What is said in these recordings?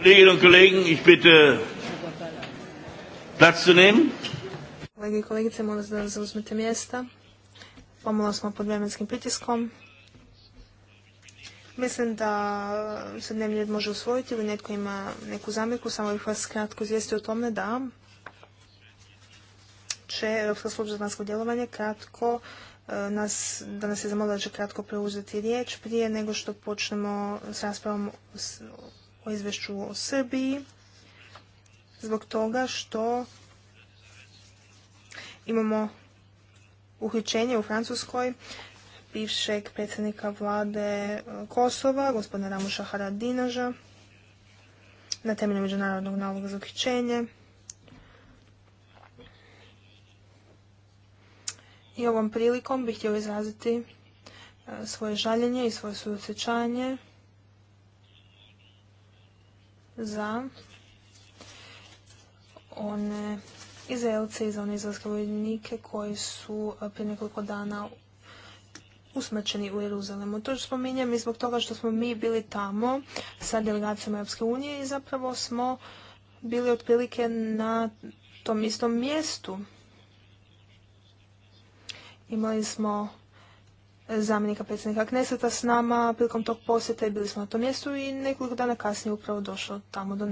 Kolleginnen und Kollegen, ich bitte Platz zu nehmen. Kolege i kolegice, molim da zauzmete mjesta. Pomalo smo pod vremenskim pritiskom. Mislim da se dnevni red može usvojiti ili netko ima neku zamjerku, samo bih vas kratko izvijestio o tome da će Europska služba za vanjsko djelovanje kratko e, nas, da nas je zamolila da će kratko preuzeti riječ prije nego što počnemo s raspravom o izvješću o Srbiji zbog toga što imamo uhićenje u Francuskoj bivšeg predsjednika vlade e, Kosova, gospodina Ramuša Haradinaža, na temelju međunarodnog naloga za uhićenje. I ovom prilikom bih htio izraziti e, svoje žaljenje i svoje suosjećanje za one Izraelce i za one izraelske vojnike koji su prije nekoliko dana usmrčeni u Jeruzalemu. To spominjem i zbog toga što smo mi bili tamo sa delegacijom Europske unije i zapravo smo bili otprilike na tom istom mjestu. Imali smo zamjenika predsjednika Kneseta s nama prilikom tog posjeta i bili smo na tom mjestu i nekoliko dana kasnije upravo došlo tamo do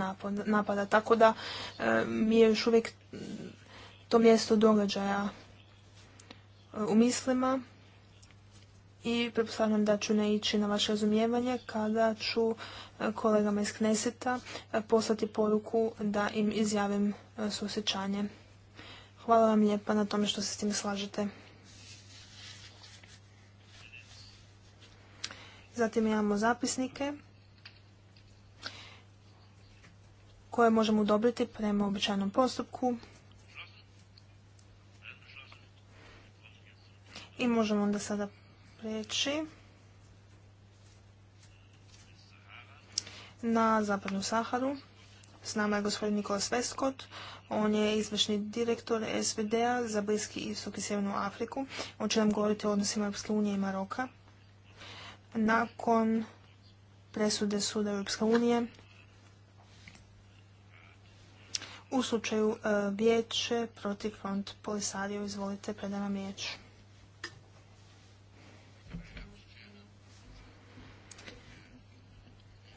napada. Tako da mi je još uvijek to mjesto događaja e, u mislima i pretpostavljam da ću ići na vaše razumijevanje kada ću e, kolegama iz Kneseta e, poslati poruku da im izjavim susjećanje. Hvala vam lijepa na tome što se s tim slažete. Zatim imamo zapisnike koje možemo udobriti prema običajnom postupku. I možemo onda sada preći na Zapadnu Saharu. S nama je gospodin Nikola Sveskot. On je izvršni direktor SVD-a za Bliski i Sjevernu Afriku. On će nam govoriti o odnosima Europske unije i Maroka nakon presude Suda Europske unije u slučaju e, vijeće protiv front polisario. Izvolite, predam vam riječ.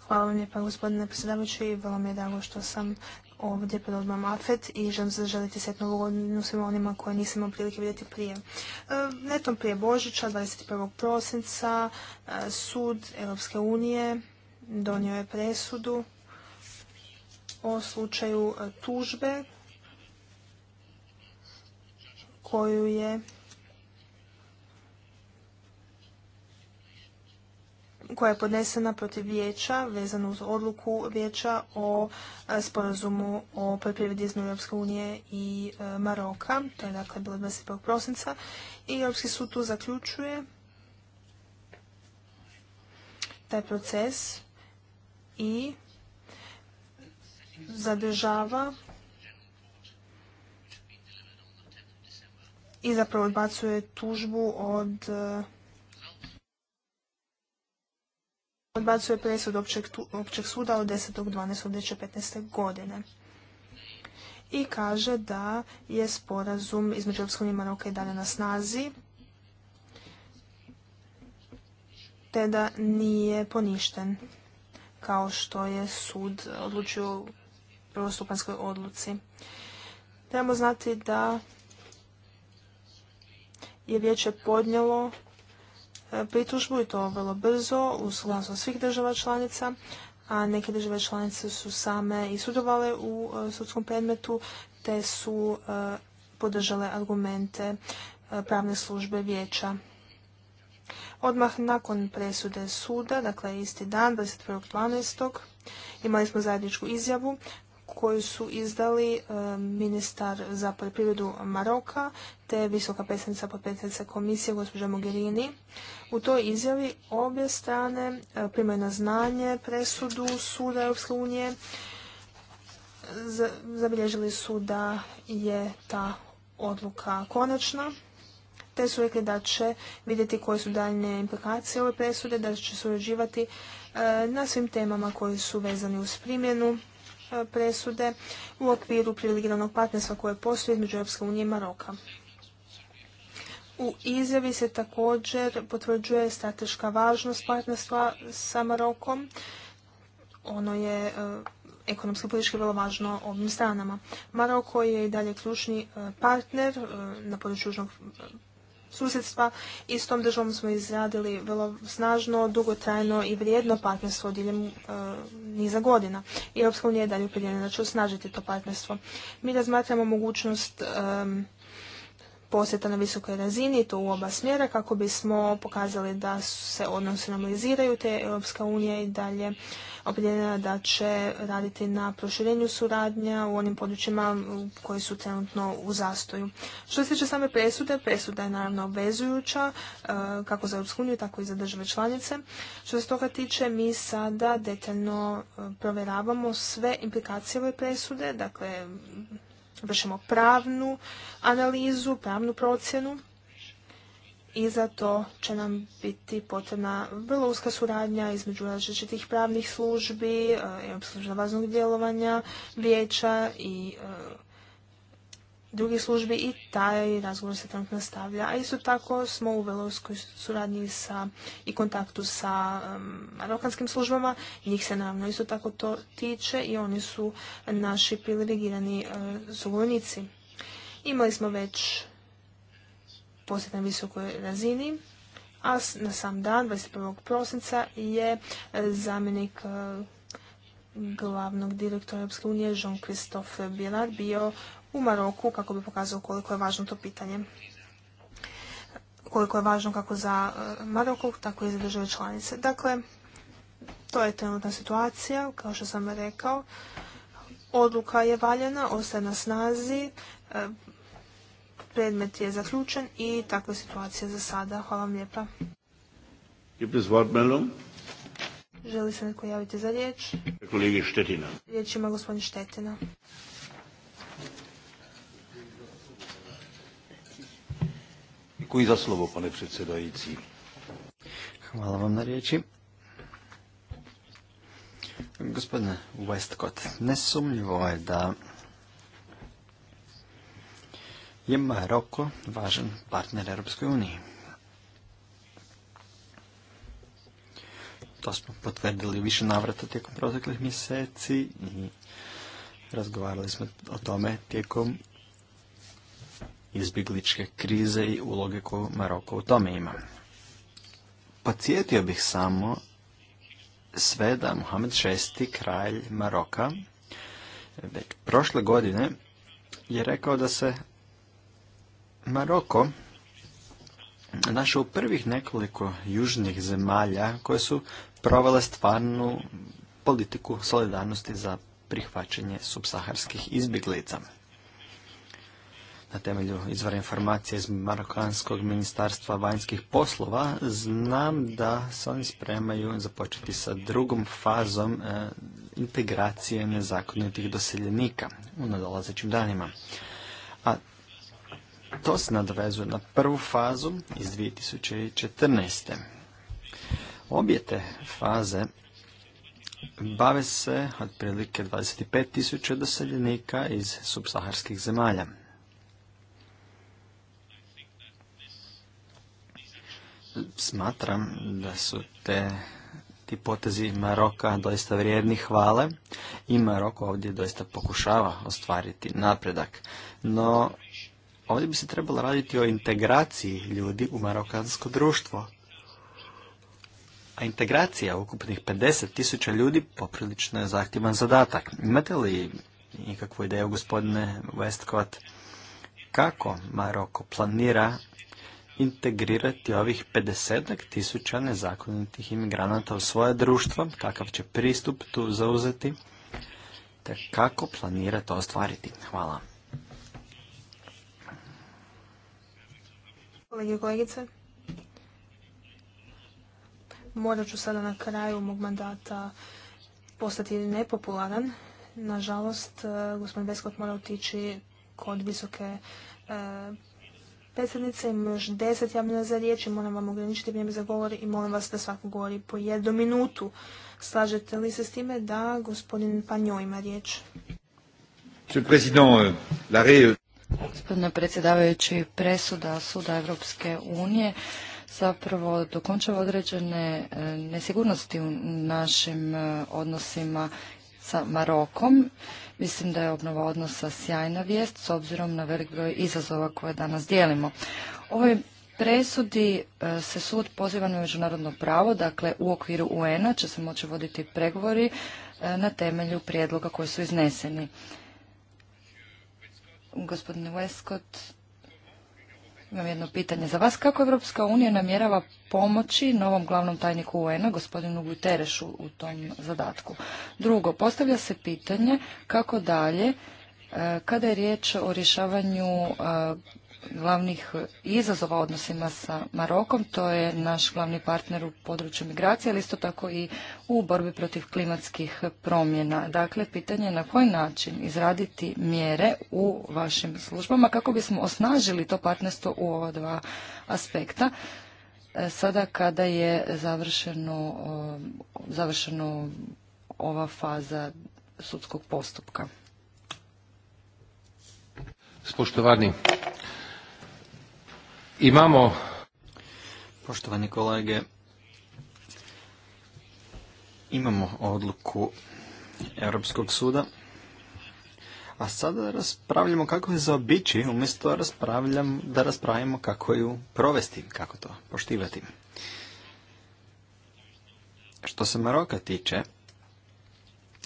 Hvala vam lijepa gospodine predsjedavajući i vrlo mi je drago što sam ovdje pod odmah mafet i želim zaželiti sretnu godinu svima onima koje nisam imao prilike vidjeti prije. E, netom prije Božića, 21. prosinca, e, sud Europske unije donio je presudu o slučaju e, tužbe koju je koja je podnesena protiv vijeća vezano uz odluku vijeća o e, sporazumu o poljoprivredi između Europske unije i e, Maroka. To je dakle bilo 21. prosinca. I Europski sud tu zaključuje taj proces i zadržava i zapravo odbacuje tužbu od e, odbacuje presud općeg, suda od 10.12.2015. godine i kaže da je sporazum između Europskog i Maroka i dalje na snazi, te da nije poništen, kao što je sud odlučio u prvostupanskoj odluci. Trebamo znati da je vijeće podnijelo E, pritužbu i to vrlo brzo u suglasnost svih država članica, a neke države članice su same i sudovale u e, sudskom predmetu te su e, podržale argumente pravne službe vijeća. Odmah nakon presude suda, dakle isti dan, 21.12. imali smo zajedničku izjavu koju su izdali e, ministar za poljoprivredu Maroka te visoka predstavnica potpredsjednica komisije gospođa Mogherini. U toj izjavi obje strane e, primaju na znanje presudu Suda Europske unije. Zabilježili su da je ta odluka konačna te su rekli da će vidjeti koje su daljne implikacije ove presude, da će surađivati e, na svim temama koji su vezani uz primjenu presude u okviru privilegiranog partnerstva koje postoji između Europske unije i Maroka. U izjavi se također potvrđuje strateška važnost partnerstva sa Marokom. Ono je e, ekonomski ekonomski politički vrlo važno ovim stranama. Maroko je i dalje ključni e, partner e, na području susjedstva i s tom državom smo izradili vrlo snažno, dugotrajno i vrijedno partnerstvo diljem e, niza godina. I Europska unija je dalje opredjeljena da će osnažiti to partnerstvo. Mi razmatramo mogućnost posjeta na visokoj razini, to u oba smjera, kako bismo pokazali da se odnosi normaliziraju, te Europska unija i dalje opredjeljena da će raditi na proširenju suradnja u onim područjima koji su trenutno u zastoju. Što se tiče same presude, presuda je naravno obvezujuća e, kako za Europsku uniju, tako i za države članice. Što se toga tiče, mi sada detaljno e, provjeravamo sve implikacije ove presude, dakle vršimo pravnu analizu, pravnu procjenu i za to će nam biti potrebna vrlo uska suradnja između različitih pravnih službi, e, Europskog vaznog djelovanja, vijeća i e, drugih službi i taj razgovor se trenutno nastavlja. A isto tako smo u veloskoj suradnji sa, i kontaktu sa um, marokanskim službama. Njih se naravno isto tako to tiče i oni su naši privilegirani uh, sugovornici. Imali smo već posjet na visokoj razini, a na sam dan, 21. prosinca, je e, zamjenik e, glavnog direktora Europske unije Jean-Christophe Billard bio u Maroku kako bi pokazao koliko je važno to pitanje. Koliko je važno kako za e, Maroko, tako i za države članice. Dakle, to je trenutna situacija, kao što sam rekao. Odluka je valjena, ostaje na snazi, e, predmet je zaključen i takva je situacija za sada. Hvala vam lijepa. Želi se neko javiti za riječ? Kolegi Štetina. Riječ ima gospodin Štetina. Koji za slovo, pane predsjedajici. Hvala vam na riječi. Gospodine Westcott, nesumljivo je da je Maroko važan partner Europskoj uniji. to smo potvrdili više navrata tijekom proteklih mjeseci i razgovarali smo o tome tijekom izbjegličke krize i uloge koju Maroko u tome ima. Podsjetio bih samo sve da Mohamed VI, kralj Maroka, već prošle godine je rekao da se Maroko našao u prvih nekoliko južnih zemalja koje su provele stvarnu politiku solidarnosti za prihvaćanje subsaharskih izbjeglica. Na temelju izvora informacije iz Marokanskog ministarstva vanjskih poslova znam da se oni spremaju započeti sa drugom fazom e, integracije nezakonitih doseljenika u nadolazećim danima. A to se nadovezuje na prvu fazu iz 2014. Obje te faze bave se otprilike 25.000 doseljenika iz subsaharskih zemalja. Smatram da su te ti potezi Maroka doista vrijedni hvale i Maroko ovdje doista pokušava ostvariti napredak. No, ovdje bi se trebalo raditi o integraciji ljudi u marokansko društvo a integracija ukupnih 50 tisuća ljudi poprilično je zahtjevan zadatak. Imate li ikakvu ideju, gospodine Westcott, kako Maroko planira integrirati ovih 50 tisuća nezakonitih imigranata u svoje društvo, kakav će pristup tu zauzeti, te kako planira to ostvariti. Hvala. Kolege kolegice, Morat ću sada na kraju mog mandata postati nepopularan. Nažalost, e, gospodin Beskot mora otići kod visoke e, predsjednice. Ima još deset javljena za riječ i moram vam ograničiti vrijeme za govor i molim vas da svako govori po jednu minutu. Slažete li se s time da gospodin Panjo ima riječ? Euh, euh, Gospodine predsjedavajući, presuda Suda Evropske unije zapravo dokončava određene e, nesigurnosti u našim e, odnosima sa Marokom. Mislim da je obnova odnosa sjajna vijest s obzirom na velik broj izazova koje danas dijelimo. Ovoj presudi e, se sud poziva na međunarodno pravo, dakle u okviru UN-a će se moći voditi pregovori na temelju prijedloga koji su izneseni. Gospodine Westcott, imam jedno pitanje za vas. Kako Evropska unija namjerava pomoći novom glavnom tajniku UN-a, gospodinu Guterresu, u tom zadatku? Drugo, postavlja se pitanje kako dalje e, kada je riječ o rješavanju e, glavnih e, izazova odnosima sa Marokom. To je naš glavni partner u području migracije, ali isto tako i u borbi protiv klimatskih promjena. Dakle, pitanje je na koji način izraditi mjere u vašim službama kako bismo osnažili to partnerstvo u ova dva aspekta. E, sada kada je završeno, završeno ova faza sudskog postupka. Spoštovani, Imamo... Poštovani kolege, imamo odluku Europskog suda, a sada raspravljamo kako je zaobići, umjesto raspravljam, da raspravimo kako ju provesti, kako to poštivati. Što se Maroka tiče,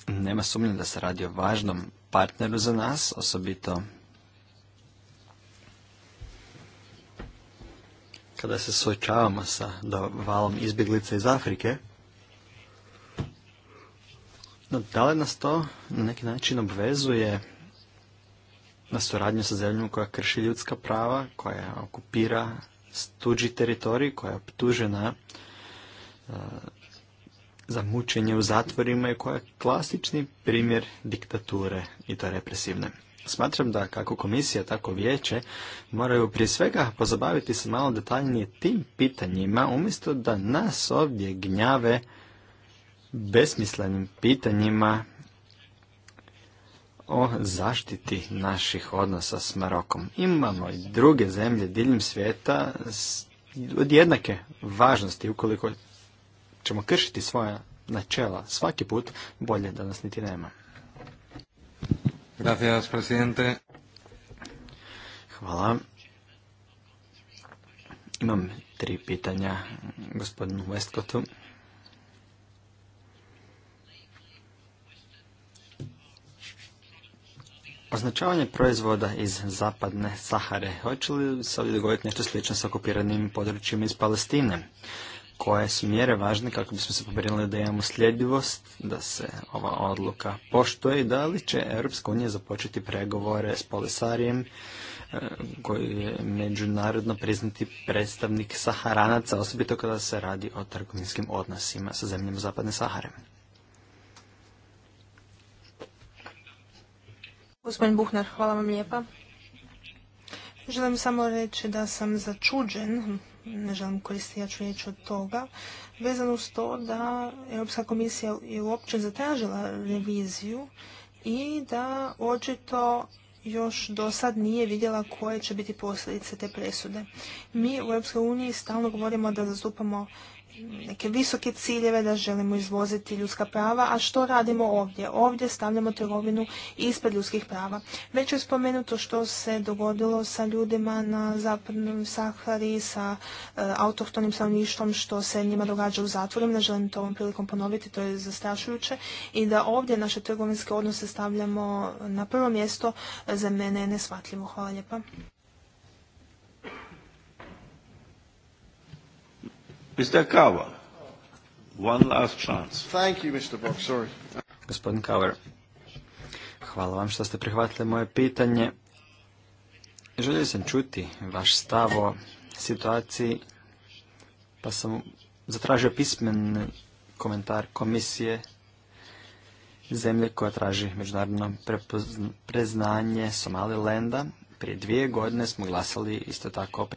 nema sumnje da se radi o važnom partneru za nas, osobito da se suočavamo sa valom izbjeglica iz Afrike, no, da li nas to na neki način obvezuje na suradnju sa zemljom koja krši ljudska prava, koja okupira tuđi teritorij, koja je optužena e, za mučenje u zatvorima i koja je klasični primjer diktature i to represivne. Smatram da kako komisija, tako vijeće moraju prije svega pozabaviti se malo detaljnije tim pitanjima, umjesto da nas ovdje gnjave besmislenim pitanjima o zaštiti naših odnosa s Marokom. Imamo i druge zemlje diljem svijeta od jednake važnosti ukoliko ćemo kršiti svoja načela svaki put, bolje da nas niti nema. Gracias, presidente. Hvala. Imam tri pitanja gospodinu Westcottu. Označavanje proizvoda iz zapadne Sahare. Hoće li se ovdje dogoditi nešto slično sa okupiranim područjima iz Palestine? koje su mjere važne kako bismo se pobrinuli da imamo sljedivost, da se ova odluka poštuje i da li će Europska unija započeti pregovore s Polisarijem e, koji je međunarodno priznati predstavnik Saharanaca, osobito kada se radi o trgovinskim odnosima sa zemljama Zapadne Sahare. Gospodin Buhner, hvala vam lijepa. Želim samo reći da sam začuđen, ne želim koristiti jaču riječ od toga, vezano uz to da Europska komisija je uopće zatražila reviziju i da očito još do sad nije vidjela koje će biti posljedice te presude. Mi u Europskoj uniji stalno govorimo da zastupamo neke visoke ciljeve, da želimo izvoziti ljudska prava, a što radimo ovdje? Ovdje stavljamo trgovinu ispred ljudskih prava. Već je spomenuto što se dogodilo sa ljudima na zapadnom Sahari, sa e, autohtonim stanovništvom, što se njima događa u zatvorima. Ne želim to ovom prilikom ponoviti, to je zastrašujuće. I da ovdje naše trgovinske odnose stavljamo na prvo mjesto, e, za mene je neshvatljivo. Hvala lijepa. Mr. Kaur, one last chance. Thank you, Mr. sorry. Gospodin Kaur, hvala vam što ste prihvatili moje pitanje. Želio sam čuti vaš stav o situaciji, pa sam zatražio pismen komentar komisije zemlje koja traži međunarodno priznanje preznanje Somalilenda prije dvije godine smo glasali isto tako o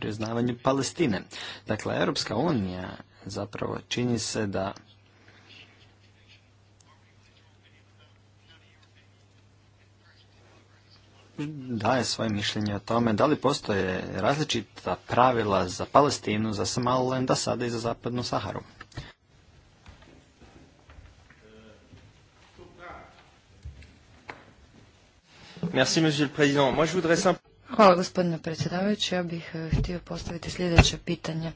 priznavanju Palestine. Dakle, Europska unija zapravo čini se da daje svoje mišljenje o tome da li postoje različita pravila za Palestinu, za Somaliland, da sada i za Zapadnu Saharu. Hvala gospodine predsjedavajući. Ja bih eh, htio postaviti sljedeće pitanje.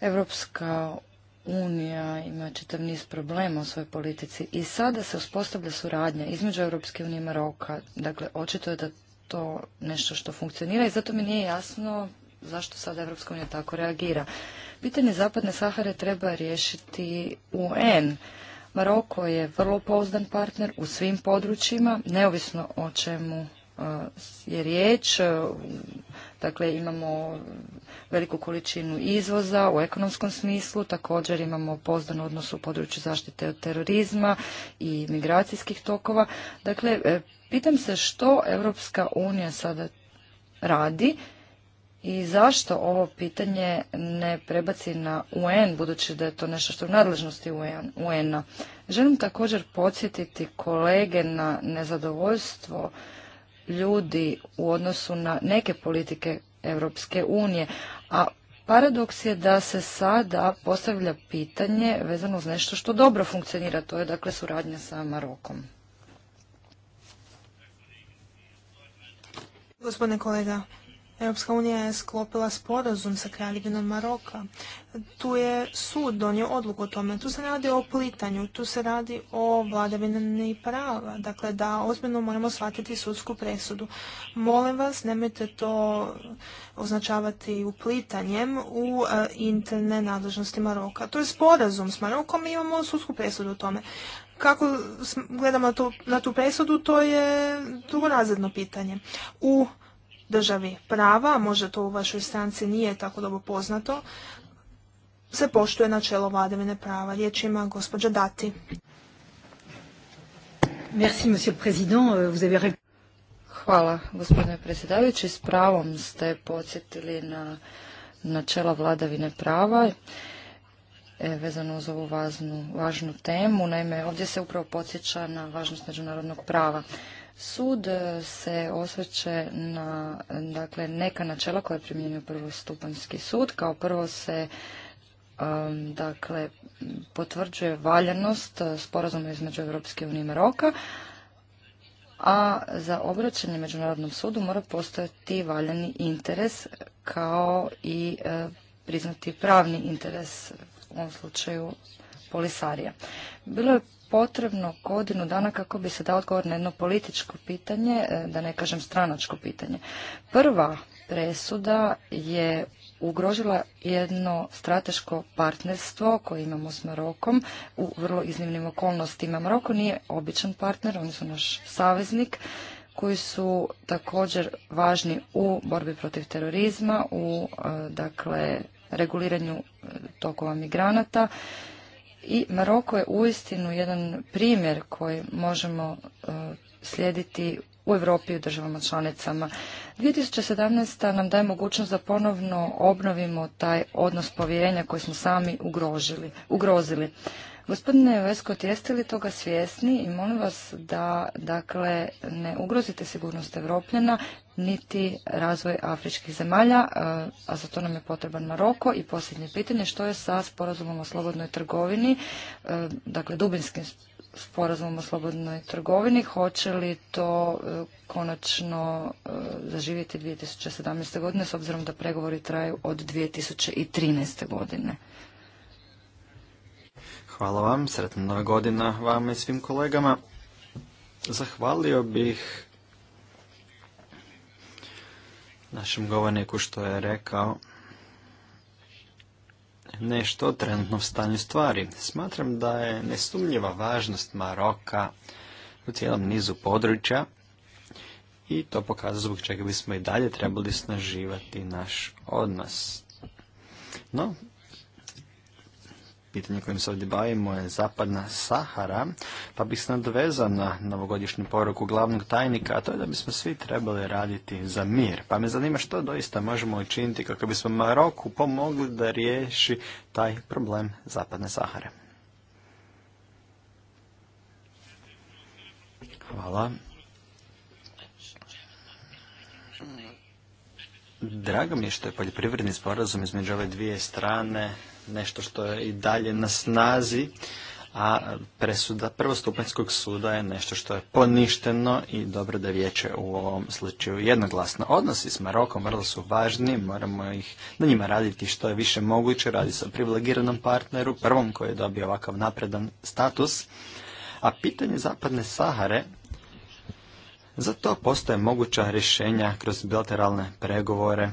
Evropska unija ima čitav niz problema u svojoj politici i sada se uspostavlja suradnja između Evropske unije i Maroka. Dakle, očito je da to nešto što funkcionira i zato mi nije jasno zašto sada Evropska unija tako reagira. Pitanje Zapadne Sahare treba riješiti UN. Maroko je vrlo pozdan partner u svim područjima, neovisno o čemu e, je riječ. E, dakle, imamo veliku količinu izvoza u ekonomskom smislu, također imamo pozdan odnos u području zaštite od terorizma i migracijskih tokova. Dakle, e, pitam se što Europska unija sada radi i zašto ovo pitanje ne prebaci na UN, budući da je to nešto što je u nadležnosti UN-a. Želim također podsjetiti kolege na nezadovoljstvo ljudi u odnosu na neke politike Europske unije, a paradoks je da se sada postavlja pitanje vezano uz nešto što dobro funkcionira, to je dakle suradnja sa Marokom. Gospodine kolega Europska unija je sklopila sporazum sa kraljevinom Maroka. Tu je sud donio odluku o tome. Tu se radi o plitanju, tu se radi o vladavini prava. Dakle, da ozbiljno moramo shvatiti sudsku presudu. Molim vas, nemojte to označavati uplitanjem u e, interne nadležnosti Maroka. To je sporazum s Marokom i imamo sudsku presudu o tome. Kako gledamo na tu, na tu presudu, to je drugorazredno pitanje. U državi prava, možda to u vašoj stranci nije tako dobro poznato, se poštuje načelo vladavine prava. Riječ ima gospođa Dati. Euh, Hvala, gospodine predsjedavajući. S pravom ste podsjetili na načela vladavine prava e, vezano uz ovu važnu temu. Naime, ovdje se upravo podsjeća na važnost međunarodnog prava. Sud e, se osvrće na dakle, neka načela koja je primjenio prvostupanski sud. Kao prvo se dakle, potvrđuje valjanost e, sporazuma između Europske unije i Maroka, a za obraćanje Međunarodnom sudu mora postojati valjani interes kao i e, priznati pravni interes u ovom slučaju Polisarija. Bilo je potrebno godinu dana kako bi se dao odgovor na jedno političko pitanje, e, da ne kažem stranačko pitanje. Prva presuda je ugrožila jedno strateško partnerstvo koje imamo s Marokom u vrlo iznimnim okolnostima. Maroko nije običan partner, oni su naš saveznik koji su također važni u borbi protiv terorizma, u e, dakle reguliranju e, tokova migranata i Maroko je uistinu jedan primjer koji možemo e, slijediti u Europi i u državama članicama. 2017. nam daje mogućnost da ponovno obnovimo taj odnos povjerenja koji smo sami ugrozili. Gospodine Veskot, jeste li toga svjesni i molim vas da dakle, ne ugrozite sigurnost Evropljena niti razvoj afričkih zemalja, e, a za to nam je potreban Maroko. I posljednje pitanje, što je sa sporazumom o slobodnoj trgovini, e, dakle dubinskim sporazumom o slobodnoj trgovini, hoće li to e, konačno zaživjeti 2017. godine s obzirom da pregovori traju od 2013. godine? Hvala vam, sretna nova godina vama i svim kolegama. Zahvalio bih našem govorniku što je rekao nešto o trenutnom stanju stvari. Smatram da je nesumnjiva važnost Maroka u cijelom nizu područja i to pokazuje zbog čega bismo i dalje trebali snaživati naš odnos. No, pitanje kojim se ovdje bavimo je Zapadna Sahara, pa bih se nadovezao na novogodišnju poruku glavnog tajnika, a to je da bismo svi trebali raditi za mir. Pa me zanima što doista možemo učiniti kako bismo Maroku pomogli da riješi taj problem Zapadne Sahare. Hvala. Drago mi je što je poljoprivredni sporazum između ove dvije strane nešto što je i dalje na snazi, a presuda prvostupanjskog suda je nešto što je poništeno i dobro da vijeće u ovom slučaju jednoglasno. Odnosi s Marokom vrlo su važni, moramo ih na njima raditi što je više moguće, radi se o privilegiranom partneru, prvom koji je dobio ovakav napredan status, a pitanje zapadne Sahare za to postoje moguća rješenja kroz bilateralne pregovore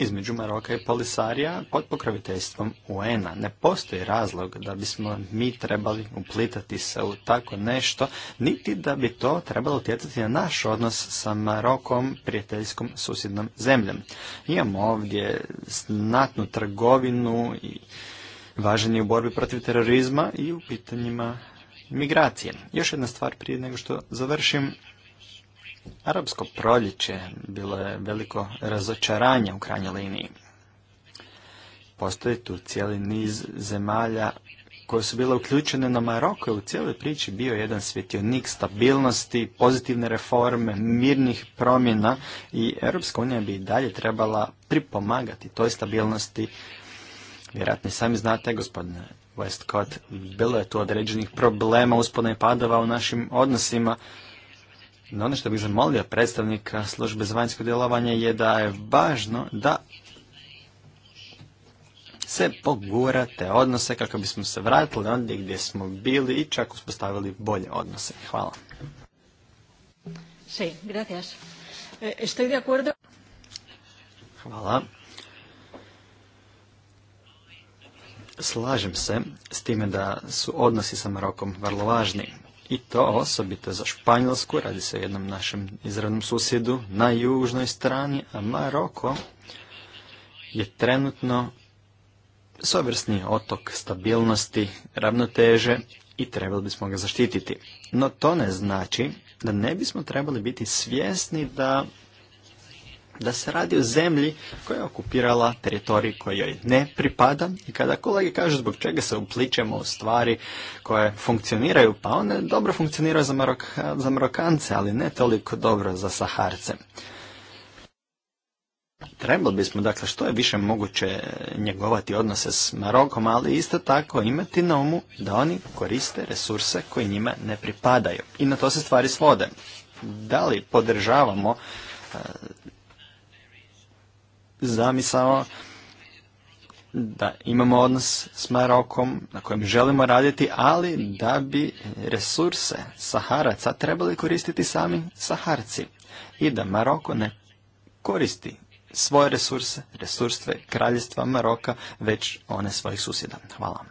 između Maroka i Polisarija pod pokroviteljstvom un Ne postoji razlog da bismo mi trebali uplitati se u tako nešto, niti da bi to trebalo utjecati na naš odnos sa Marokom, prijateljskom susjednom zemljom. Imamo ovdje znatnu trgovinu i važan u borbi protiv terorizma i u pitanjima migracije. Još jedna stvar prije nego što završim. Arapsko proljeće bilo je veliko razočaranje u krajnjoj liniji. Postoji tu cijeli niz zemalja koje su bile uključene na Maroko u cijeloj priči bio jedan svjetionik stabilnosti, pozitivne reforme, mirnih promjena i Europska unija bi i dalje trebala pripomagati toj stabilnosti. Vjerojatno i sami znate, gospodine Westcott, bilo je tu određenih problema, uspona padova u našim odnosima, no ono što bih zamolio predstavnika službe za vanjsko djelovanje je da je važno da se pogurate odnose kako bismo se vratili ondje gdje smo bili i čak uspostavili bolje odnose. Hvala. Sí, eh, Hvala. Slažem se s time da su odnosi sa Marokom vrlo važni. I to osobito za Španjolsku, radi se o jednom našem izravnom susjedu na južnoj strani, a Maroko je trenutno svojevrsni otok stabilnosti, ravnoteže i trebali bismo ga zaštititi. No to ne znači da ne bismo trebali biti svjesni da da se radi o zemlji koja je okupirala teritorij koji joj ne pripada i kada kolege kažu zbog čega se upličemo u stvari koje funkcioniraju, pa one dobro funkcioniraju za, za Marokance, ali ne toliko dobro za Saharce. Trebali bismo, dakle, što je više moguće njegovati odnose s Marokom, ali isto tako imati na umu da oni koriste resurse koji njima ne pripadaju. I na to se stvari svode. Da li podržavamo zamisao da imamo odnos s Marokom na kojem želimo raditi, ali da bi resurse Saharaca trebali koristiti sami Saharci i da Maroko ne koristi svoje resurse, resurstve, kraljestva Maroka, već one svojih susjeda. Hvala.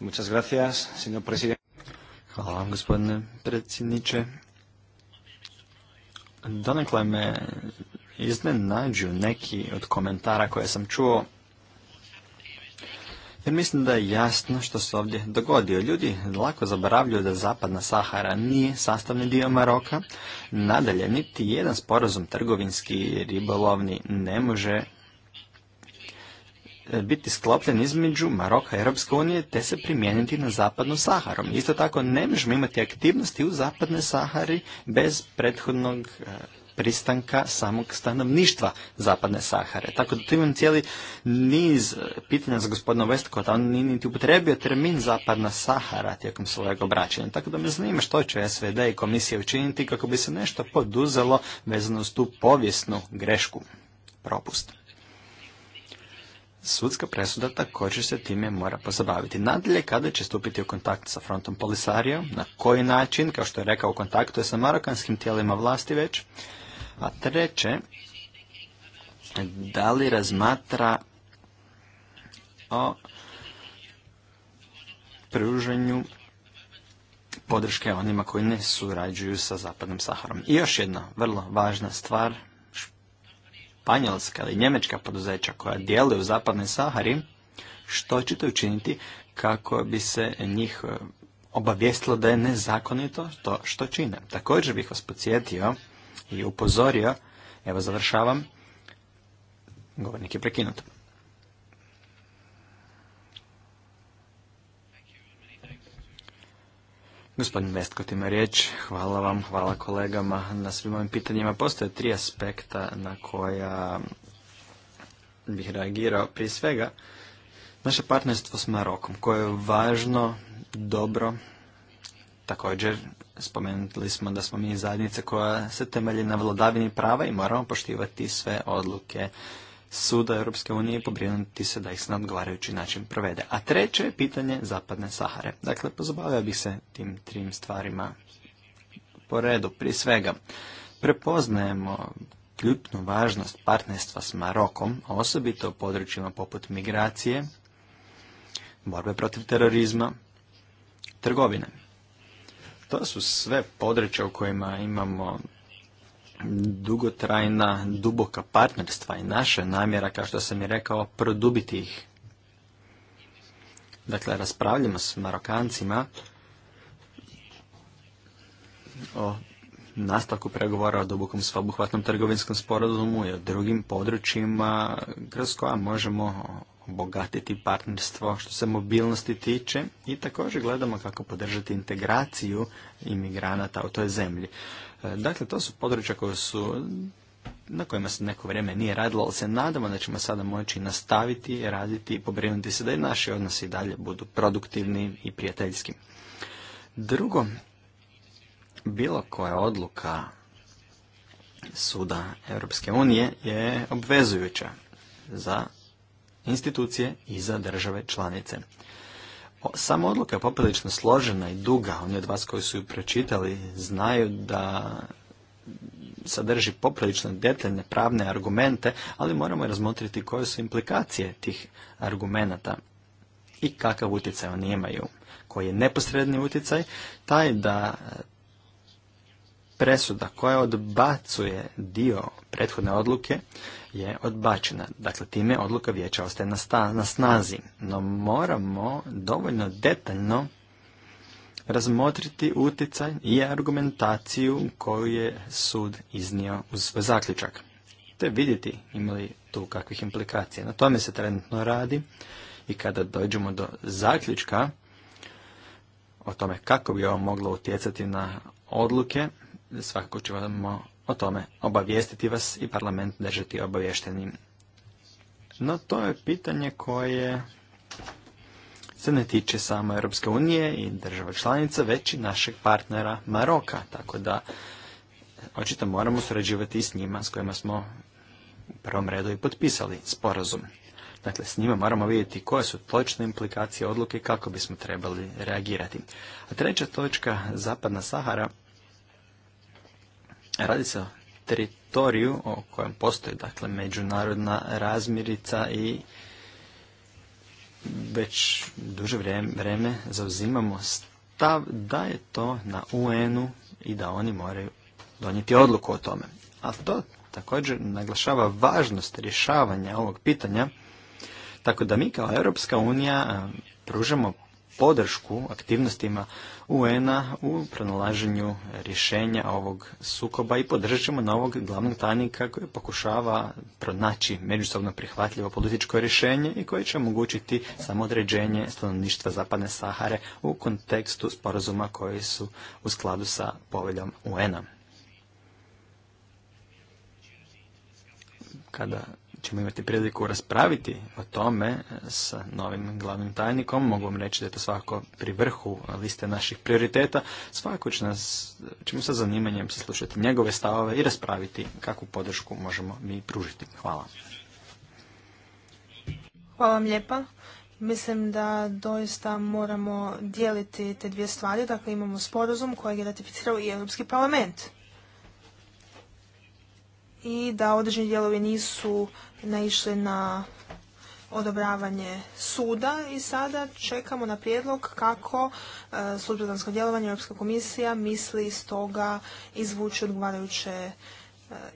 Muchas gracias, Hvala vam, gospodine predsjedniče. Donekle me iznenađuju neki od komentara koje sam čuo jer mislim da je jasno što se ovdje dogodio. Ljudi lako zaboravljaju da zapadna Sahara nije sastavni dio Maroka. Nadalje, niti jedan sporazum trgovinski ribolovni ne može E, biti sklopljen između Maroka i Europske unije te se primijeniti na zapadnu Saharu. Isto tako ne možemo imati aktivnosti u zapadne Sahari bez prethodnog e, pristanka samog stanovništva Zapadne Sahare. Tako da tu imam cijeli niz e, pitanja za gospodina Westcott, on nije niti upotrebio termin Zapadna Sahara tijekom svojeg obraćanja. Tako da me zanima što će SVD i komisija učiniti kako bi se nešto poduzelo vezano uz tu povijesnu grešku, propust. Sudska presuda također se time mora pozabaviti. Nadalje, kada će stupiti u kontakt sa frontom Polisario, na koji način, kao što je rekao, u kontaktu je sa marokanskim tijelima vlasti već. A treće, da li razmatra o pruženju podrške onima koji ne surađuju sa Zapadnom Saharom. I još jedna vrlo važna stvar španjolska ili njemečka poduzeća koja djeluju u zapadnoj Sahari, što ćete učiniti kako bi se njih e, obavijestilo da je nezakonito to što čine. Također bih vas podsjetio i upozorio, evo završavam, govornik je prekinut. Gospodin Vestkot ima riječ. Hvala vam, hvala kolegama na svim ovim pitanjima. Postoje tri aspekta na koja bih reagirao. Prije svega, naše partnerstvo s Marokom, koje je važno, dobro, također spomenuli smo da smo mi zajednica koja se temelji na vladavini prava i moramo poštivati sve odluke suda Europske unije pobrinuti se da ih se na odgovarajući način provede. A treće je pitanje Zapadne Sahare. Dakle, pozabavio bih se tim trim stvarima po redu. Prije svega, prepoznajemo ključnu važnost partnerstva s Marokom, osobito u područjima poput migracije, borbe protiv terorizma, trgovine. To su sve područja u kojima imamo dugotrajna, duboka partnerstva i naša namjera, kao što sam i rekao, produbiti ih. Dakle, raspravljamo s Marokancima o nastavku pregovora o dubokom svobuhvatnom trgovinskom sporazumu i o drugim područjima kroz koja možemo obogatiti partnerstvo što se mobilnosti tiče i također gledamo kako podržati integraciju imigranata u toj zemlji. E, dakle, to su područja koje su na kojima se neko vrijeme nije radilo, ali se nadamo da ćemo sada moći nastaviti, raditi i pobrinuti se da i naši odnosi i dalje budu produktivni i prijateljski. Drugo, bilo koja odluka suda Europske unije je obvezujuća za institucije i za države članice. Sama odluka je poprilično složena i duga. Oni od vas koji su ju pročitali znaju da sadrži poprilično detaljne pravne argumente, ali moramo razmotriti koje su implikacije tih argumenata i kakav utjecaj oni imaju. Koji je neposredni utjecaj? Taj da presuda koja odbacuje dio prethodne odluke je odbačena. Dakle, time odluka vijeća ostaje na, na snazi. No moramo dovoljno detaljno razmotriti utjecaj i argumentaciju koju je sud iznio uz svoj zaključak. Te vidjeti imali tu kakvih implikacija. Na tome se trenutno radi i kada dođemo do zaključka o tome kako bi ovo moglo utjecati na odluke, svakako ćemo o tome obavijestiti vas i parlament držati obavještenim. No to je pitanje koje se ne tiče samo Europske unije i država članica, već i našeg partnera Maroka, tako da očito moramo surađivati i s njima s kojima smo u prvom redu i potpisali sporazum. Dakle, s njima moramo vidjeti koje su točne implikacije odluke kako bismo trebali reagirati. A treća točka, Zapadna Sahara, Radi se o teritoriju o kojem postoji dakle međunarodna razmirica i već duže vreme zauzimamo stav da je to na UN-u i da oni moraju donijeti odluku o tome. A to također naglašava važnost rješavanja ovog pitanja, tako da mi kao Europska unija um, pružamo podršku aktivnostima UN-a u pronalaženju rješenja ovog sukoba i podržat ćemo novog glavnog tajnika koji pokušava pronaći međusobno prihvatljivo političko rješenje i koje će omogućiti samodređenje stanovništva Zapadne Sahare u kontekstu sporazuma koji su u skladu sa poveljom UN-a. Kada ćemo imati priliku raspraviti o tome e, sa novim glavnim tajnikom. Mogu vam reći da je to svako pri vrhu liste naših prioriteta. Svako će nas, ćemo sa zanimanjem saslušati njegove stavove i raspraviti kakvu podršku možemo mi pružiti. Hvala. Hvala vam lijepa. Mislim da doista moramo dijeliti te dvije stvari. Dakle, imamo sporazum kojeg je ratificirao i Europski parlament i da određeni dijelovi nisu naišli na odobravanje suda i sada čekamo na prijedlog kako e, djelovanje Europska komisija misli iz toga izvući odgovarajuće e,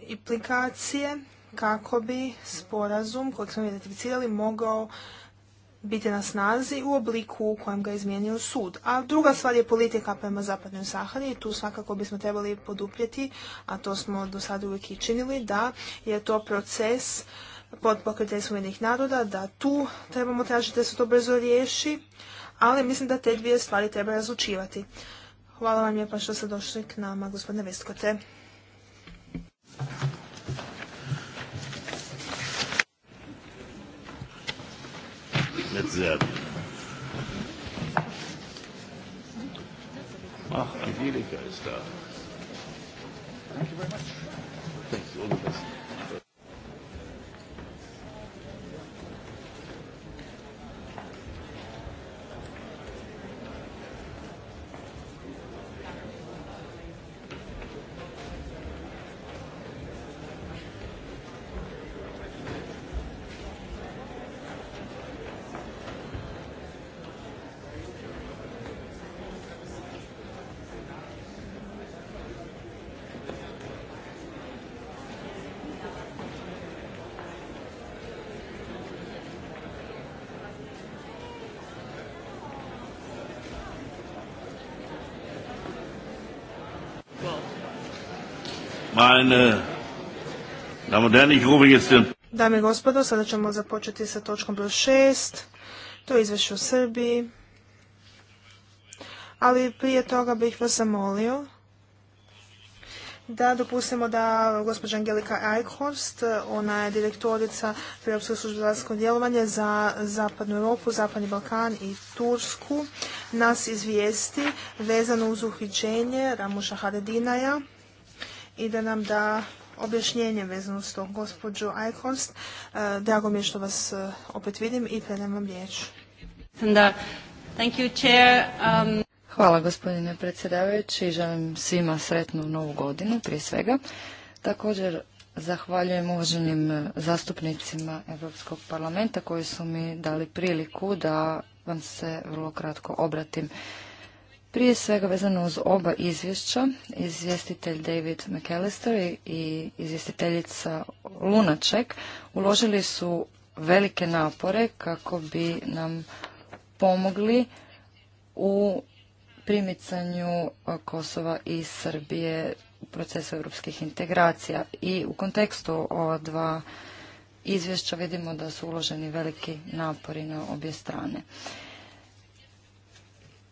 implikacije kako bi sporazum kojeg smo identificirali mogao biti na snazi u obliku u kojem ga je izmijenio sud. A druga stvar je politika prema zapadnoj Sahari i tu svakako bismo trebali poduprijeti, a to smo do sada uvijek i činili, da je to proces pod pokriteljstvom jednih naroda, da tu trebamo tražiti da se to brzo riješi, ali mislim da te dvije stvari treba razlučivati. Hvala vam lijepa što ste došli k nama, gospodine Veskote. Ah, Thank you Meine Dame i gospodo, sada ćemo započeti sa točkom broj 6. To je izvješće o Srbiji. Ali prije toga bih vas zamolio da dopustimo da gospođa Angelika Eichhorst, ona je direktorica Europske službe za djelovanje za Zapadnu Europu, Zapadni Balkan i Tursku, nas izvijesti vezano uz uhićenje Ramuša Haredinaja, i da nam da objašnjenje vezano s to. gospođu Eichhorst, e, drago mi je što vas e, opet vidim i predajem vam riječ. Uh, um, Hvala gospodine predsjedavajući i želim svima sretnu novu godinu prije svega. Također zahvaljujem uvaženim e, zastupnicima Europskog parlamenta koji su mi dali priliku da vam se vrlo kratko obratim. Prije svega vezano uz oba izvješća, izvjestitelj David McAllister i izvjestiteljica Lunaček uložili su velike napore kako bi nam pomogli u primicanju Kosova i Srbije u procesu europskih integracija. I u kontekstu ova dva izvješća vidimo da su uloženi veliki napori na obje strane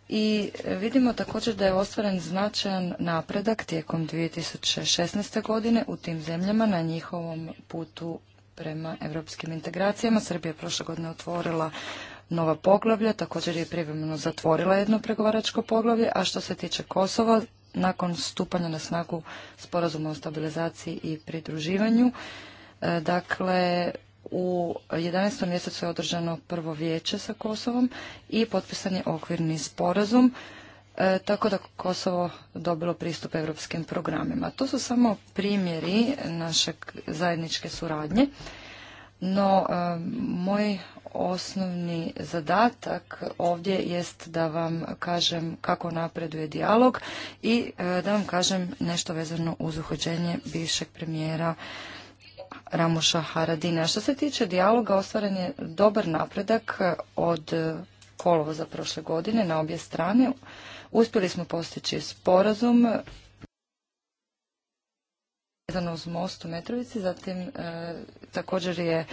i vidimo također da je ostvaren značajan napredak tijekom 2016. godine u tim zemljama na njihovom putu prema europskim integracijama. Srbija je prošle godine otvorila nova poglavlja, također je privremeno zatvorila jedno pregovaračko poglavlje, a što se tiče Kosova, nakon stupanja na snagu sporazuma o stabilizaciji i pridruživanju, e, dakle, u 11. mjesecu je održano prvo vijeće sa Kosovom i potpisan je okvirni sporazum e, tako da Kosovo dobilo pristup europskim programima. To su samo primjeri naše zajedničke suradnje, no e, moj osnovni zadatak ovdje jest da vam kažem kako napreduje dijalog i e, da vam kažem nešto vezano uz uhođenje bivšeg premijera Ramuša Haradina. Što se tiče dijaloga, ostvaren je dobar napredak od kolovoza prošle godine na obje strane. Uspjeli smo postići sporazum vezano uz most u Metrovici, zatim e, također je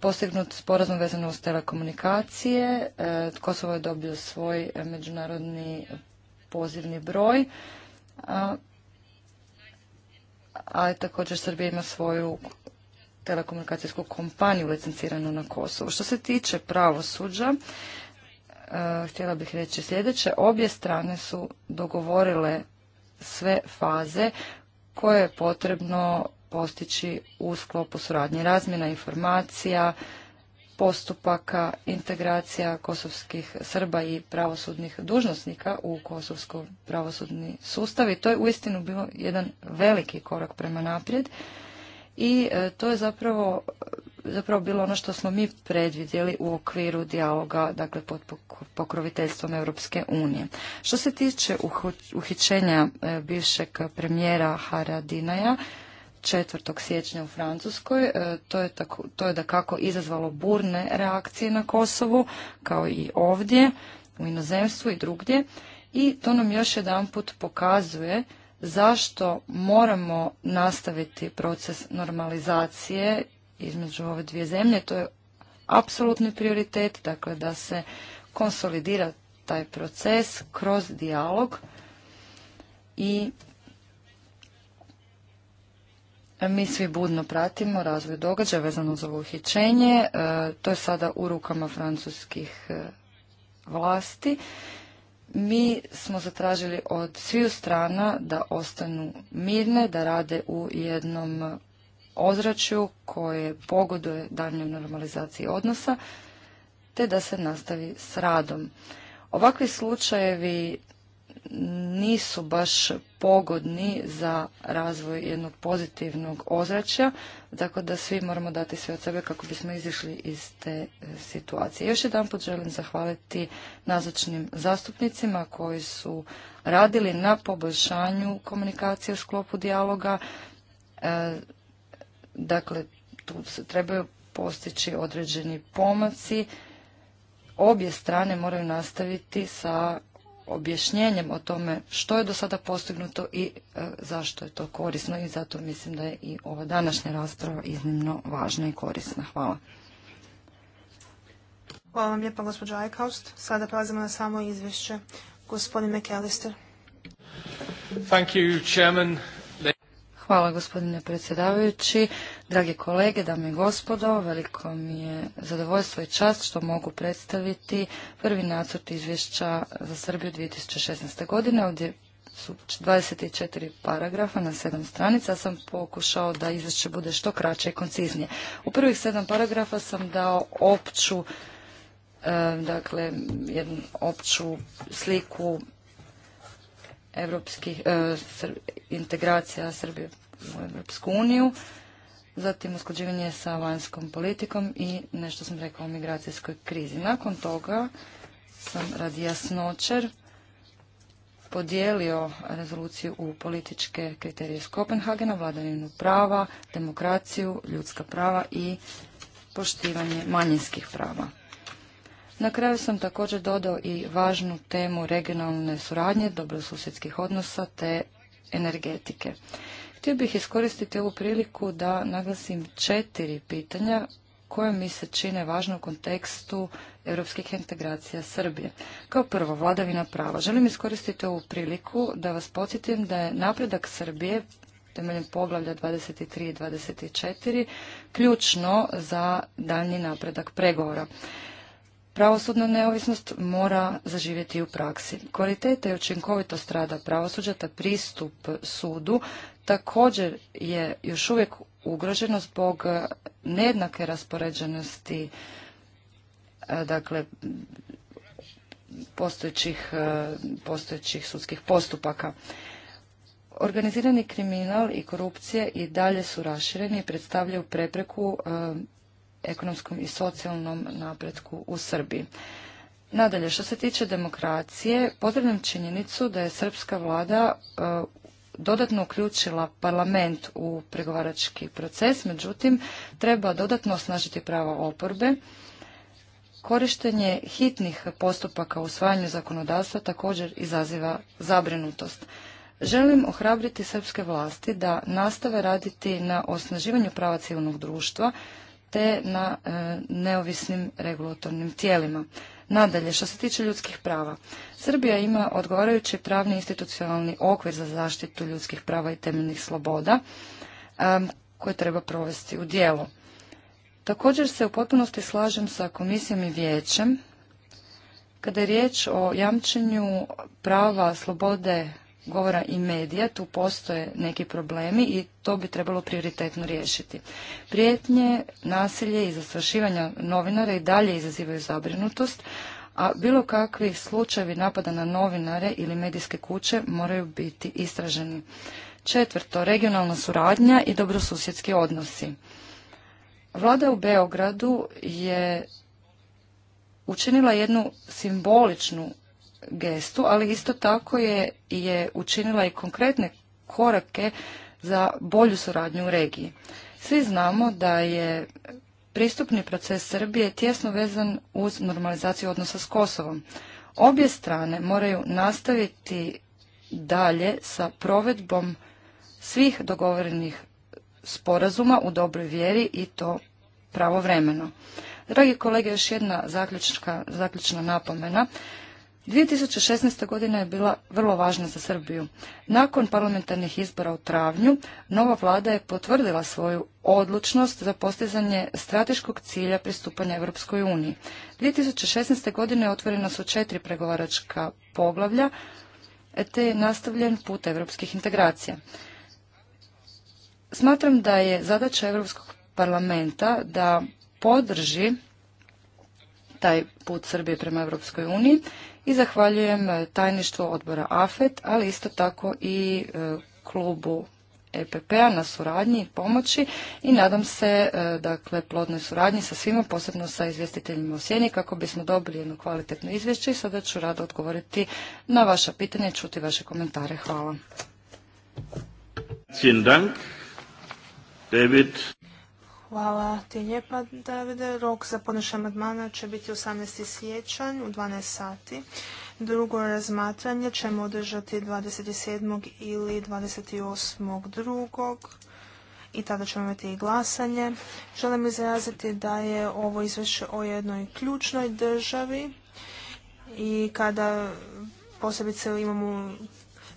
postignut sporazum vezano uz telekomunikacije. E, Kosovo je dobio svoj međunarodni pozivni broj. A, ali također Srbija ima svoju telekomunikacijsku kompaniju licenciranu na Kosovu. Što se tiče pravosuđa, e, htjela bih reći sljedeće. Obje strane su dogovorile sve faze koje je potrebno postići u sklopu suradnje razmjena informacija, postupaka integracija kosovskih Srba i pravosudnih dužnosnika u kosovsko pravosudni sustav i to je uistinu bio jedan veliki korak prema naprijed i e, to je zapravo zapravo bilo ono što smo mi predvidjeli u okviru dijaloga, dakle pod pokroviteljstvom Europske unije. Što se tiče uhićenja e, bivšeg premijera Haradinaja, 4. siječnja u Francuskoj. E, to je, tako, to je da kako izazvalo burne reakcije na Kosovu, kao i ovdje, u inozemstvu i drugdje. I to nam još jedanput pokazuje zašto moramo nastaviti proces normalizacije između ove dvije zemlje. To je apsolutni prioritet, dakle da se konsolidira taj proces kroz dijalog i mi svi budno pratimo razvoj događaja vezano za ovo uhićenje. E, to je sada u rukama francuskih e, vlasti. Mi smo zatražili od sviju strana da ostanu mirne, da rade u jednom ozračju koje pogoduje daljnjoj normalizaciji odnosa, te da se nastavi s radom. Ovakvi slučajevi nisu baš pogodni za razvoj jednog pozitivnog ozračja, tako da svi moramo dati sve od sebe kako bismo izišli iz te e, situacije. Još jedan put želim zahvaliti nazočnim zastupnicima koji su radili na poboljšanju komunikacije u sklopu dijaloga. E, dakle, tu se trebaju postići određeni pomaci. Obje strane moraju nastaviti sa objašnjenjem o tome što je do sada postignuto i e, zašto je to korisno i zato mislim da je i ova današnja rasprava iznimno važna i korisna. Hvala. Hvala vam lijepa, gospođo Eichhaust. Sada prelazimo na samo izvješće. Gospodin McAllister. Thank you, Chairman. Hvala gospodine predsjedavajući, drage kolege, dame i gospodo, veliko mi je zadovoljstvo i čast što mogu predstaviti prvi nacrt izvješća za Srbiju 2016. godine. Ovdje su 24 paragrafa na sedam stranica, sam pokušao da izvješće bude što kraće i konciznije. U prvih sedam paragrafa sam dao opću e, dakle jednu opću sliku evropskih e, integracija Srbije u Europsku uniju, zatim usklađivanje sa vanjskom politikom i nešto sam rekla o migracijskoj krizi. Nakon toga sam radi jasnočer podijelio rezoluciju u političke kriterije iz Kopenhagena, vladavinu prava, demokraciju, ljudska prava i poštivanje manjinskih prava. Na kraju sam također dodao i važnu temu regionalne suradnje, dobrosusjedskih odnosa te energetike. Htio bih iskoristiti ovu priliku da naglasim četiri pitanja koje mi se čine važno u kontekstu europskih integracija Srbije. Kao prvo, vladavina prava. Želim iskoristiti ovu priliku da vas podsjetim da je napredak Srbije temeljem poglavlja 23 i 24 ključno za daljnji napredak pregovora. Pravosudna neovisnost mora zaživjeti u praksi. Kvaliteta i učinkovitost rada pravosuđa ta pristup sudu također je još uvijek ugroženo zbog nejednake raspoređenosti e, dakle postojećih, e, postojećih sudskih postupaka. Organizirani kriminal i korupcije i dalje su rašireni i predstavljaju prepreku e, ekonomskom i socijalnom napretku u Srbiji. Nadalje, što se tiče demokracije, pozdravljam činjenicu da je srpska vlada e, dodatno uključila parlament u pregovarački proces, međutim, treba dodatno osnažiti prava oporbe. Korištenje hitnih postupaka u usvajanju zakonodavstva također izaziva zabrinutost. Želim ohrabriti srpske vlasti da nastave raditi na osnaživanju prava civilnog društva, te na e, neovisnim regulatornim tijelima. Nadalje, što se tiče ljudskih prava, Srbija ima odgovarajući pravni institucionalni okvir za zaštitu ljudskih prava i temeljnih sloboda e, koje treba provesti u djelo. Također se u potpunosti slažem sa komisijom i vijećem kada je riječ o jamčenju prava slobode govora i medija, tu postoje neki problemi i to bi trebalo prioritetno riješiti. Prijetnje, nasilje i zastrašivanja novinara i dalje izazivaju zabrinutost, a bilo kakvi slučajevi napada na novinare ili medijske kuće moraju biti istraženi. Četvrto, regionalna suradnja i dobrosusjedski odnosi. Vlada u Beogradu je učinila jednu simboličnu gestu, ali isto tako je, je učinila i konkretne korake za bolju suradnju u regiji. Svi znamo da je pristupni proces Srbije tjesno vezan uz normalizaciju odnosa s Kosovom. Obje strane moraju nastaviti dalje sa provedbom svih dogovorenih sporazuma u dobroj vjeri i to pravovremeno. Dragi kolege, još jedna zaključna napomena. 2016. godina je bila vrlo važna za Srbiju. Nakon parlamentarnih izbora u travnju, nova vlada je potvrdila svoju odlučnost za postizanje strateškog cilja pristupanja Europskoj uniji. 2016. godine otvorena su četiri pregovaračka poglavlja, te je nastavljen put europskih integracija. Smatram da je zadaća Europskog parlamenta da podrži taj put Srbije prema Europskoj uniji i zahvaljujem e, tajništvu odbora AFET, ali isto tako i e, klubu EPP-a na suradnji i pomoći i nadam se e, dakle plodnoj suradnji sa svima, posebno sa izvjestiteljima u sjeni kako bismo dobili jedno kvalitetno izvješće i sada ću rado odgovoriti na vaša pitanja i čuti vaše komentare. Hvala. Dank, Hvala ti lijepa, Davide. Rok za podnošenje amandmana će biti 18. siječanj u 12 sati. Drugo razmatranje ćemo održati 27. ili 28. drugog i tada ćemo imati i glasanje. Želim izraziti da je ovo izvješće o jednoj ključnoj državi i kada posebice imamo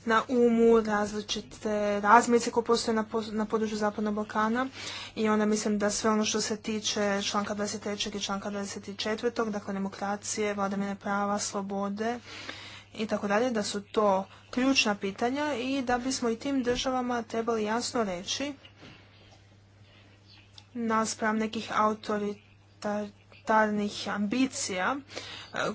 na umu različite razmice koje postoje na, području Zapadnog Balkana i onda mislim da sve ono što se tiče članka 23. i članka 24. dakle demokracije, vladavine prava, slobode i tako dalje, da su to ključna pitanja i da bismo i tim državama trebali jasno reći naspram nekih autoritarnih totalitarnih ambicija e,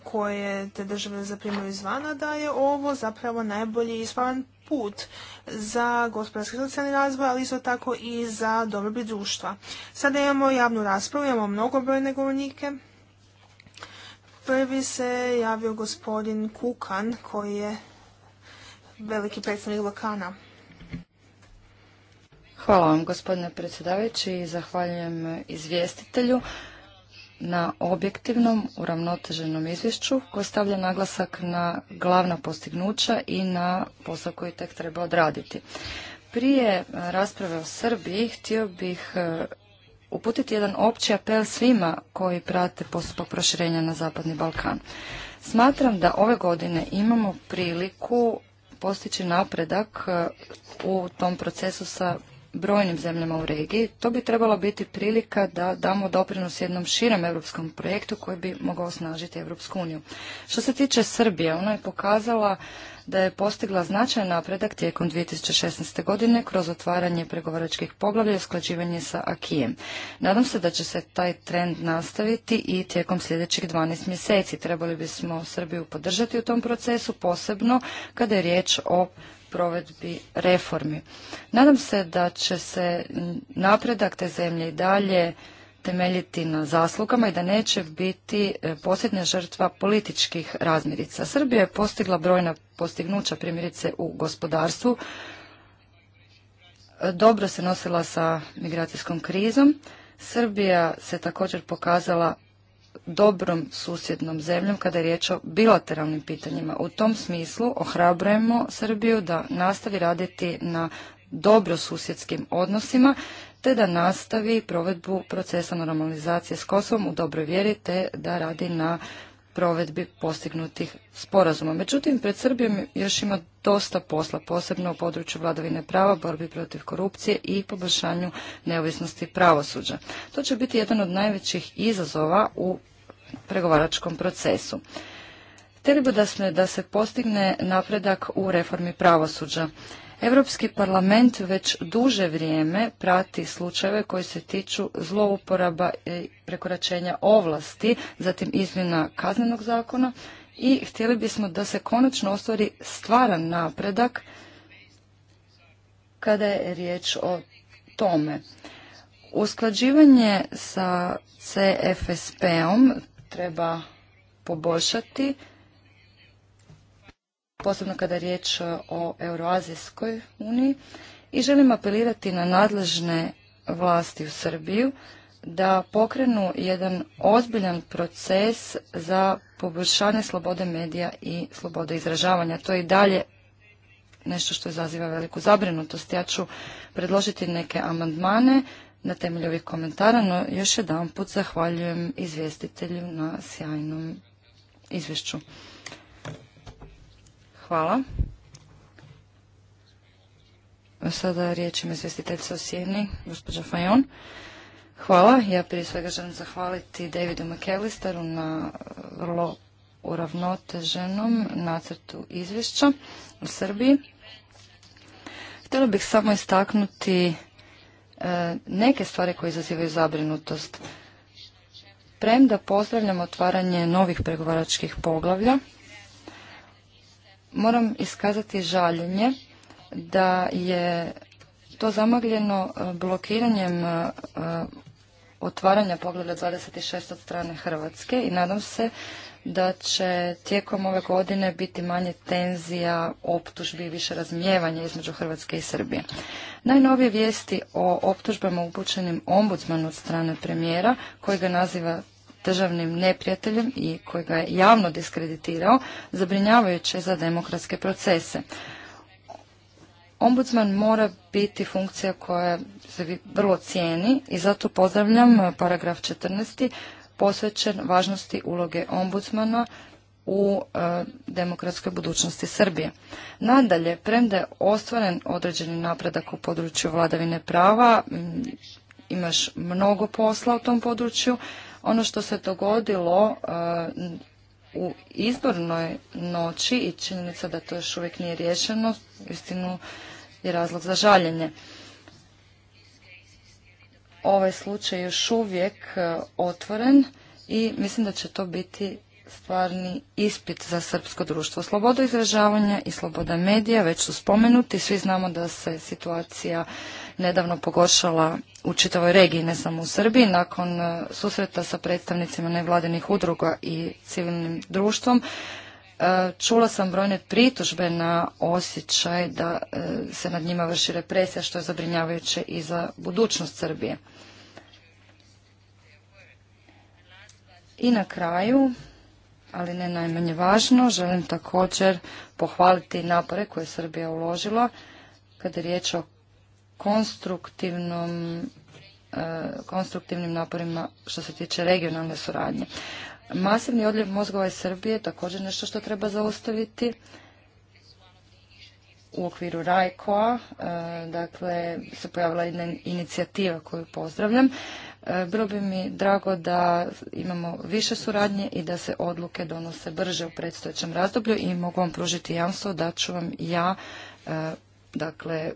koje te države zaprimaju izvana, da je ovo zapravo najbolji ispravan put za gospodarski socijalni razvoj, ali isto tako i za dobrobit društva. Sada imamo javnu raspravu, imamo mnogobrojne govornike. Prvi se javio gospodin Kukan, koji je veliki predstavnik Lokana. Hvala vam gospodine predsjedavajući i zahvaljujem izvjestitelju na objektivnom, uravnoteženom izvješću koje stavlja naglasak na glavna postignuća i na posao koji tek treba odraditi. Prije e, rasprave o Srbiji htio bih e, uputiti jedan opći apel svima koji prate postupak proširenja na Zapadni Balkan. Smatram da ove godine imamo priliku postići napredak e, u tom procesu sa brojnim zemljama u regiji, to bi trebalo biti prilika da damo doprinos jednom širem europskom projektu koji bi mogao osnažiti Europsku uniju. Što se tiče Srbije, ona je pokazala da je postigla značajan napredak tijekom 2016. godine kroz otvaranje pregovaračkih poglavlja i usklađivanje sa Akijem. Nadam se da će se taj trend nastaviti i tijekom sljedećih 12 mjeseci. Trebali bismo Srbiju podržati u tom procesu, posebno kada je riječ o provedbi reformi. Nadam se da će se napredak te zemlje i dalje temeljiti na zaslugama i da neće biti e, posljednja žrtva političkih razmirica. Srbija je postigla brojna postignuća primjerice u gospodarstvu, e, dobro se nosila sa migracijskom krizom. Srbija se također pokazala dobrom susjednom zemljom kada je riječ o bilateralnim pitanjima. U tom smislu ohrabrujemo Srbiju da nastavi raditi na dobro susjedskim odnosima te da nastavi provedbu procesa normalizacije s Kosovom u dobroj vjeri te da radi na provedbi postignutih sporazuma. Međutim, pred Srbijom još ima dosta posla, posebno u području vladavine prava, borbi protiv korupcije i poboljšanju neovisnosti pravosuđa. To će biti jedan od najvećih izazova u pregovaračkom procesu. Htjeli bi da se postigne napredak u reformi pravosuđa. Europski parlament već duže vrijeme prati slučajeve koji se tiču zlouporaba i prekoračenja ovlasti, zatim izmjena kaznenog zakona i htjeli bismo da se konačno ostvari stvaran napredak kada je riječ o tome. Usklađivanje sa CFSP-om treba poboljšati posebno kada je riječ e, o Euroazijskoj uniji i želim apelirati na nadležne vlasti u Srbiju da pokrenu jedan ozbiljan proces za poboljšanje slobode medija i slobode izražavanja. To je i dalje nešto što izaziva veliku zabrinutost. Ja ću predložiti neke amandmane na temelju ovih komentara, no još jedan put zahvaljujem izvjestitelju na sjajnom izvješću. Hvala. Sada riječ ima izvestiteljica o gospođa Fajon. Hvala. Ja prije svega želim zahvaliti Davidu McAllisteru na eh, vrlo uravnoteženom nacrtu izvješća u Srbiji. Htjela bih samo istaknuti eh, neke stvari koje izazivaju zabrinutost. Premda pozdravljam otvaranje novih pregovaračkih poglavlja, moram iskazati žaljenje da je to zamagljeno e, blokiranjem e, otvaranja pogleda 26 od strane Hrvatske i nadam se da će tijekom ove godine biti manje tenzija, optužbi i više razmijevanja između Hrvatske i Srbije. Najnovije vijesti o optužbama upućenim ombudsmanu od strane premijera, koji ga naziva državnim neprijateljem i koji ga je javno diskreditirao, zabrinjavajuće za demokratske procese. Ombudsman mora biti funkcija koja se vrlo cijeni i zato pozdravljam e, paragraf 14. posvećen važnosti uloge ombudsmana u e, demokratskoj budućnosti Srbije. Nadalje, premda je ostvaren određeni napredak u području vladavine prava, imaš mnogo posla u tom području, ono što se dogodilo e, u izbornoj noći i činjenica da to još uvijek nije riješeno, istinu je razlog za žaljenje. Ovaj slučaj je još uvijek e, otvoren i mislim da će to biti stvarni ispit za srpsko društvo. Sloboda izražavanja i sloboda medija već su spomenuti. Svi znamo da se situacija nedavno pogoršala u čitavoj regiji, ne samo u Srbiji. Nakon e, susreta sa predstavnicima nevladinih udruga i civilnim društvom, e, čula sam brojne pritužbe na osjećaj da e, se nad njima vrši represija, što je zabrinjavajuće i za budućnost Srbije. I na kraju, ali ne najmanje važno, želim također pohvaliti napore koje je Srbija uložila kada je riječ o konstruktivnom e, konstruktivnim naporima što se tiče regionalne suradnje. Masivni odljev mozgova iz Srbije je također nešto što treba zaustaviti u okviru Rajkoa, e, dakle se pojavila jedna inicijativa koju pozdravljam. E, bilo bi mi drago da imamo više suradnje i da se odluke donose brže u predstojećem razdoblju i mogu vam pružiti jamstvo da ću vam ja dakle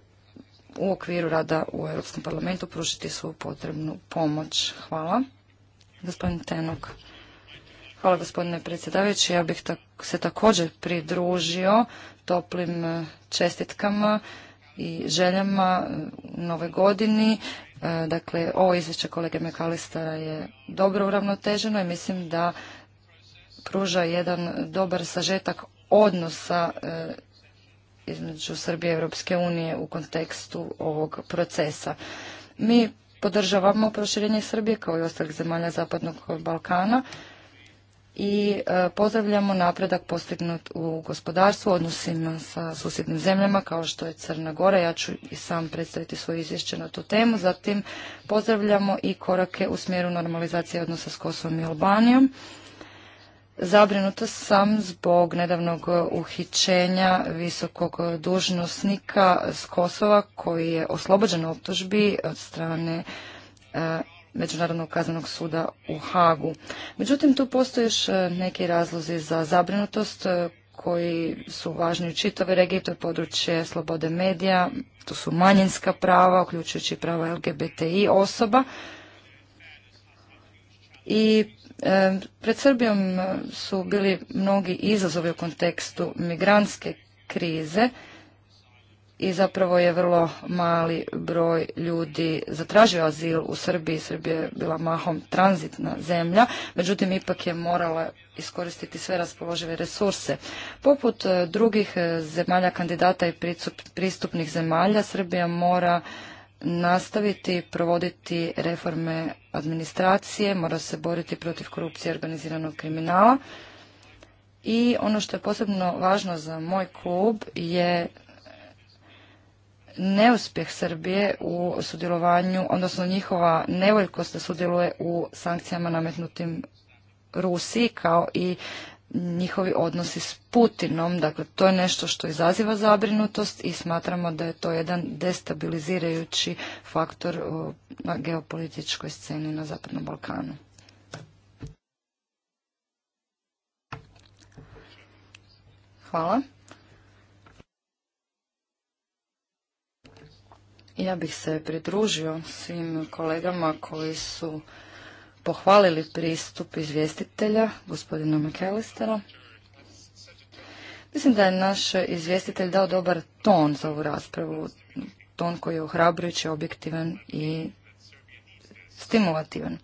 u okviru rada u Europskom parlamentu pružiti svoju potrebnu pomoć. Hvala. Gospodin Tenok. Hvala gospodine predsjedavajući. Ja bih se također pridružio toplim e, čestitkama i željama e, u nove godini. E, dakle, ovo izvješće kolege Mekalistara je dobro uravnoteženo i mislim da pruža jedan dobar sažetak odnosa između Srbije i Europske unije u kontekstu ovog procesa. Mi podržavamo proširenje Srbije kao i ostalih zemalja Zapadnog Balkana i e, pozdravljamo napredak postignut u gospodarstvu, odnosima sa susjednim zemljama kao što je Crna Gora. Ja ću i sam predstaviti svoje izvješće na tu temu. Zatim pozdravljamo i korake u smjeru normalizacije odnosa s Kosovom i Albanijom Zabrinuta sam zbog nedavnog uhićenja visokog dužnosnika s Kosova koji je oslobođen optužbi od strane e, Međunarodnog kaznenog suda u Hagu. Međutim, tu postoje još e, neki razlozi za zabrinutost e, koji su važni u čitove regije, to je područje slobode medija, to su manjinska prava, uključujući prava LGBTI osoba. I E, pred Srbijom e, su bili mnogi izazovi u kontekstu migrantske krize i zapravo je vrlo mali broj ljudi zatražio azil u Srbiji. Srbija je bila mahom tranzitna zemlja, međutim ipak je morala iskoristiti sve raspoložive resurse. Poput e, drugih zemalja kandidata i pristupnih zemalja, Srbija mora nastaviti provoditi reforme administracije, mora se boriti protiv korupcije i organiziranog kriminala. I ono što je posebno važno za moj klub je neuspjeh Srbije u sudjelovanju, odnosno njihova nevoljkost da sudjeluje u sankcijama nametnutim Rusiji kao i njihovi odnosi s Putinom. Dakle, to je nešto što izaziva zabrinutost i smatramo da je to jedan destabilizirajući faktor na geopolitičkoj sceni na Zapadnom Balkanu. Hvala. Ja bih se pridružio svim kolegama koji su pohvalili pristup izvjestitelja, gospodina McAllistera. Mislim da je naš izvjestitelj dao dobar ton za ovu raspravu, ton koji je ohrabrujući, objektivan i stimulativan.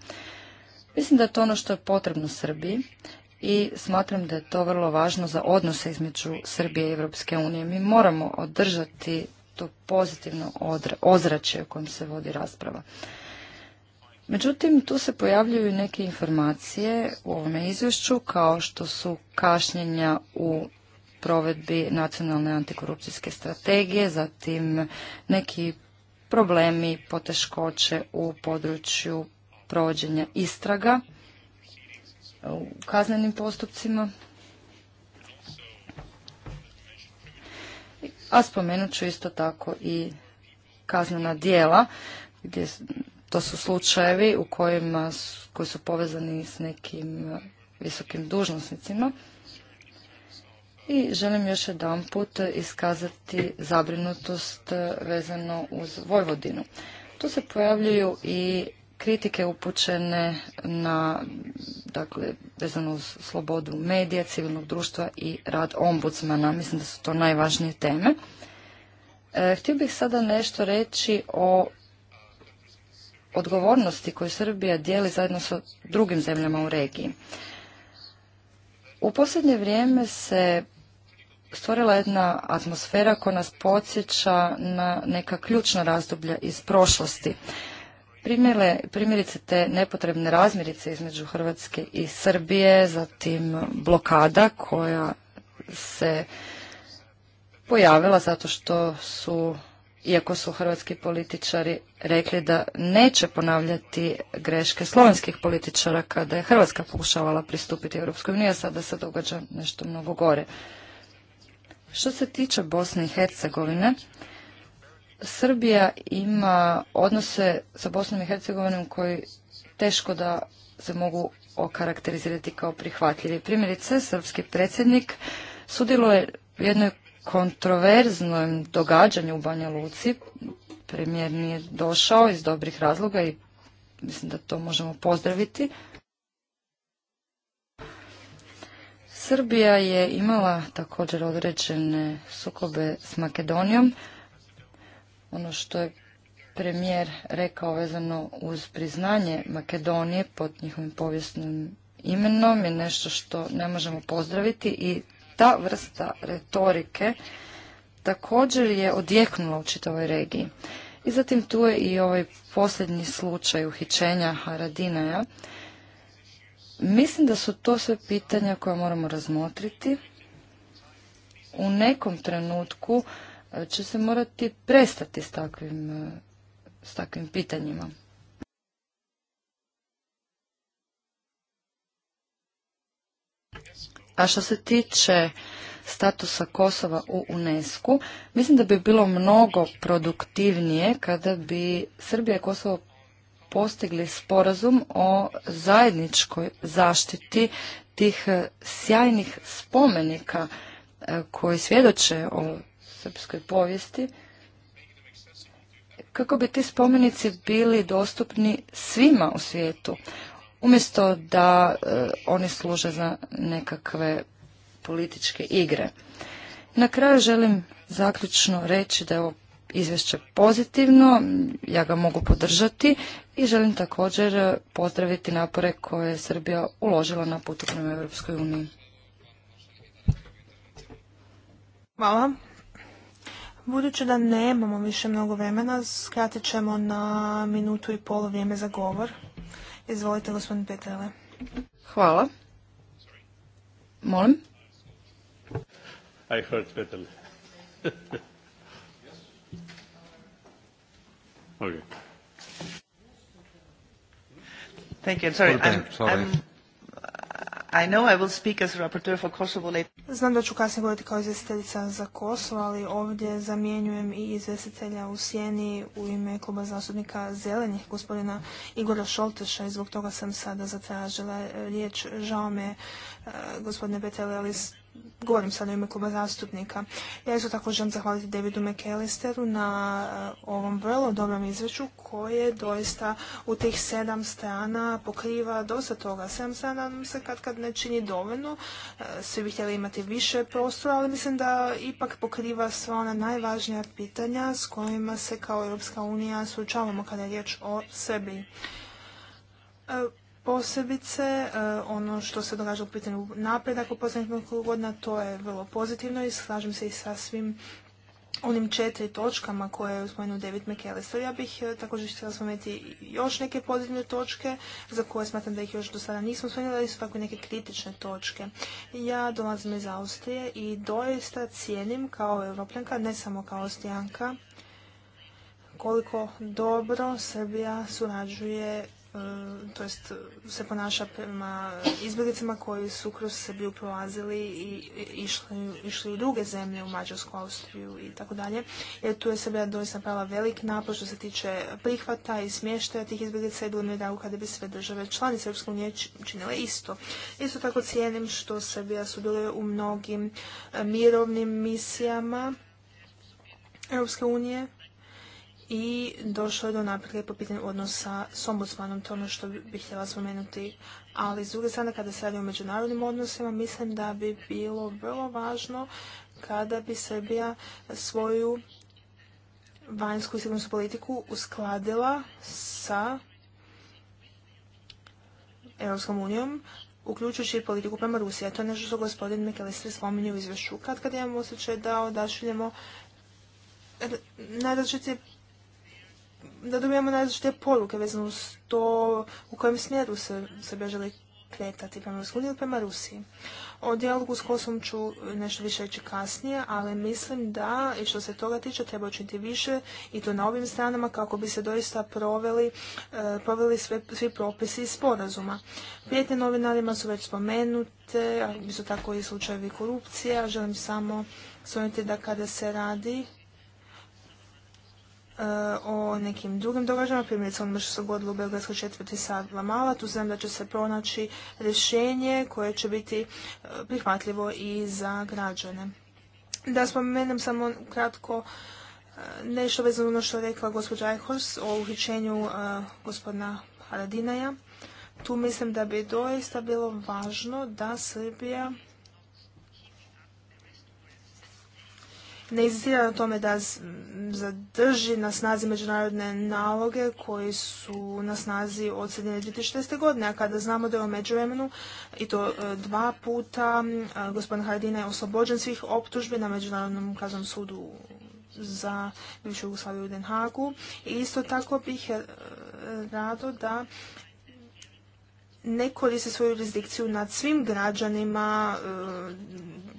Mislim da je to ono što je potrebno Srbiji i smatram da je to vrlo važno za odnose između Srbije i Europske unije. Mi moramo održati to pozitivno ozračje u kojem se vodi rasprava. Međutim, tu se pojavljuju neke informacije u ovome izvješću kao što su kašnjenja u provedbi nacionalne antikorupcijske strategije, zatim neki problemi, poteškoće u području provođenja istraga u kaznenim postupcima. A spomenut ću isto tako i kaznena dijela gdje to su slučajevi u kojima koji su povezani s nekim visokim dužnosnicima. I želim još jedan put iskazati zabrinutost vezano uz Vojvodinu. Tu se pojavljuju i kritike upućene na, dakle, vezano uz slobodu medija, civilnog društva i rad ombudsmana. Mislim da su to najvažnije teme. E, htio bih sada nešto reći o odgovornosti koju Srbija dijeli zajedno sa drugim zemljama u regiji. U posljednje vrijeme se stvorila jedna atmosfera koja nas podsjeća na neka ključna razdoblja iz prošlosti. primjerice te nepotrebne razmirice između Hrvatske i Srbije, zatim blokada koja se pojavila zato što su iako su hrvatski političari rekli da neće ponavljati greške slovenskih političara kada je Hrvatska pokušavala pristupiti Europskoj uniji, a sada se događa nešto mnogo gore. Što se tiče Bosne i Hercegovine, Srbija ima odnose sa Bosnom i Hercegovinom koji teško da se mogu okarakterizirati kao prihvatljivi. Primjerice, srpski predsjednik sudjeluje u jednoj kontroverznom događanju u Banja Luci. Premijer nije došao iz dobrih razloga i mislim da to možemo pozdraviti. Srbija je imala također određene sukobe s Makedonijom. Ono što je premijer rekao vezano uz priznanje Makedonije pod njihovim povijesnim imenom je nešto što ne možemo pozdraviti i ta vrsta retorike također je odjeknula u čitavoj regiji. I zatim tu je i ovaj posljednji slučaj uhićenja Haradinaja. Mislim da su to sve pitanja koja moramo razmotriti. U nekom trenutku e, će se morati prestati s takvim, e, s takvim pitanjima. A što se tiče statusa Kosova u UNESCO, mislim da bi bilo mnogo produktivnije kada bi Srbija i Kosovo postigli sporazum o zajedničkoj zaštiti tih eh, sjajnih spomenika eh, koji svjedoče o srpskoj povijesti, kako bi ti spomenici bili dostupni svima u svijetu umjesto da e, oni služe za nekakve političke igre. Na kraju želim zaključno reći da je ovo izvješće pozitivno, ja ga mogu podržati i želim također pozdraviti napore koje je Srbija uložila na putu prema Europskoj uniji. Hvala. Budući da nemamo više mnogo vremena, skratit ćemo na minutu i pol vrijeme za govor. Izvolite, gospodin Petrele. Hvala. Molim? I heard Petrele. okay. Thank you. I'm sorry. I'm, I'm, I know I will speak as rapporteur for Kosovo later. Znam da ću kasnije govoriti kao izvjestiteljica za Kosovo, ali ovdje zamjenjujem i izvjestitelja u Sjeni u ime kluba zastupnika Zelenih, gospodina Igora Šolteša i zbog toga sam sada zatražila e, riječ. Žao me, e, gospodine Betele, ali govorim sad u ime kluba zastupnika. Ja isto tako želim zahvaliti Davidu McAllisteru na e, ovom vrlo dobrom izveću koje doista u tih sedam strana pokriva dosta toga. Sedam strana nam se kad kad ne čini dovoljno. E, svi bi htjeli imati više prostora, ali mislim da ipak pokriva sva ona najvažnija pitanja s kojima se kao Europska unija suočavamo kada je riječ o sebi. E, Posebice e, ono što se događa u pitanju napredak u posljednjih nekoliko godina, to je vrlo pozitivno i slažem se i sa svim onim četiri točkama koje je spomenuo David McAllister. Ja bih e, također htjela spomenuti još neke pozitivne točke za koje smatram da ih još do sada nismo spomenuli, ali su tako i neke kritične točke. Ja dolazim iz Austrije i doista cijenim kao europljanka, ne samo kao austrijanka, koliko dobro Srbija surađuje E, to jest se ponaša prema izbjeglicama koji su kroz Srbiju prolazili i išli, u druge zemlje, u Mađarsku, Austriju i tako dalje. Jer tu je Srbija doista prava velik napor što se tiče prihvata i smještaja tih izbjeglica i bilo mi drago kada bi sve države članice Europske unije činile isto. Isto tako cijenim što Srbija bile u mnogim e, mirovnim misijama Europske unije i došlo je do napredka po pitanju odnosa s ombudsmanom, to ono što bih htjela spomenuti. Ali s druge strane, kada se radi o međunarodnim odnosima, mislim da bi bilo vrlo važno kada bi Srbija svoju vanjsku i sigurnosnu politiku uskladila sa Europskom unijom, uključujući i politiku prema Rusiji. to je nešto što gospodin Mikalistri spominje u izvješću. Kad kad imamo osjećaj da odašiljemo najrazličitije da dobijemo različite poruke vezano uz to u kojem smjeru se sebe želi kretati prema Rusku ili prema Rusiji. O dijalogu s Kosovom ću nešto više reći kasnije, ali mislim da i što se toga tiče treba učiniti više i to na ovim stranama kako bi se doista proveli, e, sve, svi propisi i sporazuma. Prijetnje novinarima su već spomenute, su tako i slučajevi korupcije, a želim samo svojiti da kada se radi Eh, o nekim drugim događajima, primjerice ono što se dogodilo u Belgradskoj četvrti sa Lamala, tu znam da će se pronaći rješenje koje će biti eh, prihvatljivo i za građane. Da spomenem samo kratko eh, nešto vezano ono što je rekla gospođa Ajhors o uhićenju gospodina Haradinaja. Tu mislim da bi doista bilo važno da Srbija ne inzistira na tome da zadrži na snazi međunarodne naloge koji su na snazi od sredine 2006. godine, a kada znamo da je u međuvremenu i to e, dva puta e, gospodin Haradina je oslobođen svih optužbi na Međunarodnom kaznom sudu za bivšu Jugoslaviju u Den Hagu. I isto tako bih e, rado da ne koriste svoju jurisdikciju nad svim građanima e,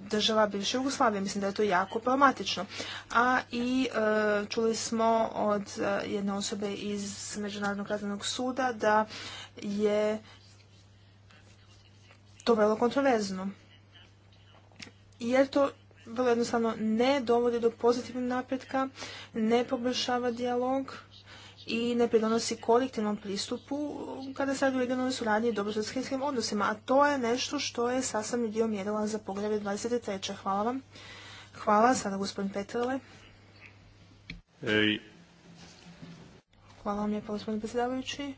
država bivše Jugoslavije. Mislim da je to jako problematično. A i e, čuli smo od e, jedne osobe iz Međunarodnog kaznenog suda da je to vrlo kontroverzno. Jer to vrlo jednostavno ne dovodi do pozitivnog napretka, ne poboljšava dijalog i ne pridonosi kolektivnom pristupu kada se radi o regionalnoj suradnji i dobrosusjedskim odnosima, a to je nešto što je sastavni dio mjerila za poglavlje 23. Hvala vam. Hvala, sada gospodin Petrele. Hvala vam lijepo, gospodin predsjedavajući.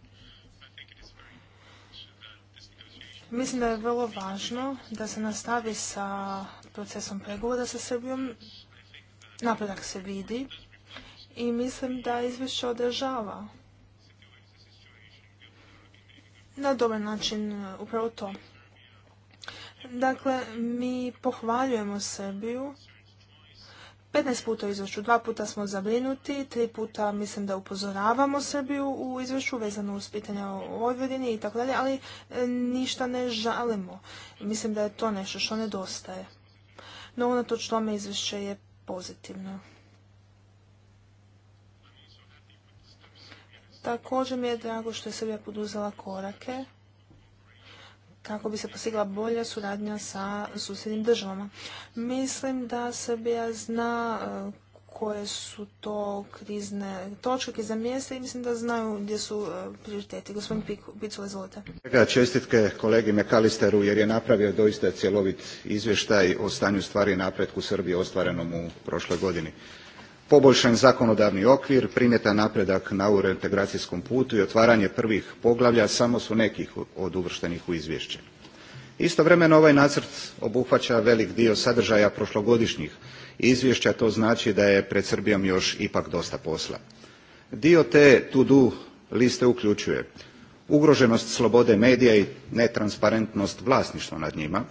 Mislim da je vrlo važno da se nastavi sa procesom pregovora sa Srbijom. Napredak se vidi i mislim da izvješće održava na dobar način e, upravo to. Dakle, mi pohvaljujemo Srbiju. 15 puta u izvješću, dva puta smo zabrinuti, tri puta mislim da upozoravamo Srbiju u izvješću vezano uz pitanja o i tako dalje, ali e, ništa ne žalimo. Mislim da je to nešto što nedostaje. No, unatoč tome izvješće je pozitivno. Također mi je drago što je Srbija poduzela korake kako bi se postigla bolja suradnja sa susjednim državama. Mislim da Srbija zna e, koje su to krizne točke, za mjesta i mislim da znaju gdje su e, prioriteti. Gospodin Picula, izvolite. Čestitke kolegi Mekalisteru jer je napravio doista cjelovit izvještaj o stanju stvari i napretku Srbije ostvarenom u prošloj godini poboljšan zakonodavni okvir primjetan napredak na eurointegracijskom putu i otvaranje prvih poglavlja samo su nekih od uvrštenih u izvješće istovremeno ovaj nacrt obuhvaća velik dio sadržaja prošlogodišnjih izvješća to znači da je pred srbijom još ipak dosta posla dio te to do liste uključuje ugroženost slobode medija i netransparentnost vlasništva nad njima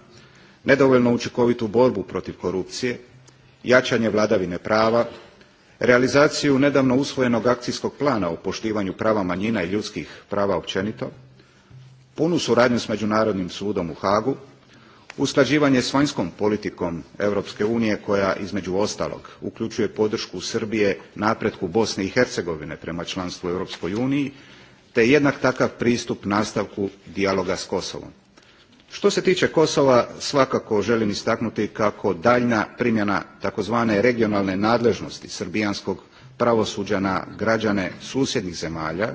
nedovoljno učinkovitu borbu protiv korupcije jačanje vladavine prava realizaciju nedavno usvojenog akcijskog plana o poštivanju prava manjina i ljudskih prava općenito punu suradnju s međunarodnim sudom u haagu usklađivanje s vanjskom politikom europske unije koja između ostalog uključuje podršku srbije napretku bosne i hercegovine prema članstvu u europskoj uniji te jednak takav pristup nastavku dijaloga s kosovom što se tiče kosova svakako želim istaknuti kako daljnja primjena takozvane regionalne nadležnosti srbijanskog pravosuđa na građane susjednih zemalja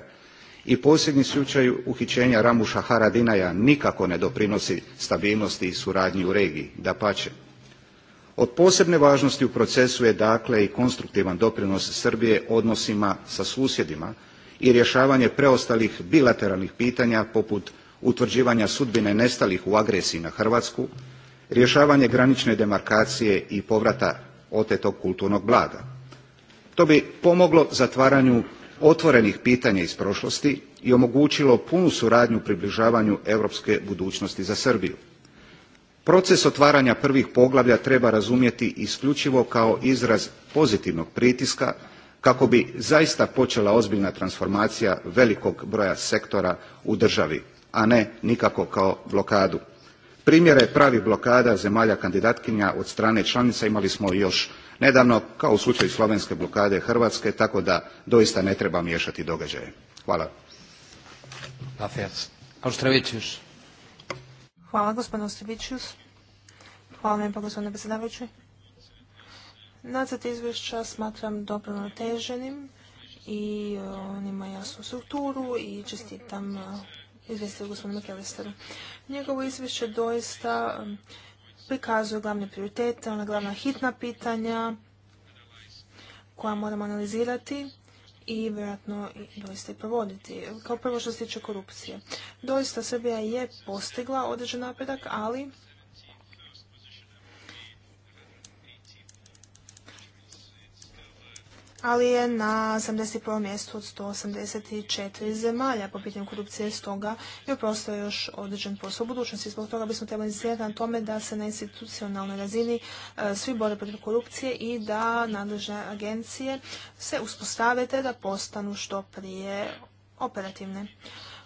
i posljednji slučaj uhićenja Ramuša haradinaja nikako ne doprinosi stabilnosti i suradnji u regiji dapače od posebne važnosti u procesu je dakle i konstruktivan doprinos srbije odnosima sa susjedima i rješavanje preostalih bilateralnih pitanja poput utvrđivanja sudbine nestalih u agresiji na Hrvatsku, rješavanje granične demarkacije i povrata otetog kulturnog blaga. To bi pomoglo zatvaranju otvorenih pitanja iz prošlosti i omogućilo punu suradnju približavanju europske budućnosti za Srbiju. Proces otvaranja prvih poglavlja treba razumjeti isključivo kao izraz pozitivnog pritiska kako bi zaista počela ozbiljna transformacija velikog broja sektora u državi a ne nikako kao blokadu. primjere pravi blokada zemalja kandidatkinja od strane članica imali smo još nedavno kao u slučaju slovenske blokade hrvatske tako da doista ne treba miješati događaje. hvala. Hvala gospodine Ostrovićius. Hvala vam gospodine predsjedavajući. Nacrt izvješća smatram dobro nateženim i e, on ima jasnu strukturu i čestitam e, izvijestio gospodinu McAllisteru. Njegovo izvješće doista um, prikazuje glavne prioritete, ona glavna hitna pitanja koja moramo analizirati i vjerojatno doista i provoditi. Kao prvo što se tiče korupcije. Doista Srbija je postigla određen napredak, ali ali je na 81. mjestu od 184 zemalja po pitanju korupcije, stoga je još određen posao u budućnosti. Zbog toga bismo trebali insistirati na tome da se na institucionalnoj razini e, svi bore protiv korupcije i da nadležne agencije se uspostave te da postanu što prije operativne.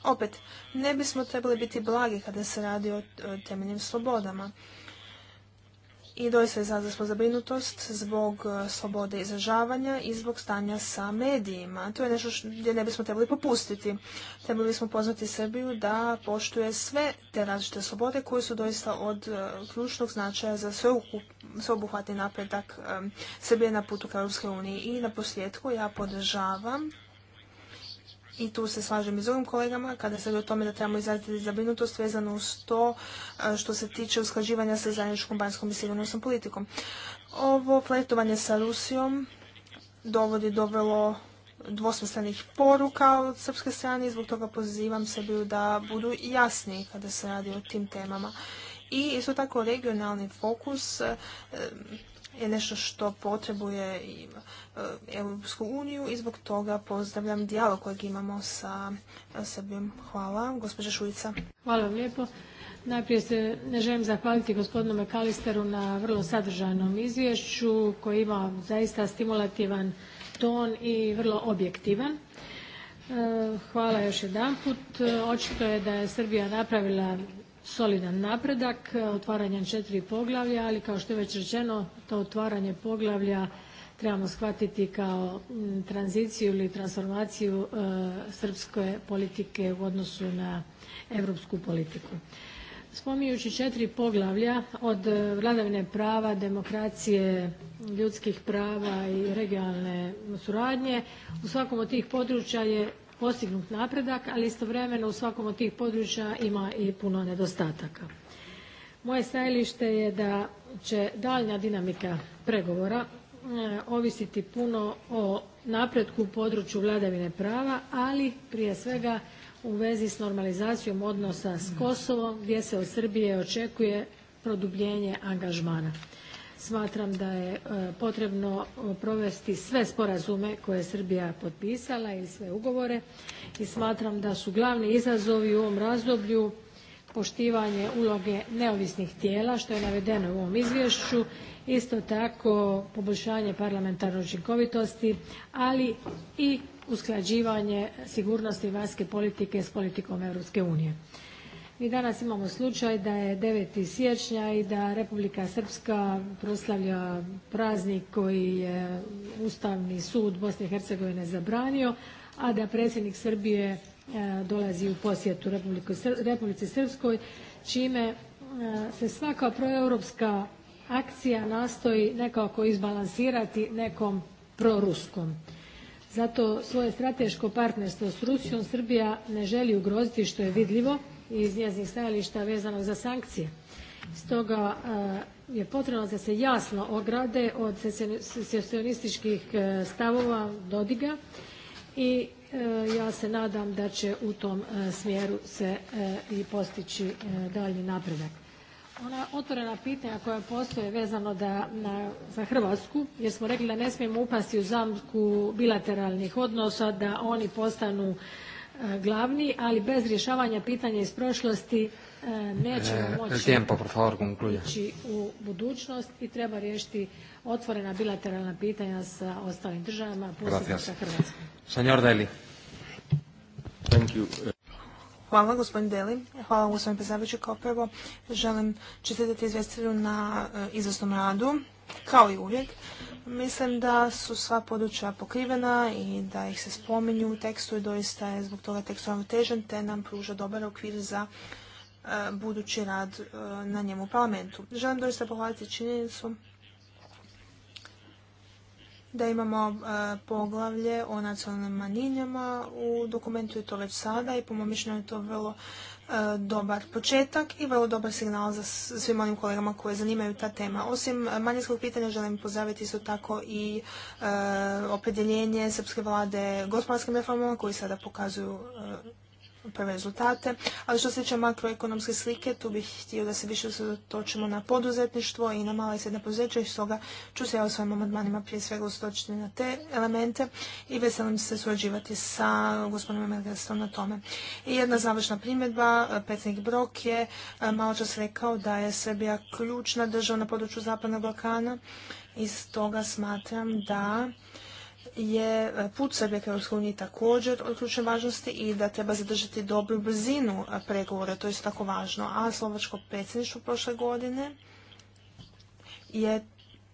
Opet, ne bismo trebali biti blagi kada se radi o e, temeljnim slobodama. I doista izrazili smo zabrinutost zbog e, slobode izražavanja i zbog stanja sa medijima. To je nešto gdje ne bismo trebali popustiti. Trebali bismo poznati Srbiju da poštuje sve te različite slobode koje su doista od e, ključnog značaja za sveobuhvatni napredak e, Srbije na putu ka unije. I na posljedku ja podržavam i tu se slažem i s drugim kolegama kada se o tome da trebamo izraziti zabrinutost vezano uz to e, što se tiče usklađivanja sa zajedničkom vanjskom i sigurnosnom politikom. Ovo fletovanje sa Rusijom dovodi do vrlo dvosmislenih poruka od srpske strane i zbog toga pozivam se da budu jasniji kada se radi o tim temama. I isto tako regionalni fokus e, je nešto što potrebuje i e, Europsku uniju i zbog toga pozdravljam dijalog kojeg imamo sa e, Srbijom. Hvala. Gospođa Šuljica. Hvala vam lijepo. Najprije se ne želim zahvaliti gospodinu Mekalisteru na vrlo sadržajnom izvješću koji ima zaista stimulativan ton i vrlo objektivan. E, hvala još jedanput. Očito je da je Srbija napravila solidan napredak otvaranjem četiri poglavlja, ali kao što je već rečeno to otvaranje poglavlja trebamo shvatiti kao mm, tranziciju ili transformaciju e, srpske politike u odnosu na europsku politiku. Spominjući četiri poglavlja od e, vladavine prava, demokracije, ljudskih prava i regionalne suradnje u svakom od tih područja je postignut napredak, ali istovremeno u svakom od tih područja ima i puno nedostataka. Moje stajalište je da će daljnja dinamika pregovora e, ovisiti puno o napretku u području vladavine prava, ali prije svega u vezi s normalizacijom odnosa s Kosovom gdje se od Srbije očekuje produbljenje angažmana smatram da je e, potrebno e, provesti sve sporazume koje je Srbija potpisala i sve ugovore i smatram da su glavni izazovi u ovom razdoblju poštivanje uloge neovisnih tijela što je navedeno u ovom izvješću, isto tako poboljšanje parlamentarne učinkovitosti, ali i usklađivanje sigurnosti vanjske politike s politikom Europske unije. Mi danas imamo slučaj da je 9. siječnja i da Republika Srpska proslavlja praznik koji je Ustavni sud Bosne i Hercegovine zabranio, a da predsjednik Srbije e, dolazi u posjetu Republici Srpskoj čime e, se svaka proeuropska akcija nastoji nekako izbalansirati nekom proruskom. Zato svoje strateško partnerstvo s Rusijom Srbija ne želi ugroziti što je vidljivo iz njezinih stajališta vezano za sankcije. Stoga e, je potrebno da se jasno ograde od secesionističkih e, stavova Dodiga i e, ja se nadam da će u tom smjeru se i postići dalji napredak. Ona otvorena pitanja koja postoje vezano da, za Hrvatsku, jer smo rekli da ne smijemo upasti u zamku bilateralnih odnosa, da oni postanu E, glavni, ali bez rješavanja pitanja iz prošlosti e, nećemo e, moći ići u budućnost i treba riješiti otvorena bilateralna pitanja sa ostalim državama, posebno sa Hrvatskom. Deli. Hvala gospodin Deli. Hvala gospodin želim čestitati izvjestitelju na izvrsnom radu kao i uvijek. Mislim da su sva područja pokrivena i da ih se spominju u tekstu i doista je zbog toga tekst ravnotežen te nam pruža dobar okvir za e, budući rad e, na njemu u parlamentu. Želim doista pohvaliti činjenicu da imamo e, poglavlje o nacionalnim manjinama u dokumentu je to već sada i po mom mišljenju je to vrlo E, dobar početak i vrlo dobar signal za svim onim kolegama koje zanimaju ta tema. Osim e, manjinskog pitanja želim pozdraviti isto tako i e, opredjeljenje srpske vlade gospodarskim reformama koji sada pokazuju prve rezultate. Ali što se tiče makroekonomske slike, tu bih htio da se više usredotočimo na poduzetništvo i na mala i sredna poduzeća i stoga ću se ja u svojim amandmanima prije svega ustočiti na te elemente i veselim se surađivati sa gospodinom Mergestom na tome. I jedna završna primjedba, Petnik Brok je e, malo čas rekao da je Srbija ključna država na području Zapadnog Balkana i stoga smatram da je e, put Srbije EU također od ključne važnosti i da treba zadržati dobru brzinu e, pregovora, to je tako važno. A slovačko predsjedništvo prošle godine je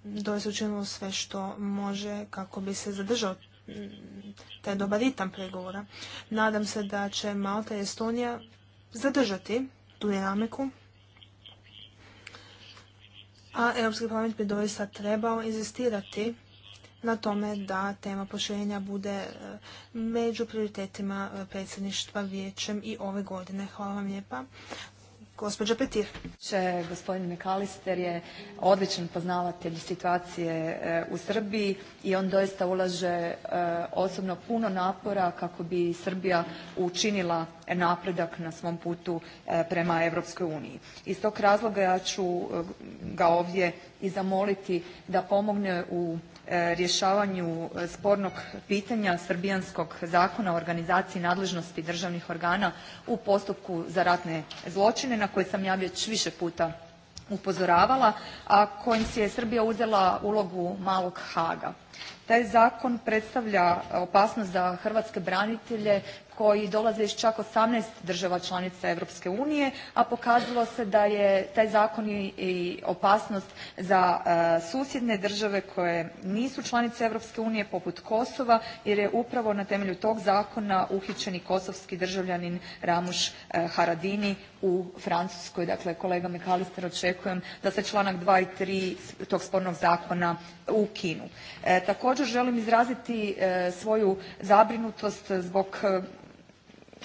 doista učinilo sve što može kako bi se zadržao mm, taj dobar ritam pregovora. Nadam se da će Malta i Estonija zadržati tu dinamiku. A Europski parlament bi doista trebao inzistirati na tome da tema pošljenja bude e, među prioritetima e, predsjedništva vijećem i ove godine. Hvala vam lijepa. Gospođa Petir. Gospodin Mekalister je odličan poznavatelj situacije e, u Srbiji i on doista ulaže osobno puno napora kako bi Srbija učinila napredak na svom putu prema Europskoj uniji. Iz tog razloga ja ću ga ovdje i zamoliti da pomogne u E, rješavanju spornog pitanja srbijanskog Zakona o organizaciji nadležnosti državnih organa u postupku za ratne zločine na koje sam ja već više puta upozoravala, a kojim si je Srbija uzela ulogu malog Haaga. Taj zakon predstavlja opasnost za hrvatske branitelje koji dolaze iz čak 18 država članica Europske unije, a pokazalo se da je taj zakon i opasnost za e, susjedne države koje nisu članice Europske unije poput Kosova jer je upravo na temelju tog zakona uhićeni kosovski državljanin Ramush e, Haradini u Francuskoj. Dakle, kolega McAllister očekujem da se članak 2. i 3. tog spornog zakona ukinu. E, također želim izraziti svoju zabrinutost zbog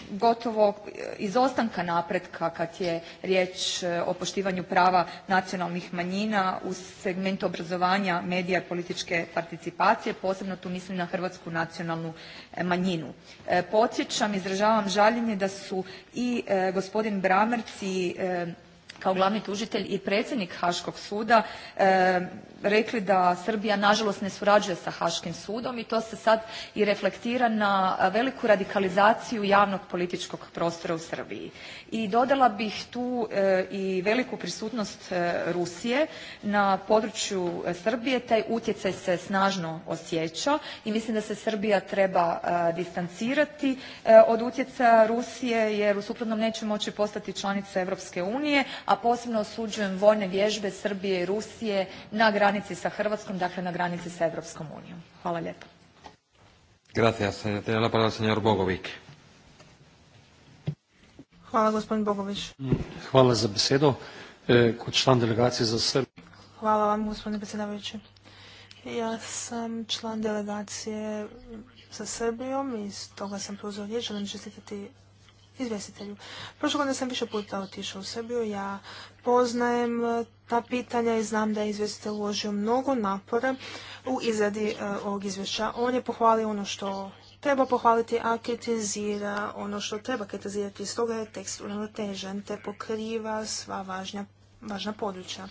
gotovo izostanka napretka kad je riječ e, o poštivanju prava nacionalnih manjina u segmentu obrazovanja, medija i političke participacije, posebno tu mislim na hrvatsku nacionalnu e, manjinu. E, podsjećam, izražavam žaljenje da su i gospodin Bramerci i kao glavni tužitelj i predsjednik Haškog suda e, rekli da Srbija nažalost ne surađuje sa Haškim sudom i to se sad i reflektira na veliku radikalizaciju javnog političkog prostora u Srbiji. I dodala bih tu e, i veliku prisutnost e, Rusije na području Srbije, taj utjecaj se snažno osjeća i mislim da se Srbija treba distancirati od utjecaja Rusije jer u suprotnom neće moći postati članica Europske unije, a posebno osuđujem vojne vježbe Srbije i Rusije na granici sa Hrvatskom, dakle na granici sa Evropskom unijom. Hvala lijepo. Gracias. La palabra señor Bogovic. Hvala, gospodin Bogović. Hvala za besedo. E, član delegacije za Srbiju. Hvala vam, gospodine predsjedavajući. Ja sam član delegacije sa Srbijom i stoga sam preuzeo riječ. Želim čestitati izvjestitelju. Prošle godine sam više puta otišao u Srbiju, ja poznajem e, ta pitanja i znam da je izvjestitelj uložio mnogo napora u izradi e, ovog izvješća. On je pohvalio ono što treba pohvaliti, a kritizira ono što treba kritizirati. Stoga je tekst uravnotežen te pokriva sva važna područja.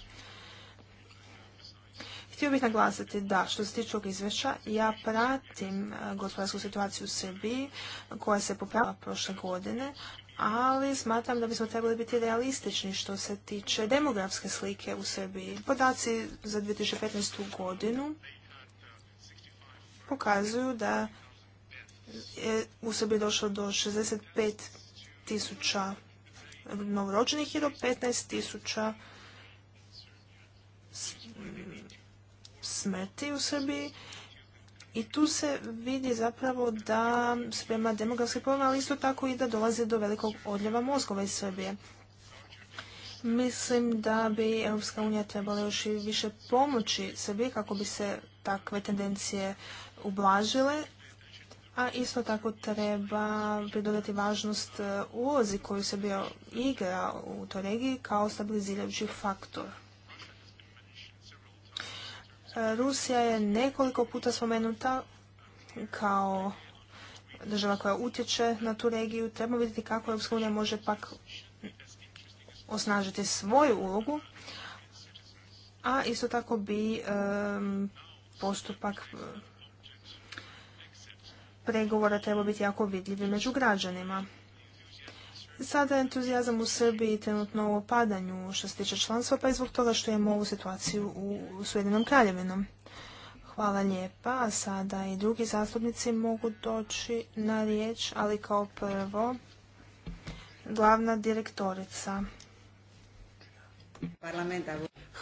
Htio bih naglasiti da što se tiče ovog izvješća ja pratim e, gospodarsku situaciju u Srbiji koja se popravila prošle godine, ali smatram da bismo trebali biti realistični što se tiče demografske slike u Srbiji. Podaci za 2015. godinu pokazuju da je u Srbiji došlo do 65 tisuća novorođenih i do 15 tisuća smrti u Srbiji i tu se vidi zapravo da se prema demografske probleme, ali isto tako i da dolazi do velikog odljeva mozgova iz Srbije. Mislim da bi Europska unija trebala još i više pomoći Srbiji kako bi se takve tendencije ublažile, a isto tako treba pridodati važnost e, ulozi koju se bio igra u toj regiji kao stabilizirajući faktor. Rusija je nekoliko puta spomenuta kao država koja utječe na tu regiju. Treba vidjeti kako Europska može pak osnažiti svoju ulogu, a isto tako bi postupak e, pregovora trebao biti jako vidljiv među građanima sada entuzijazam u Srbiji trenutno u opadanju što se tiče članstva, pa i zbog toga što imamo ovu situaciju u Sjedinom kraljevinom. Hvala lijepa. sada i drugi zastupnici mogu doći na riječ, ali kao prvo glavna direktorica.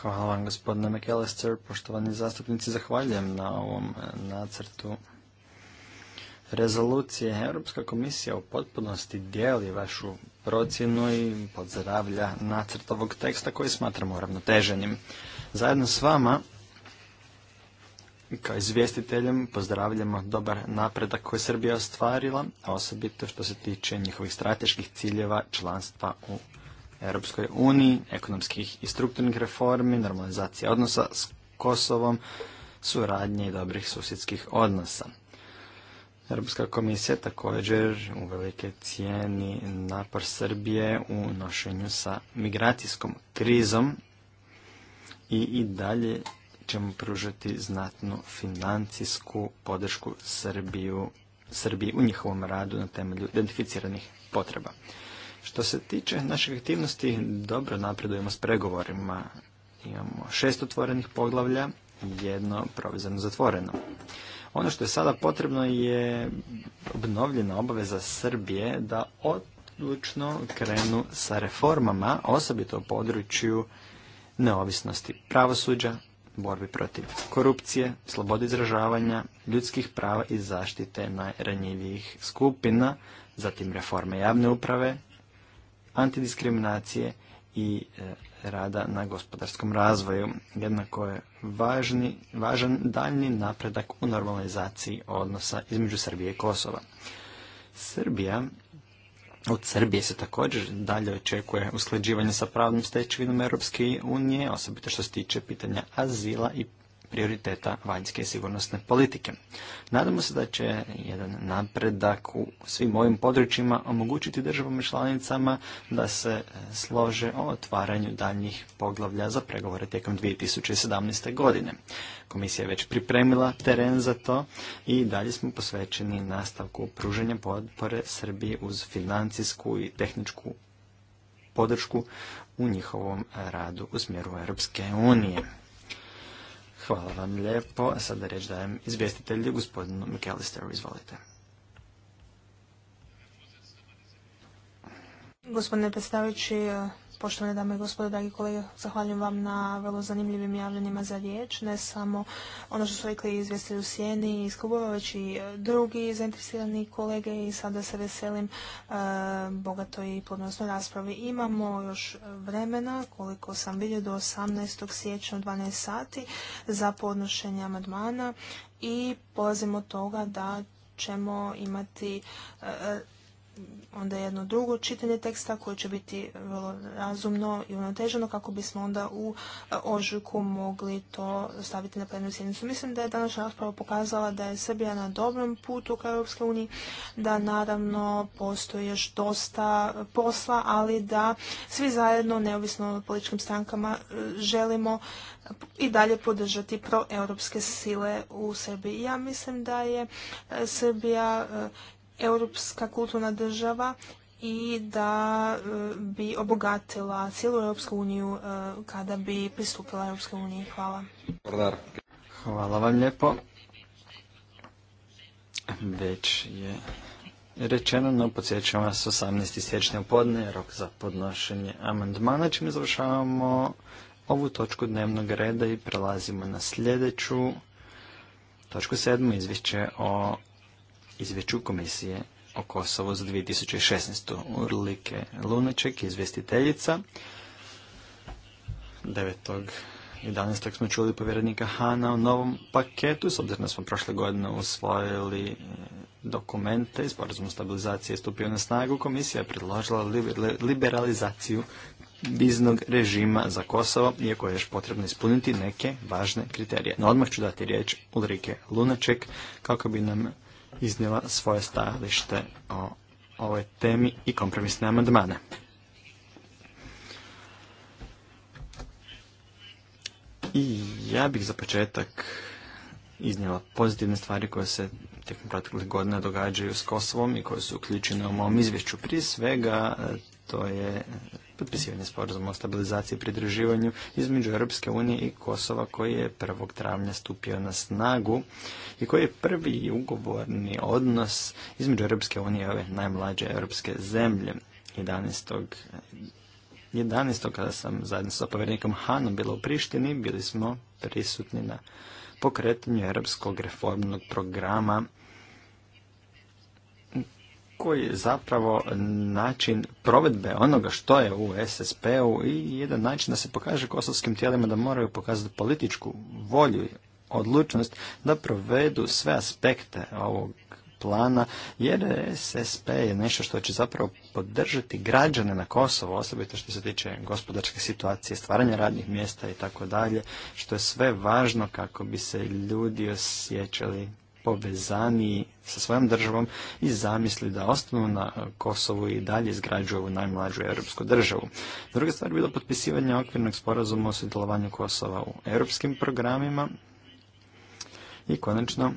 Hvala vam gospodine McAllister, poštovani zastupnici, zahvaljujem na ovom nacrtu rezolucije Europska komisija u potpunosti dijeli vašu procjenu i pozdravlja nacrt ovog teksta koji smatramo ravnoteženim. Zajedno s vama kao izvjestiteljem pozdravljamo dobar napredak koji je Srbija ostvarila, a osobito što se tiče njihovih strateških ciljeva članstva u Europskoj uniji, ekonomskih i strukturnih reformi, normalizacija odnosa s Kosovom, suradnje i dobrih susjedskih odnosa. Europska komisija također u velike cijeni napor Srbije u nošenju sa migracijskom krizom i i dalje ćemo pružati znatnu financijsku podršku Srbiju, Srbiji u njihovom radu na temelju identificiranih potreba. Što se tiče naših aktivnosti, dobro napredujemo s pregovorima. Imamo šest otvorenih poglavlja, jedno provizorno zatvoreno. Ono što je sada potrebno je obnovljena obaveza Srbije da odlučno krenu sa reformama, osobito u području neovisnosti pravosuđa, borbi protiv korupcije, slobode izražavanja, ljudskih prava i zaštite najranjivijih skupina, zatim reforme javne uprave, antidiskriminacije i e, rada na gospodarskom razvoju. Jednako je važni, važan daljni napredak u normalizaciji odnosa između Srbije i Kosova. Srbija od Srbije se također dalje očekuje usklađivanje sa pravnom stečevinom Europske unije, osobito što se tiče pitanja azila i prioriteta vanjske i sigurnosne politike. Nadamo se da će jedan napredak u svim ovim područjima omogućiti državama članicama da se e, slože o otvaranju daljnjih poglavlja za pregovore tijekom 2017. godine. Komisija je već pripremila teren za to i dalje smo posvećeni nastavku pruženja potpore Srbiji uz financijsku i tehničku podršku u njihovom radu u smjeru Europske unije. Hvala vam lijepo. A sada reč dajem izvjestitelju gospodinu McAllisteru. Izvolite. Gospodine predstavajući, Poštovane dame i gospodo, dragi kolege, zahvaljujem vam na vrlo zanimljivim javljanjima za riječ. Ne samo ono što su rekli izvjestitelji u Sjeni iz klubova, već i e, drugi zainteresirani kolege i sada se veselim e, bogatoj i podnosnoj raspravi. Imamo još vremena, koliko sam vidio, do 18. siječnja u 12 sati za podnošenje amandmana i polazimo od toga da ćemo imati e, onda jedno drugo čitanje teksta koje će biti vrlo razumno i uravnoteženo kako bismo onda u e, ožujku mogli to staviti na plenarnu sjednicu. Mislim da je današnja rasprava pokazala da je Srbija na dobrom putu ka Europske uniji, da naravno postoji još dosta posla, ali da svi zajedno, neovisno o političkim strankama, želimo i dalje podržati proeuropske sile u Srbiji. Ja mislim da je e, Srbija e, europska kulturna država i da e, bi obogatila cijelu Europsku uniju e, kada bi pristupila Europskoj uniji. Hvala. Hvala vam lijepo. Već je rečeno, no podsjećam vas 18. siječnja u podne, rok za podnošenje amandmana, čime završavamo ovu točku dnevnog reda i prelazimo na sljedeću točku sedmu, izvješće o izvješću komisije o Kosovo za 2016. Urlike Lunaček, izvjestiteljica. 9. 11. smo čuli povjerenika Hana o novom paketu, s obzirom da smo prošle godine usvojili e, dokumente iz sporazum stabilizacije stupio na snagu, komisija je predložila liberalizaciju biznog režima za Kosovo, iako je još potrebno ispuniti neke važne kriterije. No odmah ću dati riječ Ulrike Lunaček kako bi nam iznijela svoje stajalište o ovoj temi i kompromisne amandmane. I ja bih za početak iznijela pozitivne stvari koje se tijekom proteklih godina događaju s Kosovom i koje su uključene u mom izvješću. Prije svega e, to je potpisivanje sporazuma o stabilizaciji i pridruživanju između Europske unije i Kosova koji je 1. travnja stupio na snagu i koji je prvi ugovorni odnos između Europske unije i ove najmlađe europske zemlje 11. 11. kada sam zajedno sa povjerenikom Hanom bila u Prištini, bili smo prisutni na pokretanju europskog reformnog programa koji je zapravo način provedbe onoga što je u SSP-u i jedan način da se pokaže kosovskim tijelima da moraju pokazati političku volju i odlučnost da provedu sve aspekte ovog plana, jer SSP je nešto što će zapravo podržati građane na Kosovo, osobito što se tiče gospodarske situacije, stvaranja radnih mjesta i tako dalje, što je sve važno kako bi se ljudi osjećali povezaniji sa svojom državom i zamisli da ostanu na Kosovu i dalje izgrađuju ovu najmlađu europsku državu. Druga stvar je bilo potpisivanje okvirnog sporazuma o sudjelovanju Kosova u europskim programima i konačno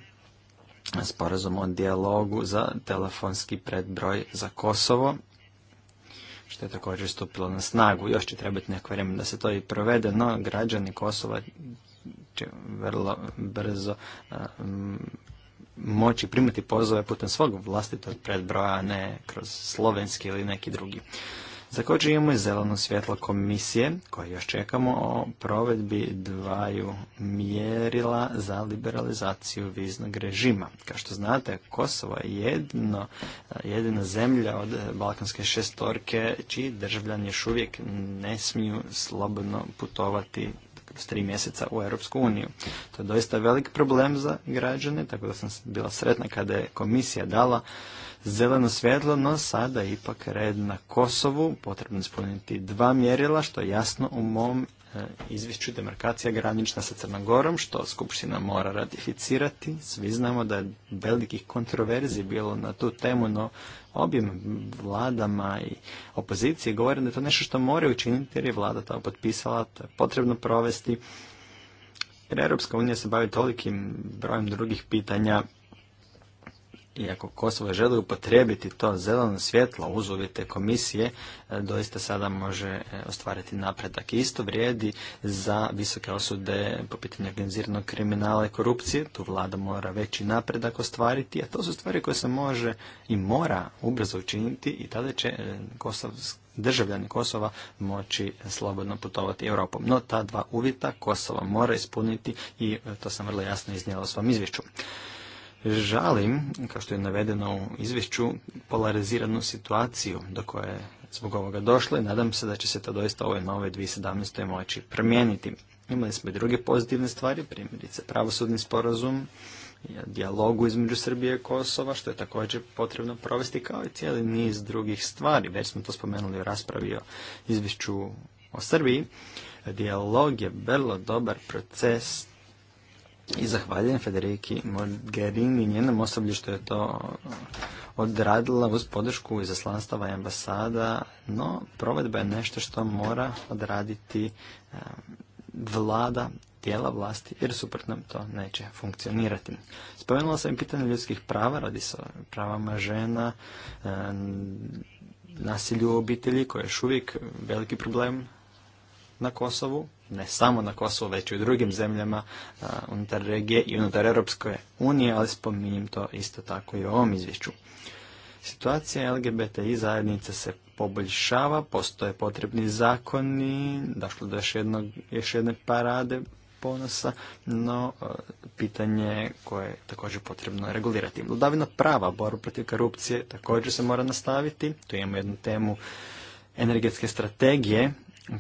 sporazum o dijalogu za telefonski predbroj za Kosovo što je također stupilo na snagu. Još će trebati neko vrijeme da se to i provede, no građani Kosova će vrlo brzo moći primati pozove putem svog vlastitog predbroja, a ne kroz slovenski ili neki drugi. Također imamo i zeleno svjetlo komisije koje još čekamo o provedbi dvaju mjerila za liberalizaciju viznog režima. Kao što znate, Kosovo je jedno, jedina zemlja od Balkanske šestorke čiji državljani još uvijek ne smiju slobodno putovati s tri mjeseca u Europsku uniju. To je doista velik problem za građane, tako da sam bila sretna kada je komisija dala zeleno svjetlo, no sada je ipak red na Kosovu, potrebno ispuniti dva mjerila, što jasno u mom E, izvješću demarkacija granična sa Gorom, što Skupština mora ratificirati. Svi znamo da je velikih kontroverzi bilo na tu temu, no obim vladama i opoziciji govore da je to nešto što moraju učiniti jer je vlada to potpisala, to je potrebno provesti. Jer Europska unija se bavi tolikim brojem drugih pitanja i ako Kosovo želi upotrijebiti to zeleno svjetlo uz uvjete komisije, e, doista sada može e, ostvariti napredak. isto vrijedi za visoke osude po pitanju organiziranog kriminala i korupcije. Tu vlada mora veći napredak ostvariti, a to su stvari koje se može i mora ubrzo učiniti i tada će e, državljani Kosova moći slobodno putovati Europom. No ta dva uvjeta Kosova mora ispuniti i to sam vrlo jasno iznijela u svom izvješću. Žalim, kao što je navedeno u izvješću, polariziranu situaciju do koje je zbog ovoga došlo i nadam se da će se to doista ove nove 2017. moći promijeniti. Imali smo i druge pozitivne stvari, primjerice pravosudni sporazum, dijalogu između Srbije i Kosova, što je također potrebno provesti kao i cijeli niz drugih stvari. Već smo to spomenuli u raspravi o izvješću o Srbiji. Dijalog je vrlo dobar proces i zahvaljujem Federiki Mogherini i njenom osoblju što je to uh, odradila uz podršku izaslanstava i ambasada, no provedba je nešto što mora odraditi uh, vlada, tijela vlasti, jer suprotno to neće funkcionirati. Spomenula sam i pitanje ljudskih prava, radi se o pravama žena, uh, nasilju u obitelji, koje je još uvijek veliki problem na Kosovu, ne samo na Kosovo, već i u drugim zemljama unutar regije i unutar Europske unije, ali spominjem to isto tako i u ovom izvješću. Situacija LGBTI zajednice se poboljšava, postoje potrebni zakoni, došlo do još, jednog, još jedne parade ponosa, no pitanje koje je također potrebno regulirati. Vladavina prava, boru protiv korupcije također se mora nastaviti. Tu imamo jednu temu energetske strategije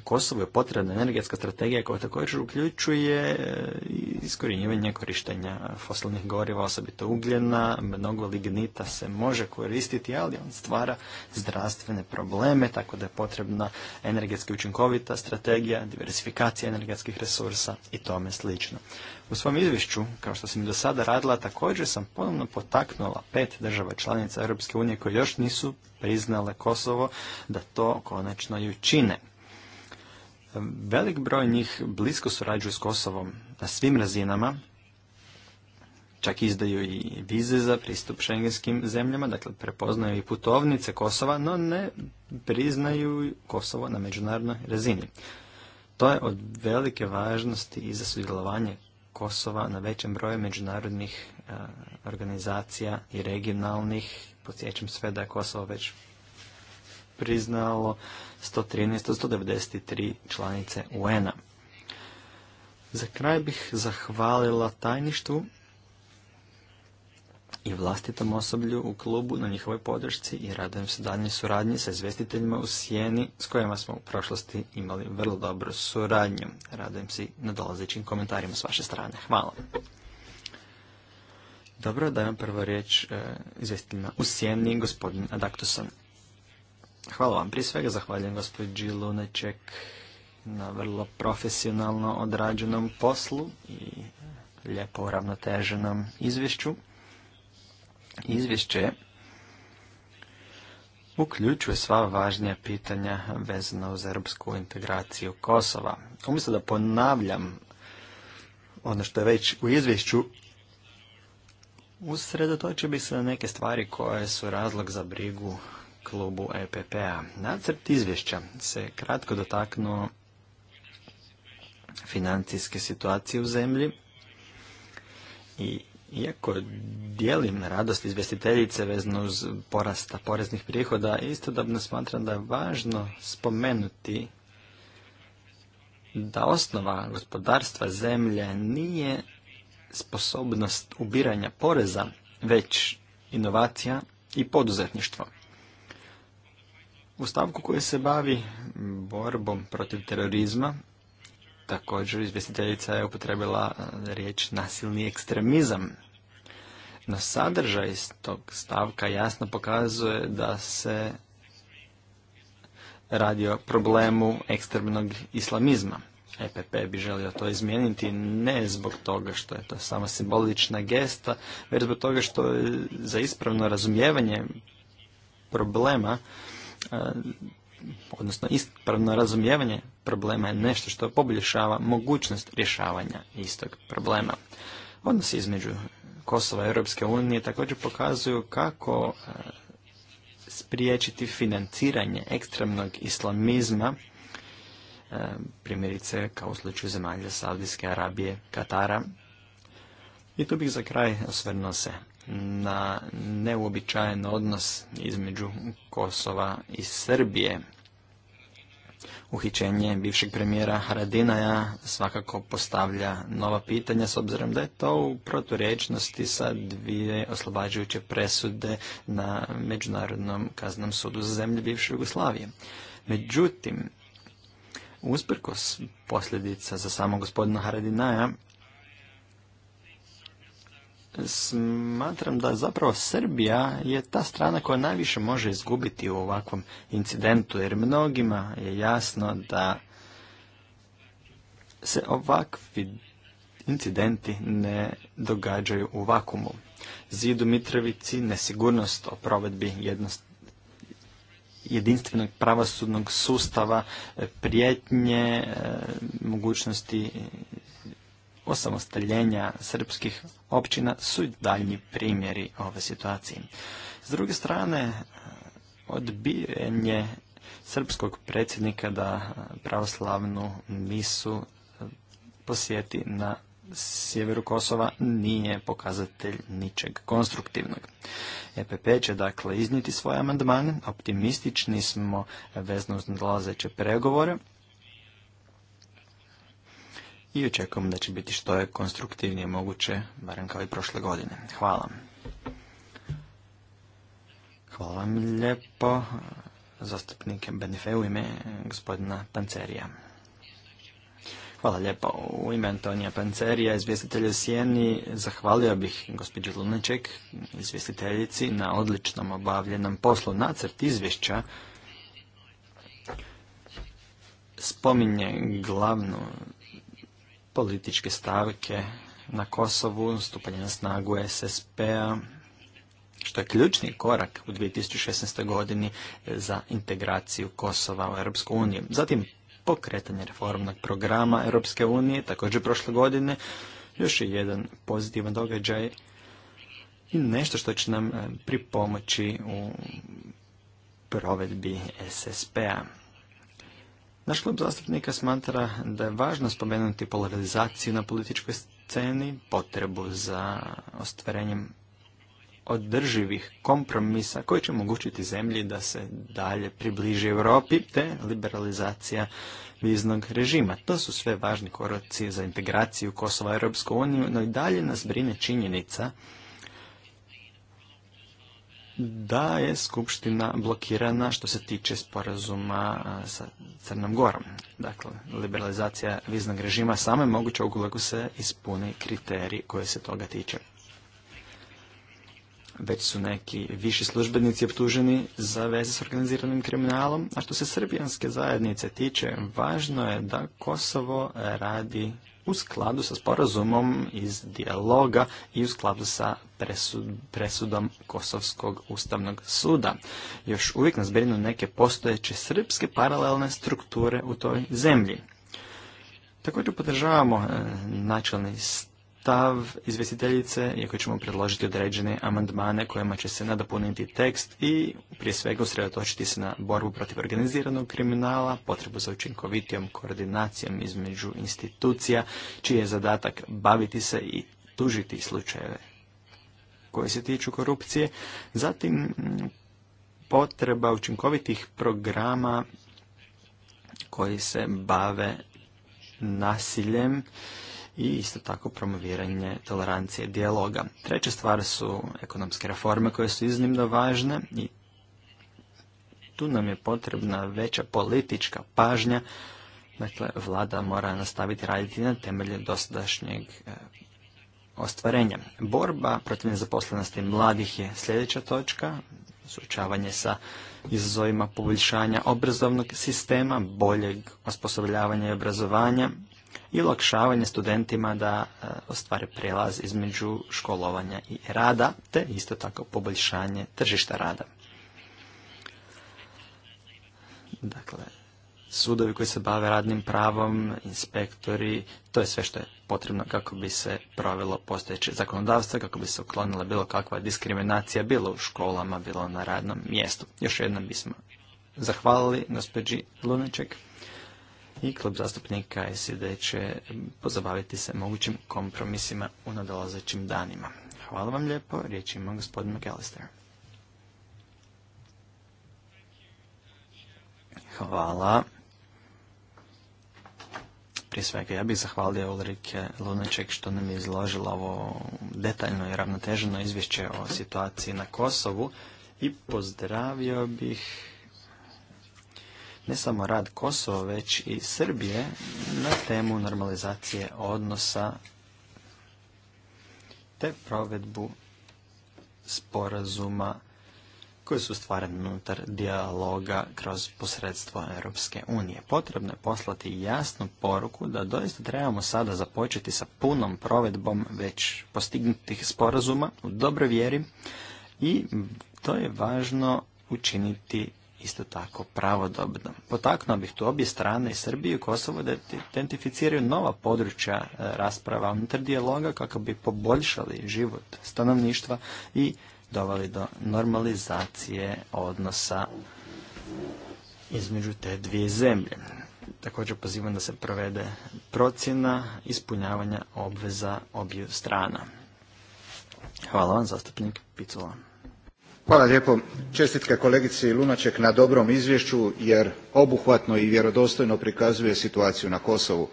Kosovo je potrebna energetska strategija koja također uključuje e, iskorjenjivanje korištenja fosilnih goriva, osobito ugljena, mnogo lignita se može koristiti, ali on stvara zdravstvene probleme, tako da je potrebna energetski učinkovita strategija, diversifikacija energetskih resursa i tome slično. U svom izvješću, kao što sam do sada radila, također sam ponovno potaknula pet država članica Europske unije koje još nisu priznale Kosovo da to konačno i učine Velik broj njih blisko surađuje s Kosovom na svim razinama, čak izdaju i vize za pristup šengenskim zemljama, dakle prepoznaju i putovnice Kosova, no ne priznaju Kosovo na međunarodnoj razini. To je od velike važnosti i za sudjelovanje Kosova na većem broju međunarodnih e, organizacija i regionalnih. Podsjećam sve da je Kosovo već priznalo 113 193 članice UN-a. Za kraj bih zahvalila tajništvu i vlastitom osoblju u klubu na njihovoj podršci i radujem se daljnjoj suradnji sa izvestiteljima u Sijeni s kojima smo u prošlosti imali vrlo dobru suradnju. Radujem se i na dolazećim komentarima s vaše strane. Hvala. Dobro, dajem prvo riječ e, u Sijeni, gospodin Adaktuson. Hvala vam. Prije svega zahvaljujem gospođi Luneček na vrlo profesionalno odrađenom poslu i lijepo uravnoteženom izvješću. Izvješće uključuje sva važnija pitanja vezana uz europsku integraciju Kosova. Umjesto da ponavljam ono što je već u izvješću, usredotočio bi se na neke stvari koje su razlog za brigu klubu EPP-a. Nacrt izvješća se kratko dotaknuo financijske situacije u zemlji i iako dijelim radost izvestiteljice vezno uz porasta poreznih prihoda, istodobno smatram da je važno spomenuti da osnova gospodarstva zemlje nije sposobnost ubiranja poreza, već inovacija i poduzetništvo. U stavku koji se bavi borbom protiv terorizma, također izvjestiteljica je upotrebila e, riječ nasilni ekstremizam. No sadržaj iz tog stavka jasno pokazuje da se radi o problemu ekstremnog islamizma. EPP bi želio to izmijeniti ne zbog toga što je to samo simbolična gesta, već zbog toga što za ispravno razumijevanje problema E, odnosno ispravno razumijevanje problema je nešto što poboljšava mogućnost rješavanja istog problema. Odnos između Kosova i Europske unije također pokazuju kako e, spriječiti financiranje ekstremnog islamizma, e, primjerice kao u slučaju zemalja Saudijske Arabije, Katara. I tu bih za kraj osvrnuo se na neuobičajen odnos između Kosova i Srbije. Uhićenje bivšeg premijera Haradinaja svakako postavlja nova pitanja s obzirom da je to u proturječnosti sa dvije oslobađajuće presude na Međunarodnom kaznom sudu za zemlje bivše Jugoslavije. Međutim, usprkos posljedica za samo gospodina Haradinaja, smatram da zapravo Srbija je ta strana koja najviše može izgubiti u ovakvom incidentu, jer mnogima je jasno da se ovakvi incidenti ne događaju u vakumu. Zidu Mitrovici, nesigurnost o provedbi jedinstvenog pravosudnog sustava, prijetnje, e, mogućnosti osamostaljenja srpskih općina su daljnji primjeri ove situacije. S druge strane, odbijanje srpskog predsjednika da pravoslavnu misu posjeti na sjeveru Kosova nije pokazatelj ničeg konstruktivnog. EPP će dakle iznijeti svoje amandmane, optimistični smo vezno uz nadlazeće pregovore, i očekujem da će biti što je konstruktivnije moguće, barem kao i prošle godine. Hvala. Hvala vam lijepo Zastupnik Benefe u ime gospodina Pancerija. Hvala lijepo. U ime Antonija Pancerija, izvjestitelja Sijeni, zahvalio bih gospođi Lunaček, izvjestiteljici, na odličnom obavljenom poslu. Nacrt izvješća spominje glavnu političke stavke na Kosovu, stupanje na snagu SSP-a, što je ključni korak u 2016. godini za integraciju Kosova u Europsku uniju. Zatim pokretanje reformnog programa Europske unije, također prošle godine, još je jedan pozitivan događaj i nešto što će nam e, pripomoći u provedbi SSP-a. Naš klub zastupnika smatra da je važno spomenuti polarizaciju na političkoj sceni, potrebu za ostvarenjem održivih kompromisa koji će omogućiti zemlji da se dalje približi Europi te liberalizacija viznog režima. To su sve važni koraci za integraciju Kosova u Europsku uniju, no i dalje nas brine činjenica da je Skupština blokirana što se tiče sporazuma sa Crnom Gorom. Dakle, liberalizacija viznog režima samo je moguća ukoliko se ispuni kriteriji koji se toga tiče. Već su neki viši službenici optuženi za veze s organiziranim kriminalom, a što se srbijanske zajednice tiče, važno je da Kosovo radi u skladu sa sporazumom iz dijaloga i u skladu sa presudom Kosovskog ustavnog suda. Još uvijek nas brinu neke postojeće srpske paralelne strukture u toj zemlji. Također podržavamo e, načelni stav izvjestiteljice, iako ćemo predložiti određene amandmane kojima će se nadopuniti tekst i prije svega usredotočiti se na borbu protiv organiziranog kriminala, potrebu za učinkovitijom koordinacijom između institucija, čiji je zadatak baviti se i tužiti slučajeve koje se tiču korupcije, zatim potreba učinkovitih programa koji se bave nasiljem i isto tako promoviranje tolerancije dijaloga. Treća stvar su ekonomske reforme koje su iznimno važne i tu nam je potrebna veća politička pažnja. Dakle, vlada mora nastaviti raditi na temelju dosadašnjeg e, ostvarenja. Borba protiv nezaposlenosti mladih je sljedeća točka, suočavanje sa izazovima poboljšanja obrazovnog sistema, boljeg osposobljavanja i obrazovanja, i olakšavanje studentima da e, ostvare prelaz između školovanja i rada, te isto tako poboljšanje tržišta rada. Dakle, sudovi koji se bave radnim pravom, inspektori, to je sve što je potrebno kako bi se provjelo postojeće zakonodavstvo, kako bi se uklonila bilo kakva diskriminacija, bilo u školama, bilo na radnom mjestu. Još jednom bismo zahvalili gospođi Lunaček i klub zastupnika SID će pozabaviti se mogućim kompromisima u nadolazećim danima. Hvala vam lijepo, riječ ima gospodin McAllister. Hvala. Prije svega ja bih zahvalio Ulrike Lunaček što nam je izložila ovo detaljno i ravnoteženo izvješće o situaciji na Kosovu i pozdravio bih ne samo rad Kosova, već i Srbije na temu normalizacije odnosa te provedbu sporazuma koji su stvarani unutar dijaloga kroz posredstvo Europske unije. Potrebno je poslati jasnu poruku da doista trebamo sada započeti sa punom provedbom već postignutih sporazuma u dobroj vjeri i to je važno učiniti isto tako pravodobno. Potaknuo bih tu obje strane i Srbiju i Kosovo da identificiraju nova područja e, rasprava unutar dijaloga kako bi poboljšali život stanovništva i dovali do normalizacije odnosa između te dvije zemlje. Također pozivam da se provede procjena ispunjavanja obveza obiju strana. Hvala vam, zastupnik Picula. Hvala lijepo. Čestitke kolegici Lunaček na dobrom izvješću jer obuhvatno i vjerodostojno prikazuje situaciju na Kosovu.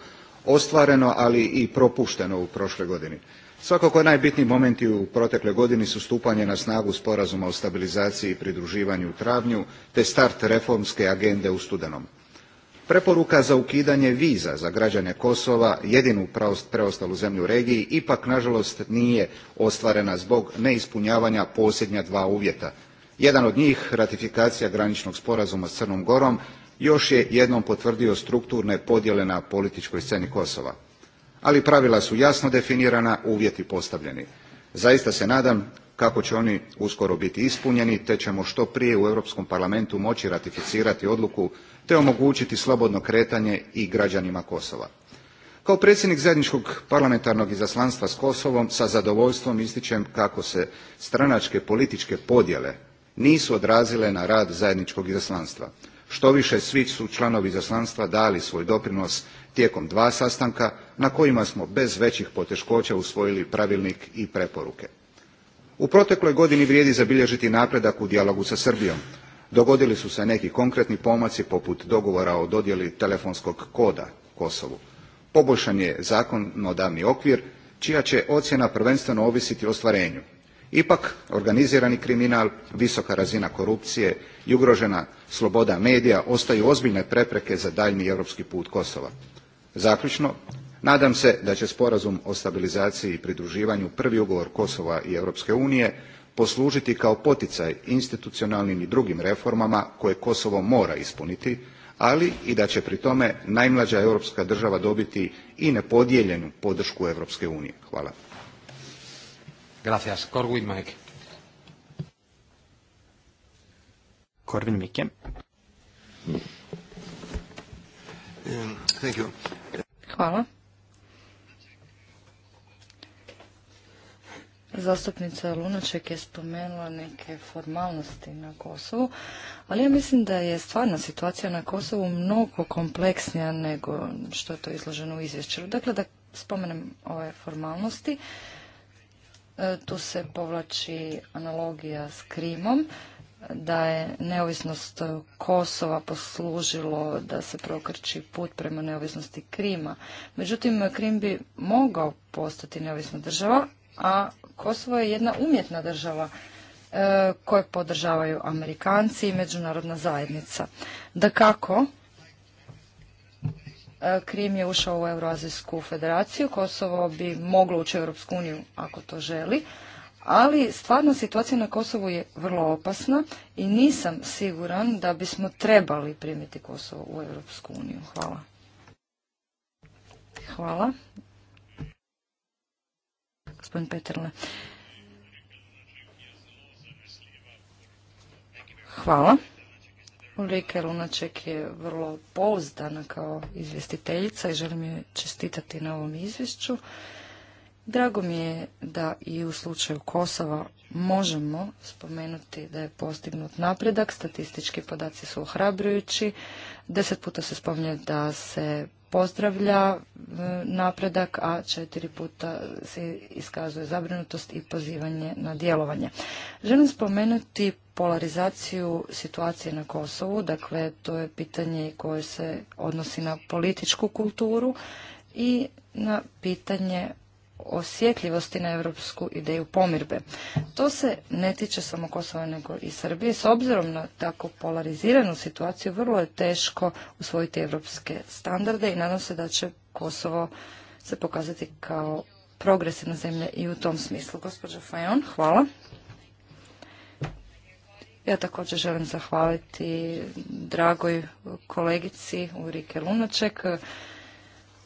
Ostvareno, ali i propušteno u prošloj godini. Svakako najbitniji momenti u protekloj godini su stupanje na snagu sporazuma o stabilizaciji i pridruživanju u travnju te start reformske agende u studenom preporuka za ukidanje viza za građane kosova jedinu preostalu zemlju u regiji ipak nažalost nije ostvarena zbog neispunjavanja posljednja dva uvjeta jedan od njih ratifikacija graničnog sporazuma s crnom gorom još je jednom potvrdio strukturne podjele na političkoj sceni kosova ali pravila su jasno definirana uvjeti postavljeni zaista se nadam kako će oni uskoro biti ispunjeni te ćemo što prije u europskom parlamentu moći ratificirati odluku te omogućiti slobodno kretanje i građanima kosova. kao predsjednik zajedničkog parlamentarnog izaslanstva s kosovom sa zadovoljstvom ističem kako se stranačke političke podjele nisu odrazile na rad zajedničkog izaslanstva štoviše svi su članovi izaslanstva dali svoj doprinos tijekom dva sastanka na kojima smo bez većih poteškoća usvojili pravilnik i preporuke u protekloj godini vrijedi zabilježiti napredak u dijalogu sa srbijom dogodili su se neki konkretni pomaci poput dogovora o dodjeli telefonskog koda kosovu poboljšan je zakonodavni okvir čija će ocjena prvenstveno ovisiti o ostvarenju ipak organizirani kriminal visoka razina korupcije i ugrožena sloboda medija ostaju ozbiljne prepreke za daljnji europski put kosova zaključno nadam se da će sporazum o stabilizaciji i pridruživanju prvi ugovor kosova i europske unije poslužiti kao poticaj institucionalnim i drugim reformama koje kosovo mora ispuniti ali i da će pri tome najmlađa europska država dobiti i nepodijeljenu podršku europske unije. hvala. hvala. Zastupnica Lunaček je spomenula neke formalnosti na Kosovu, ali ja mislim da je stvarna situacija na Kosovu mnogo kompleksnija nego što je to izloženo u izvješću. Dakle, da spomenem ove formalnosti, e, tu se povlači analogija s Krimom, da je neovisnost Kosova poslužilo da se prokrči put prema neovisnosti Krima. Međutim, Krim bi mogao postati neovisna država a Kosovo je jedna umjetna država e, koje podržavaju Amerikanci i međunarodna zajednica. Da kako, e, Krim je ušao u Euroazijsku federaciju, Kosovo bi moglo ući u Europsku uniju ako to želi, ali stvarna situacija na Kosovu je vrlo opasna i nisam siguran da bismo trebali primiti Kosovo u Europsku uniju. Hvala. Hvala gospodin Petrle. Hvala. Ulrike Lunaček je vrlo pouzdana kao izvjestiteljica i želim je čestitati na ovom izvješću. Drago mi je da i u slučaju Kosova možemo spomenuti da je postignut napredak, statistički podaci su ohrabrujući, deset puta se spominje da se pozdravlja e, napredak, a četiri puta se iskazuje zabrinutost i pozivanje na djelovanje. Želim spomenuti polarizaciju situacije na Kosovu, dakle to je pitanje koje se odnosi na političku kulturu i na pitanje osjetljivosti na europsku ideju pomirbe. To se ne tiče samo Kosova nego i Srbije. S obzirom na tako polariziranu situaciju vrlo je teško usvojiti europske standarde i nadam se da će Kosovo se pokazati kao progresivna zemlja i u tom smislu. Gospođo Fajon, hvala. Ja također želim zahvaliti dragoj kolegici Urike Lunaček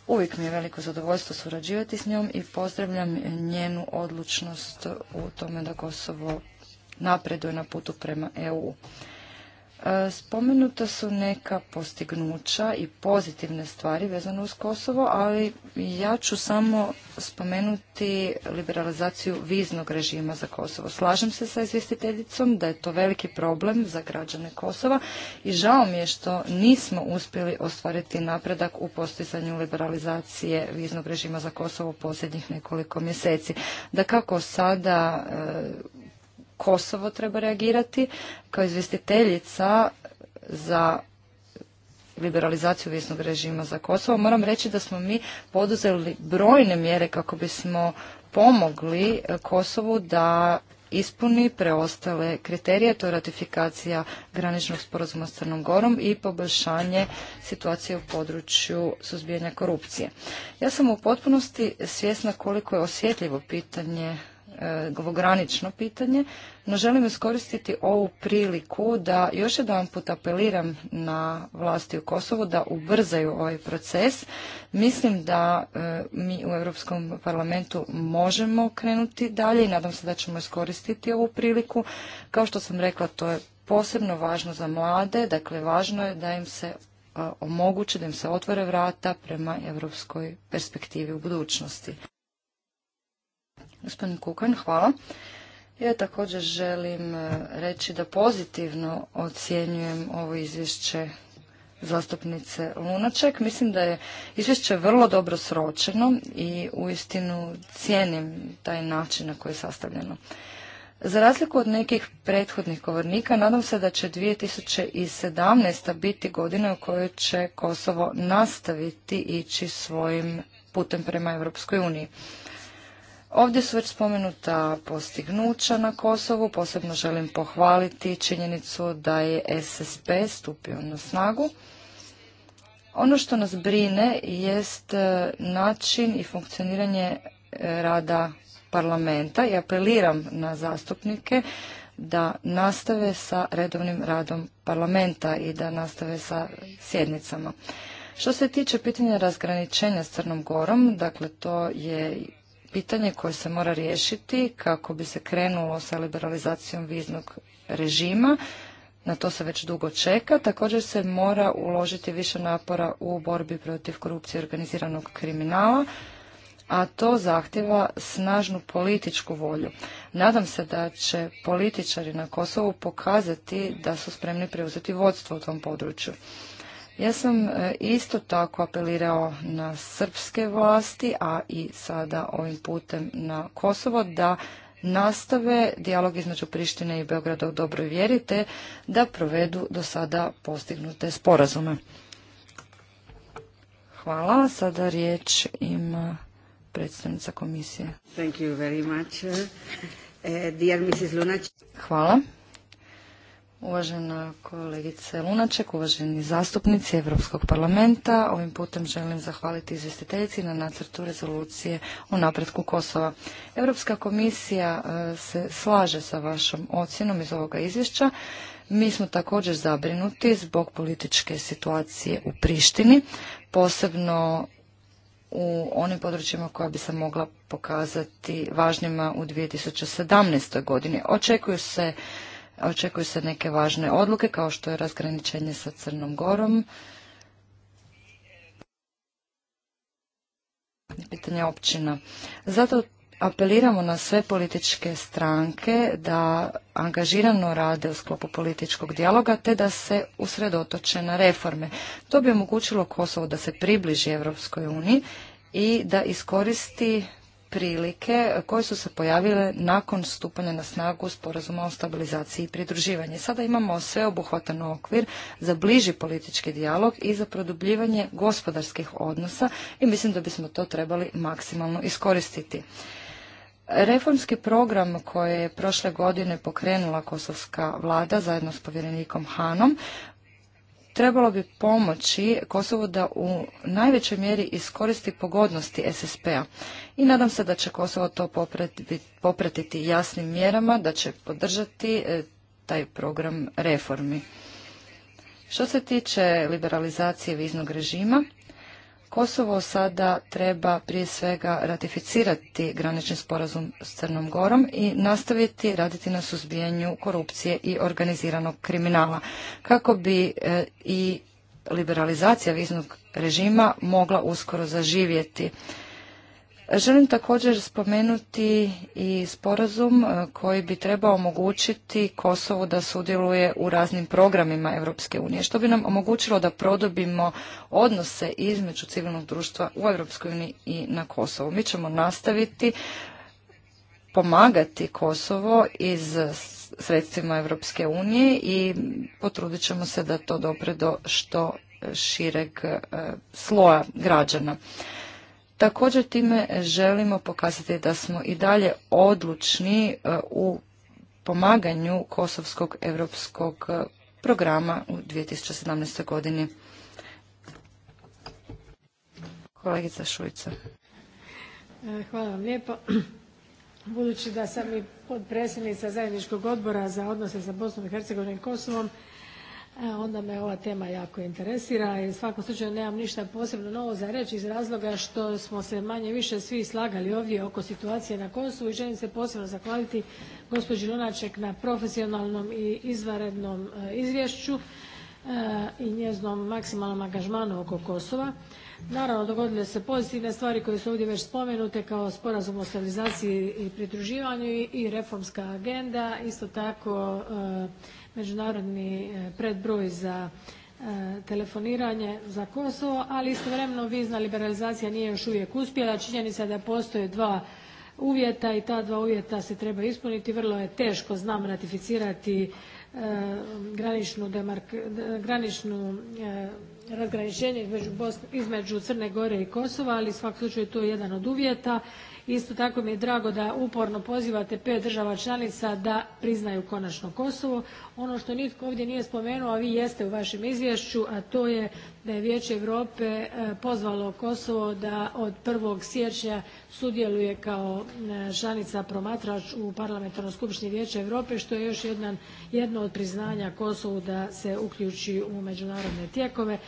Uvijek mi je veliko zadovoljstvo surađivati s njom i pozdravljam njenu odlučnost u tome da Kosovo napreduje na putu prema EU. E, spomenuta su neka postignuća i pozitivne stvari vezano uz Kosovo, ali ja ću samo spomenuti liberalizaciju viznog režima za Kosovo. Slažem se sa izvjestiteljicom da je to veliki problem za građane Kosova i žao mi je što nismo uspjeli ostvariti napredak u postizanju liberalizacije viznog režima za Kosovo u posljednjih nekoliko mjeseci. Da kako sada e, Kosovo treba reagirati. Kao izvjestiteljica za liberalizaciju visnog režima za Kosovo, moram reći da smo mi poduzeli brojne mjere kako bismo pomogli Kosovu da ispuni preostale kriterije, to je ratifikacija graničnog sporazuma s Crnom Gorom i poboljšanje situacije u području suzbijanja korupcije. Ja sam u potpunosti svjesna koliko je osjetljivo pitanje E, granično pitanje, no želim iskoristiti ovu priliku da još jedan put apeliram na vlasti u Kosovu da ubrzaju ovaj proces. Mislim da e, mi u Europskom parlamentu možemo krenuti dalje i nadam se da ćemo iskoristiti ovu priliku. Kao što sam rekla, to je posebno važno za mlade, dakle važno je da im se e, omogući da im se otvore vrata prema europskoj perspektivi u budućnosti. Gospodin Kukan, hvala. Ja također želim e, reći da pozitivno ocjenjujem ovo izvješće zastupnice Lunaček. Mislim da je izvješće vrlo dobro sročeno i uistinu cijenim taj način na koji je sastavljeno. Za razliku od nekih prethodnih govornika, nadam se da će 2017. biti godina u kojoj će Kosovo nastaviti ići svojim putem prema Europskoj uniji. Ovdje su već spomenuta postignuća na Kosovu, posebno želim pohvaliti činjenicu da je SSP stupio na snagu. Ono što nas brine jest e, način i funkcioniranje e, rada parlamenta i apeliram na zastupnike da nastave sa redovnim radom parlamenta i da nastave sa sjednicama. Što se tiče pitanja razgraničenja s Crnom Gorom, dakle to je pitanje koje se mora riješiti kako bi se krenulo sa liberalizacijom viznog režima. Na to se već dugo čeka. Također se mora uložiti više napora u borbi protiv korupcije i organiziranog kriminala, a to zahtjeva snažnu političku volju. Nadam se da će političari na Kosovu pokazati da su spremni preuzeti vodstvo u tom području. Ja sam e, isto tako apelirao na srpske vlasti, a i sada ovim putem na Kosovo, da nastave dijalog između Prištine i Beograda u dobroj vjeri, te da provedu do sada postignute sporazume. Hvala. Sada riječ ima predstavnica komisije. Eh, Hvala. Uvažena kolegice Lunaček, uvaženi zastupnici Europskog parlamenta, ovim putem želim zahvaliti izvjestiteljici na nacrtu rezolucije o napretku Kosova. Europska komisija e, se slaže sa vašom ocjenom iz ovoga izvješća. Mi smo također zabrinuti zbog političke situacije u Prištini, posebno u onim područjima koja bi se mogla pokazati važnjima u 2017. godini. Očekuju se očekuju se neke važne odluke kao što je razgraničenje sa Crnom Gorom. Pitanje općina. Zato apeliramo na sve političke stranke da angažirano rade u sklopu političkog dijaloga te da se usredotoče na reforme. To bi omogućilo Kosovo da se približi Europskoj uniji i da iskoristi prilike koje su se pojavile nakon stupanja na snagu sporazuma o stabilizaciji i pridruživanju. Sada imamo sveobuhvatan okvir za bliži politički dijalog i za produbljivanje gospodarskih odnosa i mislim da bismo to trebali maksimalno iskoristiti. Reformski program koji je prošle godine pokrenula kosovska vlada zajedno s povjerenikom Hanom trebalo bi pomoći Kosovu da u najvećoj mjeri iskoristi pogodnosti SSP-a i nadam se da će Kosovo to popratiti, jasnim mjerama, da će podržati e, taj program reformi. Što se tiče liberalizacije viznog režima, Kosovo sada treba prije svega ratificirati granični sporazum s Crnom Gorom i nastaviti raditi na suzbijanju korupcije i organiziranog kriminala kako bi e, i liberalizacija viznog režima mogla uskoro zaživjeti Želim također spomenuti i sporazum e, koji bi trebao omogućiti Kosovu da sudjeluje u raznim programima Europske unije, što bi nam omogućilo da prodobimo odnose između civilnog društva u Europskoj uniji i na Kosovu. Mi ćemo nastaviti pomagati Kosovo iz sredstvima Europske unije i potrudit ćemo se da to dopre do što šireg e, sloja građana. Također time želimo pokazati da smo i dalje odlučni e, u pomaganju Kosovskog europskog e, programa u 2017. godini. Kolegica Šujica. E, hvala vam lijepo. Budući da sam i podpredsjednica zajedničkog odbora za odnose sa Bosnom i Hercegovinom i Kosovom, E, onda me ova tema jako interesira i u svakom slučaju nemam ništa posebno novo za reći iz razloga što smo se manje-više svi slagali ovdje oko situacije na Kosovu i želim se posebno zahvaliti gospođi Lunaček na profesionalnom i izvanrednom e, izvješću e, i njeznom maksimalnom angažmanu oko Kosova. Naravno dogodile se pozitivne stvari koje su ovdje već spomenute kao Sporazum o stabilizaciji i pridruživanju i reformska agenda. Isto tako međunarodni e, predbroj za e, telefoniranje za Kosovo, ali istovremeno vizna liberalizacija nije još uvijek uspjela. Činjenica je da postoje dva uvjeta i ta dva uvjeta se treba ispuniti. Vrlo je teško znam ratificirati e, graničnu, graničnu razgraničenje između Crne Gore i Kosova, ali u svakom slučaju to je jedan od uvjeta Isto tako mi je drago da uporno pozivate pet država članica da priznaju konačno Kosovo. Ono što nitko ovdje nije spomenuo, a vi jeste u vašem izvješću, a to je da je Vijeće Europe e, pozvalo Kosovo da od 1. siječnja sudjeluje kao e, članica promatrač u Parlamentarnoj skupštini Vijeća Europe što je još jedno od priznanja Kosovu da se uključi u međunarodne tijekove.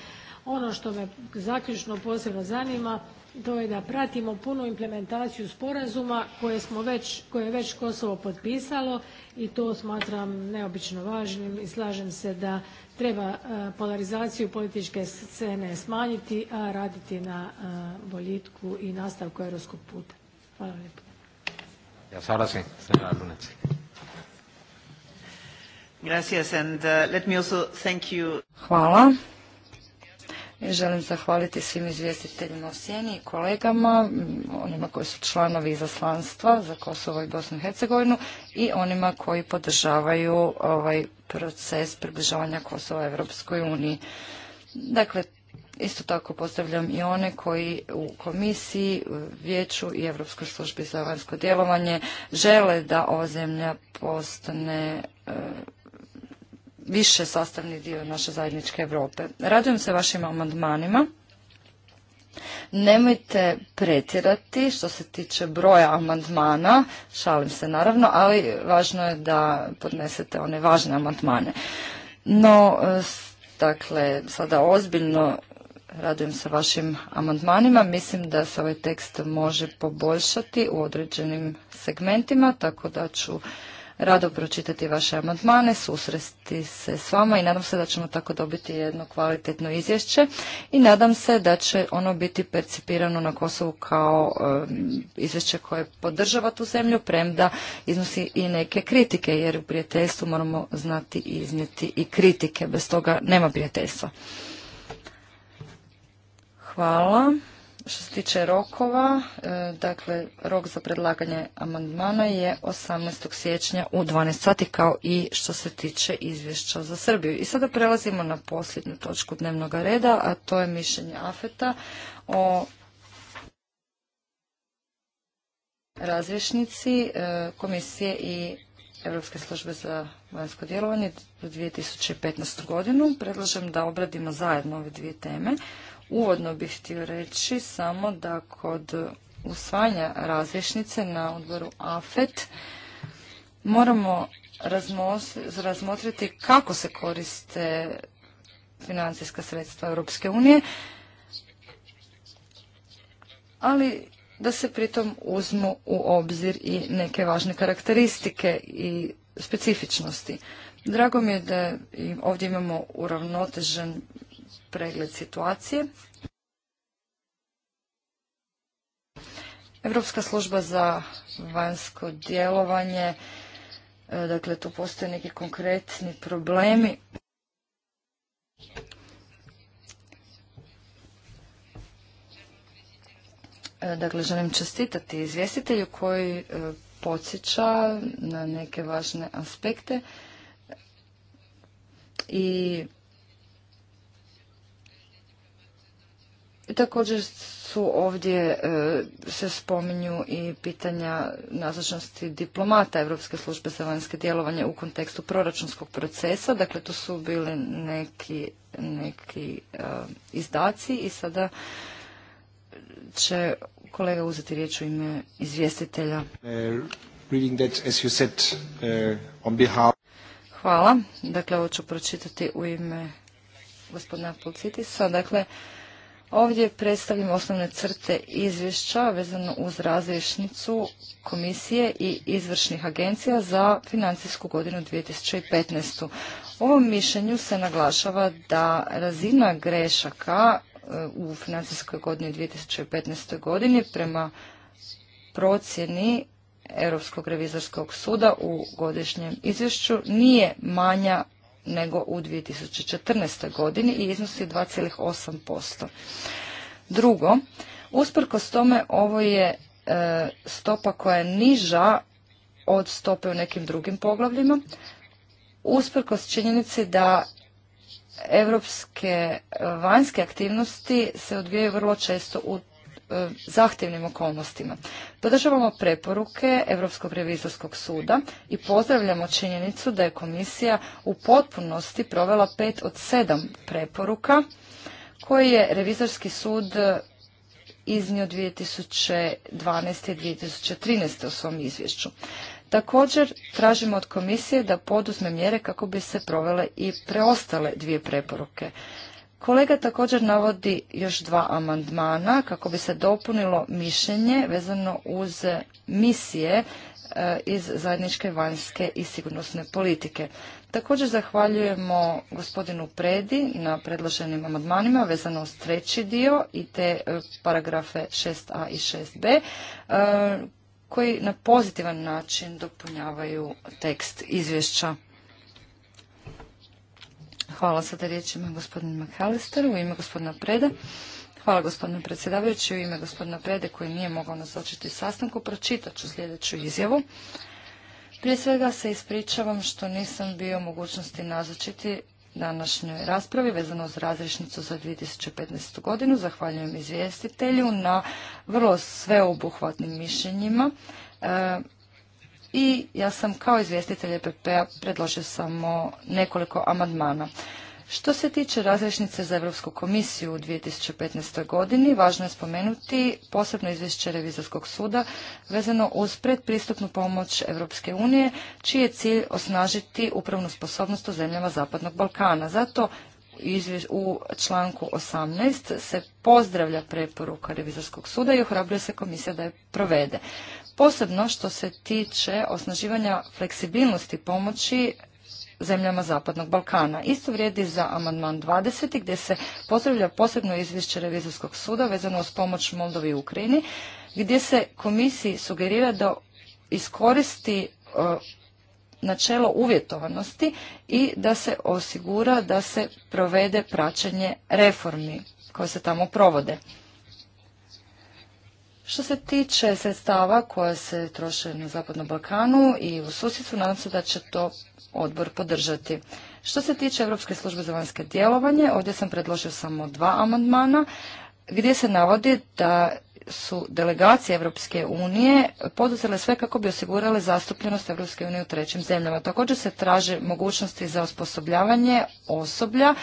Ono što me zaključno posebno zanima to je da pratimo punu implementaciju sporazuma koje smo već, koje je već Kosovo potpisalo i to smatram neobično važnim i slažem se da treba e, polarizaciju političke scene smanjiti, a raditi na e, boljitku i nastavku europskog puta. Hvala lijepo. Hvala. Želim zahvaliti svim izvjestiteljima u Sjeni i kolegama, onima koji su članovi izaslanstva za Kosovo i Bosnu i Hercegovinu i onima koji podržavaju ovaj proces približavanja Kosova Evropskoj uniji. Dakle, isto tako pozdravljam i one koji u komisiji, vijeću i Europskoj službi za vanjsko djelovanje žele da ova zemlja postane e, više sastavni dio naše zajedničke Europe. Radujem se vašim amandmanima. Nemojte pretjerati što se tiče broja amandmana, šalim se naravno, ali važno je da podnesete one važne amandmane. No, dakle, sada ozbiljno radujem se vašim amandmanima. Mislim da se ovaj tekst može poboljšati u određenim segmentima, tako da ću rado pročitati vaše amandmane, susresti se s vama i nadam se da ćemo tako dobiti jedno kvalitetno izvješće i nadam se da će ono biti percipirano na Kosovu kao izvješće koje podržava tu zemlju, premda iznosi i neke kritike, jer u prijateljstvu moramo znati iznijeti i kritike, bez toga nema prijateljstva. Hvala. Što se tiče rokova, e, dakle, rok za predlaganje amandmana je 18. siječnja u 12 sati, kao i što se tiče izvješća za Srbiju. I sada prelazimo na posljednju točku dnevnog reda, a to je mišljenje AFETA o razvješnici e, Komisije i Europske službe za vanjsko djelovanje za 2015. godinu. Predlažem da obradimo zajedno ove dvije teme. Uvodno bih htio reći samo da kod usvajanja razrješnice na odboru AFET moramo razmotriti kako se koriste financijska sredstva Europske unije, ali da se pritom uzmu u obzir i neke važne karakteristike i specifičnosti. Drago mi je da ovdje imamo uravnotežen pregled situacije. Europska služba za vanjsko djelovanje, e, dakle tu postoje neki konkretni problemi. E, dakle, želim čestitati izvjestitelju koji e, podsjeća na neke važne aspekte i Također su ovdje e, se spominju i pitanja nazočnosti diplomata Europske službe za vanjske djelovanje u kontekstu proračunskog procesa. Dakle, tu su bili neki, neki e, izdaci i sada će kolega uzeti riječ u ime izvjestitelja. Uh, uh, Hvala. Dakle, ovo ću pročitati u ime gospodina Pulcitisa. Dakle, Ovdje predstavim osnovne crte izvješća vezano uz razrješnicu komisije i izvršnih agencija za financijsku godinu 2015. U ovom mišljenju se naglašava da razina grešaka e, u financijskoj godini 2015. godini prema procjeni Europskog revizorskog suda u godišnjem izvješću nije manja nego u 2014. godini i iznosi 2,8%. Drugo, usprkos tome ovo je e, stopa koja je niža od stope u nekim drugim poglavljima, usprkos činjenici da europske vanjske aktivnosti se odvijaju vrlo često u E, zahtjevnim okolnostima. Podržavamo preporuke Europskog revizorskog suda i pozdravljamo činjenicu da je komisija u potpunosti provela pet od sedam preporuka koje je revizorski sud iznio 2012. i 2013. u svom izvješću. Također tražimo od komisije da poduzme mjere kako bi se provele i preostale dvije preporuke. Kolega također navodi još dva amandmana kako bi se dopunilo mišljenje vezano uz misije e, iz zajedničke vanjske i sigurnosne politike. Također zahvaljujemo gospodinu Predi na predloženim amandmanima vezano uz treći dio i te e, paragrafe 6a i 6b e, koji na pozitivan način dopunjavaju tekst izvješća. Hvala sada riječima gospodin McAllister u ime gospodina Preda. Hvala gospodine predsjedavajući u ime gospodina Prede koji nije mogao nazočiti sastanku. Pročitat ću sljedeću izjavu. Prije svega se ispričavam što nisam bio u mogućnosti nazočiti današnjoj raspravi vezano za razrišnicu za 2015. godinu. Zahvaljujem izvjestitelju na vrlo sveobuhvatnim mišljenjima. E, i ja sam kao izvjestitelj EPP-a predložio samo nekoliko amandmana. Što se tiče razrešnice za Europsku komisiju u 2015. godini, važno je spomenuti posebno izvješće Revizorskog suda vezano uz predpristupnu pomoć Europske unije, čiji je cilj osnažiti upravnu sposobnost u zemljama Zapadnog Balkana. Zato u članku 18 se pozdravlja preporuka Revizorskog suda i ohrabruje se komisija da je provede posebno što se tiče osnaživanja fleksibilnosti pomoći zemljama Zapadnog Balkana. Isto vrijedi za amandman 20. gdje se pozdravlja posebno izvješće Revizorskog suda vezano uz pomoć Moldovi i Ukrajini, gdje se komisiji sugerira da iskoristi e, načelo uvjetovanosti i da se osigura da se provede praćenje reformi koje se tamo provode. Što se tiče sredstava koja se troše na Zapadnom Balkanu i u susjedstvu, nadam se da će to odbor podržati. Što se tiče Europske službe za vanjske djelovanje, ovdje sam predložio samo dva amandmana gdje se navodi da su delegacije Europske unije poduzele sve kako bi osigurale zastupljenost Europske unije u trećim zemljama. Također se traže mogućnosti za osposobljavanje osoblja,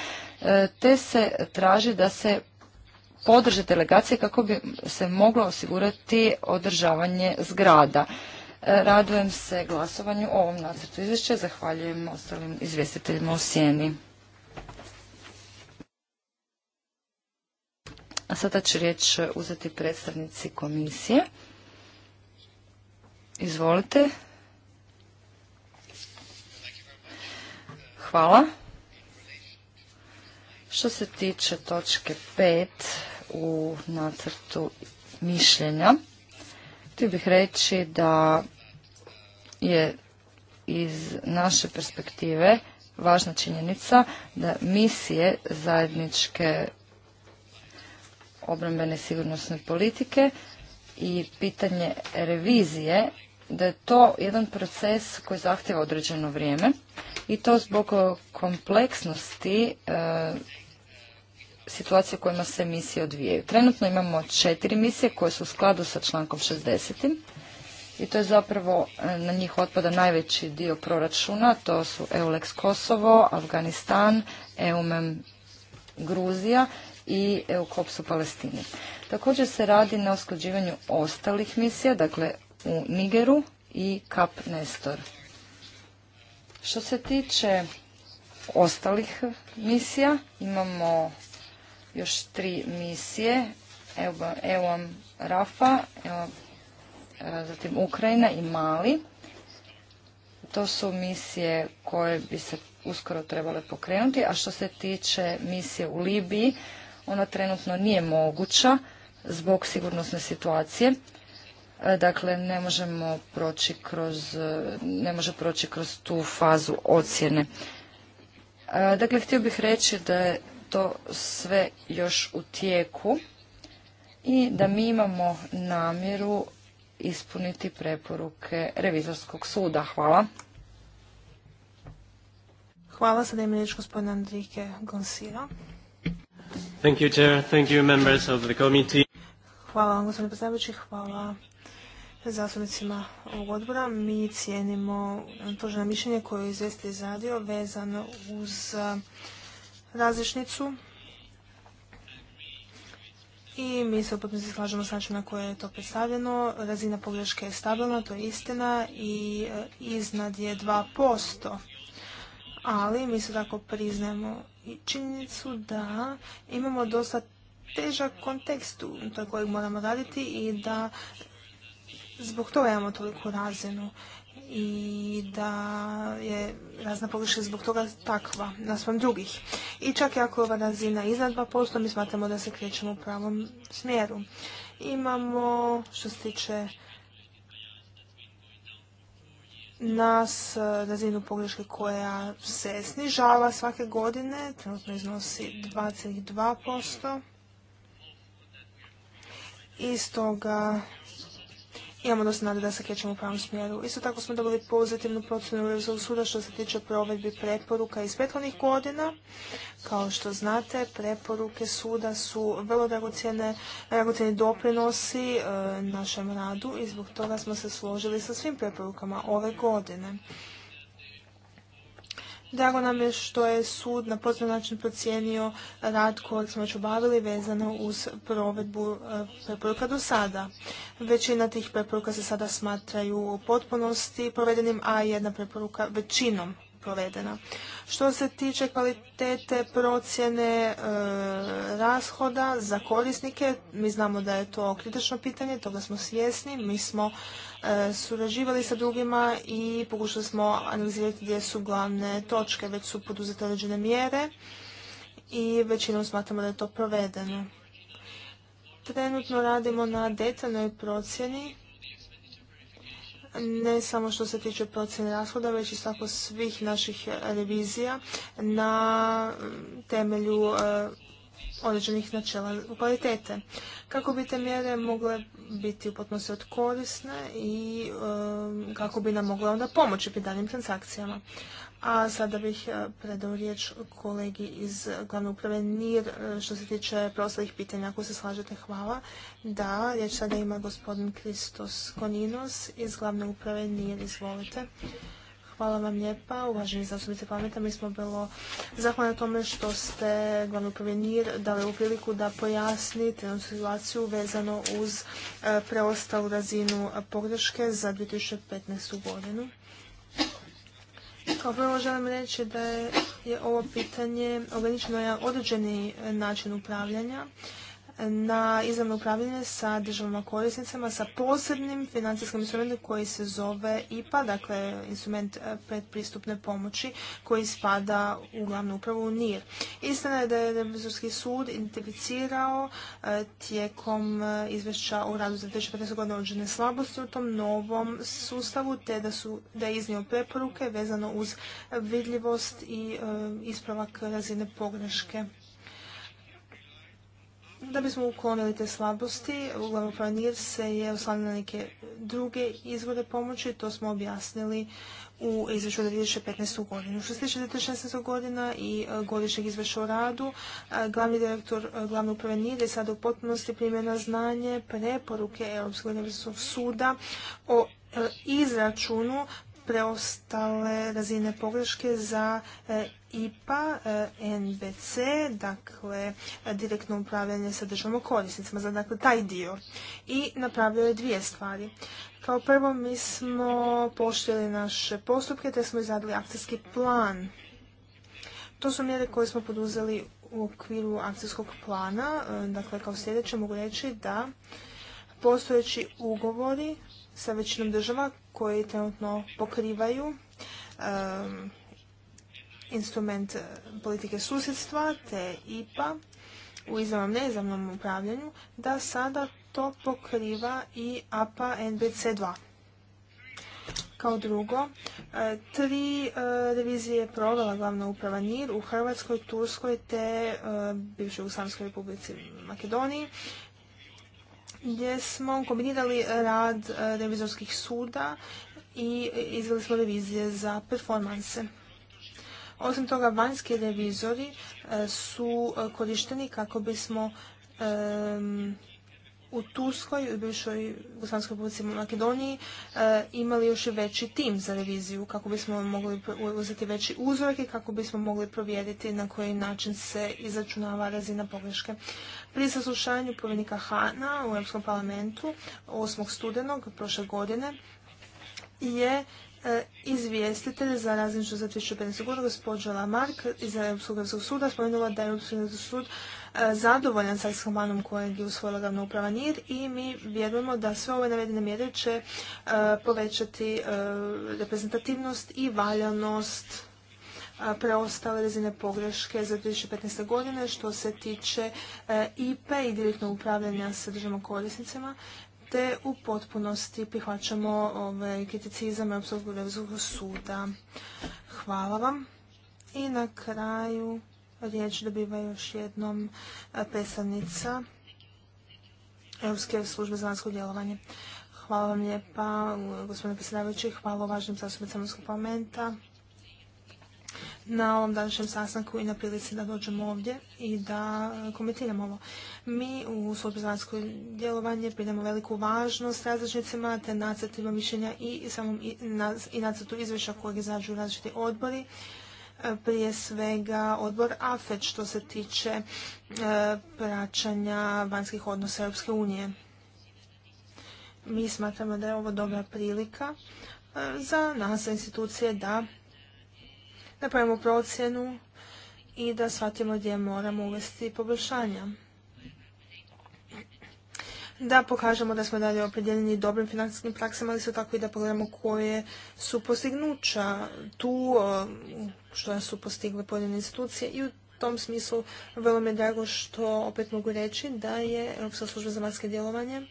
e, te se traži da se podrže delegacije kako bi se moglo osigurati održavanje zgrada. E, radujem se glasovanju o ovom nacrtu izvješća. Zahvaljujem ostalim izvjestiteljima u Sjeni. A sada će riječ uzeti predstavnici komisije. Izvolite. Hvala. Što se tiče točke 5 u nacrtu mišljenja. Htio bih reći da je iz naše perspektive važna činjenica da misije zajedničke obrambene sigurnosne politike i pitanje revizije da je to jedan proces koji zahtjeva određeno vrijeme i to zbog kompleksnosti e, situacije u kojima se misije odvijaju. Trenutno imamo četiri misije koje su u skladu sa člankom 60. I to je zapravo, e, na njih otpada najveći dio proračuna, to su EULEX Kosovo, Afganistan, EUMEM Gruzija i EUKOPS u Palestini. Također se radi na usklađivanju ostalih misija, dakle u Nigeru i Kap Nestor. Što se tiče ostalih misija, imamo još tri misije, EUAM Rafa, e, zatim Ukrajina i Mali. To su misije koje bi se uskoro trebale pokrenuti, a što se tiče misije u Libiji, ona trenutno nije moguća zbog sigurnosne situacije. E, dakle, ne možemo proći kroz, ne može proći kroz tu fazu ocjene. E, dakle, htio bih reći da je to sve još u tijeku i da mi imamo namjeru ispuniti preporuke revizorskog suda. Hvala. Hvala, sada ima riječ gospodin Andrike Gonsira. Thank you, Thank you, members of the committee. Hvala vam, gospodine predstavljajući. Hvala zastupnicima ovog odbora. Mi cijenimo tuženo mišljenje koje je izvesti izradio vezano uz različnicu i mi se u potpunosti slažemo s načinom na koje je to predstavljeno. Razina pogreške je stabilna, to je istina i e, iznad je 2%. Ali mi se tako priznajemo i činjenicu da imamo dosta težak kontekst u kojeg moramo raditi i da zbog toga imamo toliku razinu i da je razna pogreška zbog toga takva naspram drugih. I čak i ako je ova razina iznad 2%, mi smatramo da se krećemo u pravom smjeru. Imamo, što se tiče nas razinu pogreške koja se snižava svake godine, trenutno iznosi 22%. I toga imamo dosta nade da se krećemo u pravom smjeru. Isto tako smo dobili pozitivnu procjenu Revizor suda što se tiče provedbi preporuka iz prethodnih godina. Kao što znate, preporuke suda su vrlo dragocjene, doprinosi e, našem radu i zbog toga smo se složili sa svim preporukama ove godine. Drago nam je što je sud na pozitivan način procijenio rad kojeg smo već obavili vezano uz provedbu e, preporuka do sada. Većina tih preporuka se sada smatraju u potpunosti provedenim, a jedna preporuka većinom provedena. Što se tiče kvalitete procjene e, rashoda za korisnike, mi znamo da je to kritično pitanje, toga smo svjesni, mi smo e, surađivali sa drugima i pokušali smo analizirati gdje su glavne točke, već su poduzete određene mjere i većinom smatramo da je to provedeno. Trenutno radimo na detaljnoj procjeni ne samo što se tiče procjene rashoda, već i svih naših e, revizija na mm, temelju e, određenih načela kvalitete. Kako bi te mjere mogle biti upotno od korisne i e, kako bi nam mogle onda pomoći pri daljim transakcijama. A sada bih e, predao riječ kolegi iz glavne uprave NIR e, što se tiče prostalih pitanja. Ako se slažete, hvala. Da, riječ sada ima gospodin Kristos Koninos iz glavne uprave NIR. Izvolite. Hvala vam lijepa, uvaženi zastupnici pameta. Mi smo bilo zahvalni tome što ste glavni upravi dali u priliku da pojasni trenutnu situaciju vezano uz e, preostalu razinu pogreške za 2015. godinu. Kao prvo želim reći da je, ovo pitanje ograničeno na određeni način upravljanja na izravno upravljanje sa državama korisnicama sa posebnim financijskim instrumentom koji se zove IPA, dakle instrument e, predpristupne pomoći koji spada u glavnu upravu NIR. Istina je da je Revizorski sud identificirao e, tijekom e, izvješća o radu za 2015. godine određene slabosti u tom novom sustavu te da, su, da je iznio preporuke vezano uz vidljivost i ispravak razine pogreške. Da bismo uklonili te slabosti, uglavnom planir se je oslanio na neke druge izvore pomoći, to smo objasnili u izvješću za 2015. godinu. Što se tiče 2016. godina i e, godišnjeg izvješća o radu, e, glavni direktor e, glavnog uprave je sada u potpunosti primjena znanje preporuke Europskog univerzitskog suda o izračunu preostale razine pogreške za e, IPA, e, NBC, dakle direktno upravljanje sa državom korisnicima, za dakle taj dio. I napravio je dvije stvari. Kao prvo mi smo poštili naše postupke te smo izradili akcijski plan. To su mjere koje smo poduzeli u okviru akcijskog plana. E, dakle, kao sljedeće mogu reći da postojeći ugovori sa većinom država koje trenutno pokrivaju um, instrument uh, politike susjedstva te IPA u izravnom neizravnom upravljanju, da sada to pokriva i APA NBC2. Kao drugo, uh, tri uh, revizije je provela glavna uprava NIR u Hrvatskoj, Turskoj te bivšoj Uslamskoj republici Makedoniji gdje smo kombinirali rad e, revizorskih suda i izveli smo revizije za performanse. Osim toga, vanjski revizori e, su e, korišteni kako bismo u Turskoj, u bivšoj publici u Makedoniji, imali još i veći tim za reviziju, kako bismo mogli uzeti veći uzorak i kako bismo mogli provjeriti na koji način se izračunava razina pogreške. Pri saslušanju povjerenika Hana u Europskom parlamentu 8. studenog prošle godine je e, izvjestitelj za različnost za 2015. godinu, gospođa Mark, iz Europskog Europskog suda, spomenula da je Europski Europskog sud e, zadovoljan sa iskomanom kojeg je usvojila glavna uprava NIR i mi vjerujemo da sve ove navedene mjere će e, povećati reprezentativnost i valjanost preostale razine pogreške za 2015. godine što se tiče IPE i direktno upravljanja sa državom korisnicima te u potpunosti prihvaćamo ovaj, kriticizam Europskog revizorskog suda. Hvala vam. I na kraju riječ dobiva još jednom e, predstavnica Europske službe za vanjsko djelovanje. Hvala vam lijepa, gospodine predsjedavajući, hvala važnim zastupnicama Europskog parlamenta na ovom današnjem sastanku i na prilici da dođemo ovdje i da komentiramo ovo. Mi u službi vanjsko djelovanje pridemo veliku važnost različnicima te nacrtima mišljenja i, samom, i nacrtu izvješća kojeg izrađuju različiti odbori e, prije svega odbor AFET što se tiče e, praćanja vanjskih odnosa Europske unije. Mi smatramo da je ovo dobra prilika e, za nas, za institucije, da napravimo procjenu i da shvatimo gdje moramo uvesti poboljšanja. Da pokažemo da smo dalje opredjeljeni dobrim financijskim praksama, ali su tako i da pogledamo koje su postignuća tu, što su postigle pojedine institucije i u tom smislu vrlo mi je drago što opet mogu reći da je Europska služba za vanjske djelovanje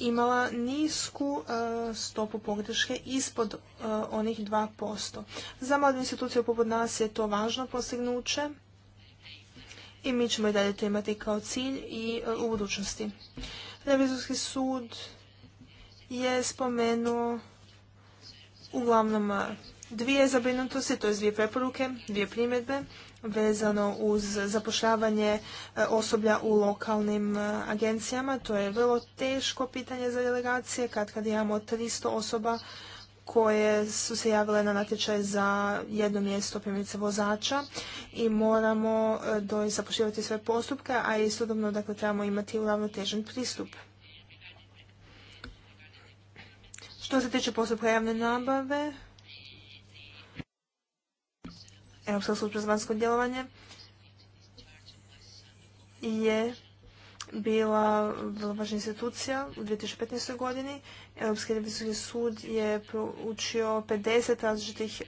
imala nisku e, stopu pogreške ispod e, onih 2%. Za mladu institucije poput nas je to važno postignuće i mi ćemo i dalje to imati kao cilj i e, u budućnosti. Revizorski sud je spomenuo uglavnom dvije zabrinutosti, to je dvije preporuke, dvije primjedbe vezano uz zapošljavanje e, osoblja u lokalnim e, agencijama. To je vrlo teško pitanje za delegacije kad kad imamo 300 osoba koje su se javile na natječaj za jedno mjesto primjerice vozača i moramo e, doista poštivati sve postupke, a istodobno dakle, trebamo imati uravnotežen pristup. Što se tiče postupka javne nabave, Europska služba za vanjsko djelovanje je bila vrlo važna institucija u 2015. godini. Europski revizorski sud je proučio 50 različitih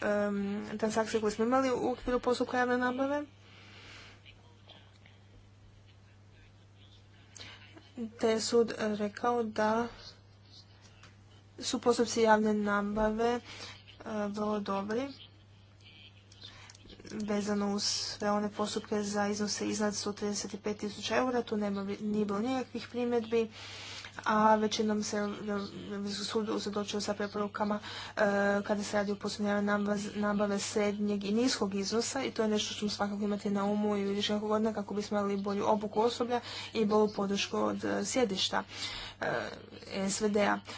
transakcija koje smo imali u okviru postupka javne nabave. Te je sud rekao da su postupci javne nabave eh, vrlo dobri vezano uz sve one postupke za iznose iznad 135.000 tisuća eura. Tu nema, nije bilo nikakvih primjedbi a većinom se sud uzadočio sa preporukama e, kada se radi o posljednjave nabave srednjeg i niskog iznosa i to je nešto što ćemo svakako imati na umu i u godina kako bismo imali bolju obuku osoblja i bolju podršku od e, sjedišta. Eh, svd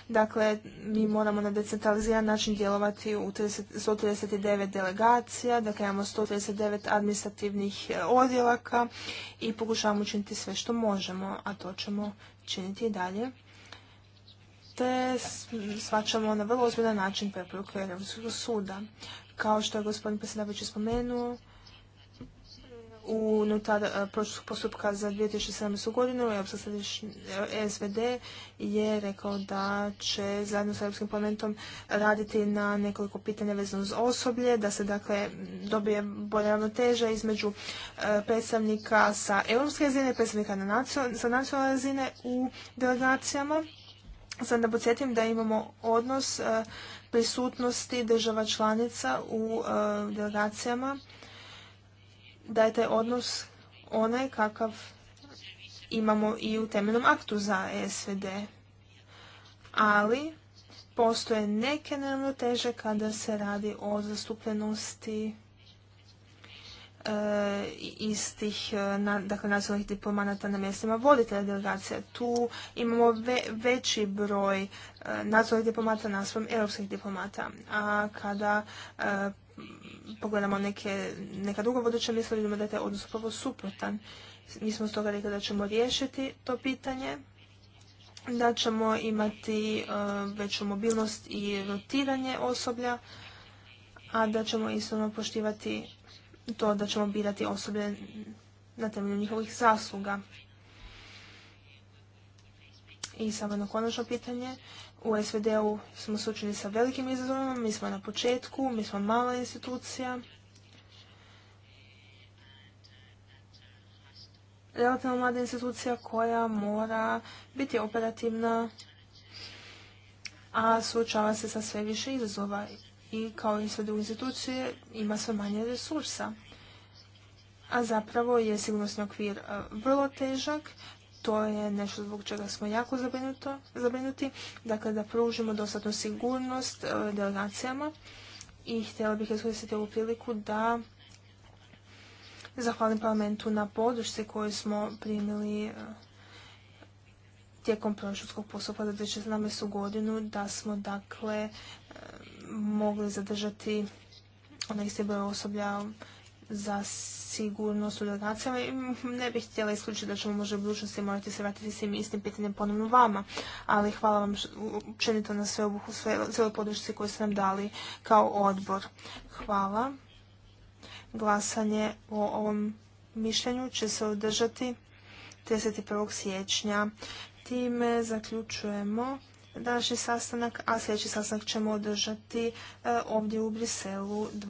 Dakle, mi moramo na decentraliziran način djelovati u 139 delegacija, dakle imamo 139 administrativnih eh, odjelaka i pokušavamo učiniti sve što možemo, a to ćemo činiti i dalje te svačamo na vrlo ozbiljan način preporuke Europskog suda. Kao što je gospodin predsjedavajući spomenuo, unutar e, postupka za 2017. godinu Europska SVD e, je rekao da će zajedno sa Europskim parlamentom raditi na nekoliko pitanja vezano uz osoblje, da se dakle dobije bolja ravnoteža između e, predstavnika sa europske razine i predstavnika na sa nacionalne razine u delegacijama. Sad da podsjetim da imamo odnos prisutnosti država članica u delegacijama da je taj odnos onaj kakav imamo i u temeljnom aktu za e SVD. Ali postoje neke neravnoteže kada se radi o zastupljenosti e, istih e, dakle, nacionalnih diplomanata na mjestima voditelja delegacija. Tu imamo veći broj nacionalnih diplomata naspram europskih diplomata. A kada pogledamo neka druga buduća misla, vidimo da je taj odnos upravo suprotan. Mi smo stoga rekli da ćemo riješiti to pitanje, da ćemo imati e, veću mobilnost i rotiranje osoblja, a da ćemo isto poštivati to da ćemo birati osoblje na temelju njihovih zasluga. I samo jedno konačno pitanje u SVD-u smo sučili sa velikim izazovima, mi smo na početku, mi smo mala institucija. Relativno mlada institucija koja mora biti operativna, a suočava se sa sve više izazova i kao i sve druge institucije ima sve manje resursa. A zapravo je sigurnosni okvir e, vrlo težak, to je nešto zbog čega smo jako zabrinuti, dakle da pružimo dostatnu sigurnost e, delegacijama i htjela bih iskoristiti ovu priliku da zahvalim parlamentu na podršci koju smo primili e, tijekom proračunskog postupka za 2017. godinu da smo dakle e, mogli zadržati onaj isti broj osoblja za sigurnost u donacijama. i ne bih htjela isključiti da ćemo možda u budućnosti morati se vratiti svim istim pitanjem ponovno vama, ali hvala vam općenito na sve obuhu, sve podršci koje ste nam dali kao odbor. Hvala. Glasanje o ovom mišljenju će se održati 31. siječnja. Time zaključujemo današnji sastanak, a sljedeći sastanak ćemo održati e, ovdje u Briselu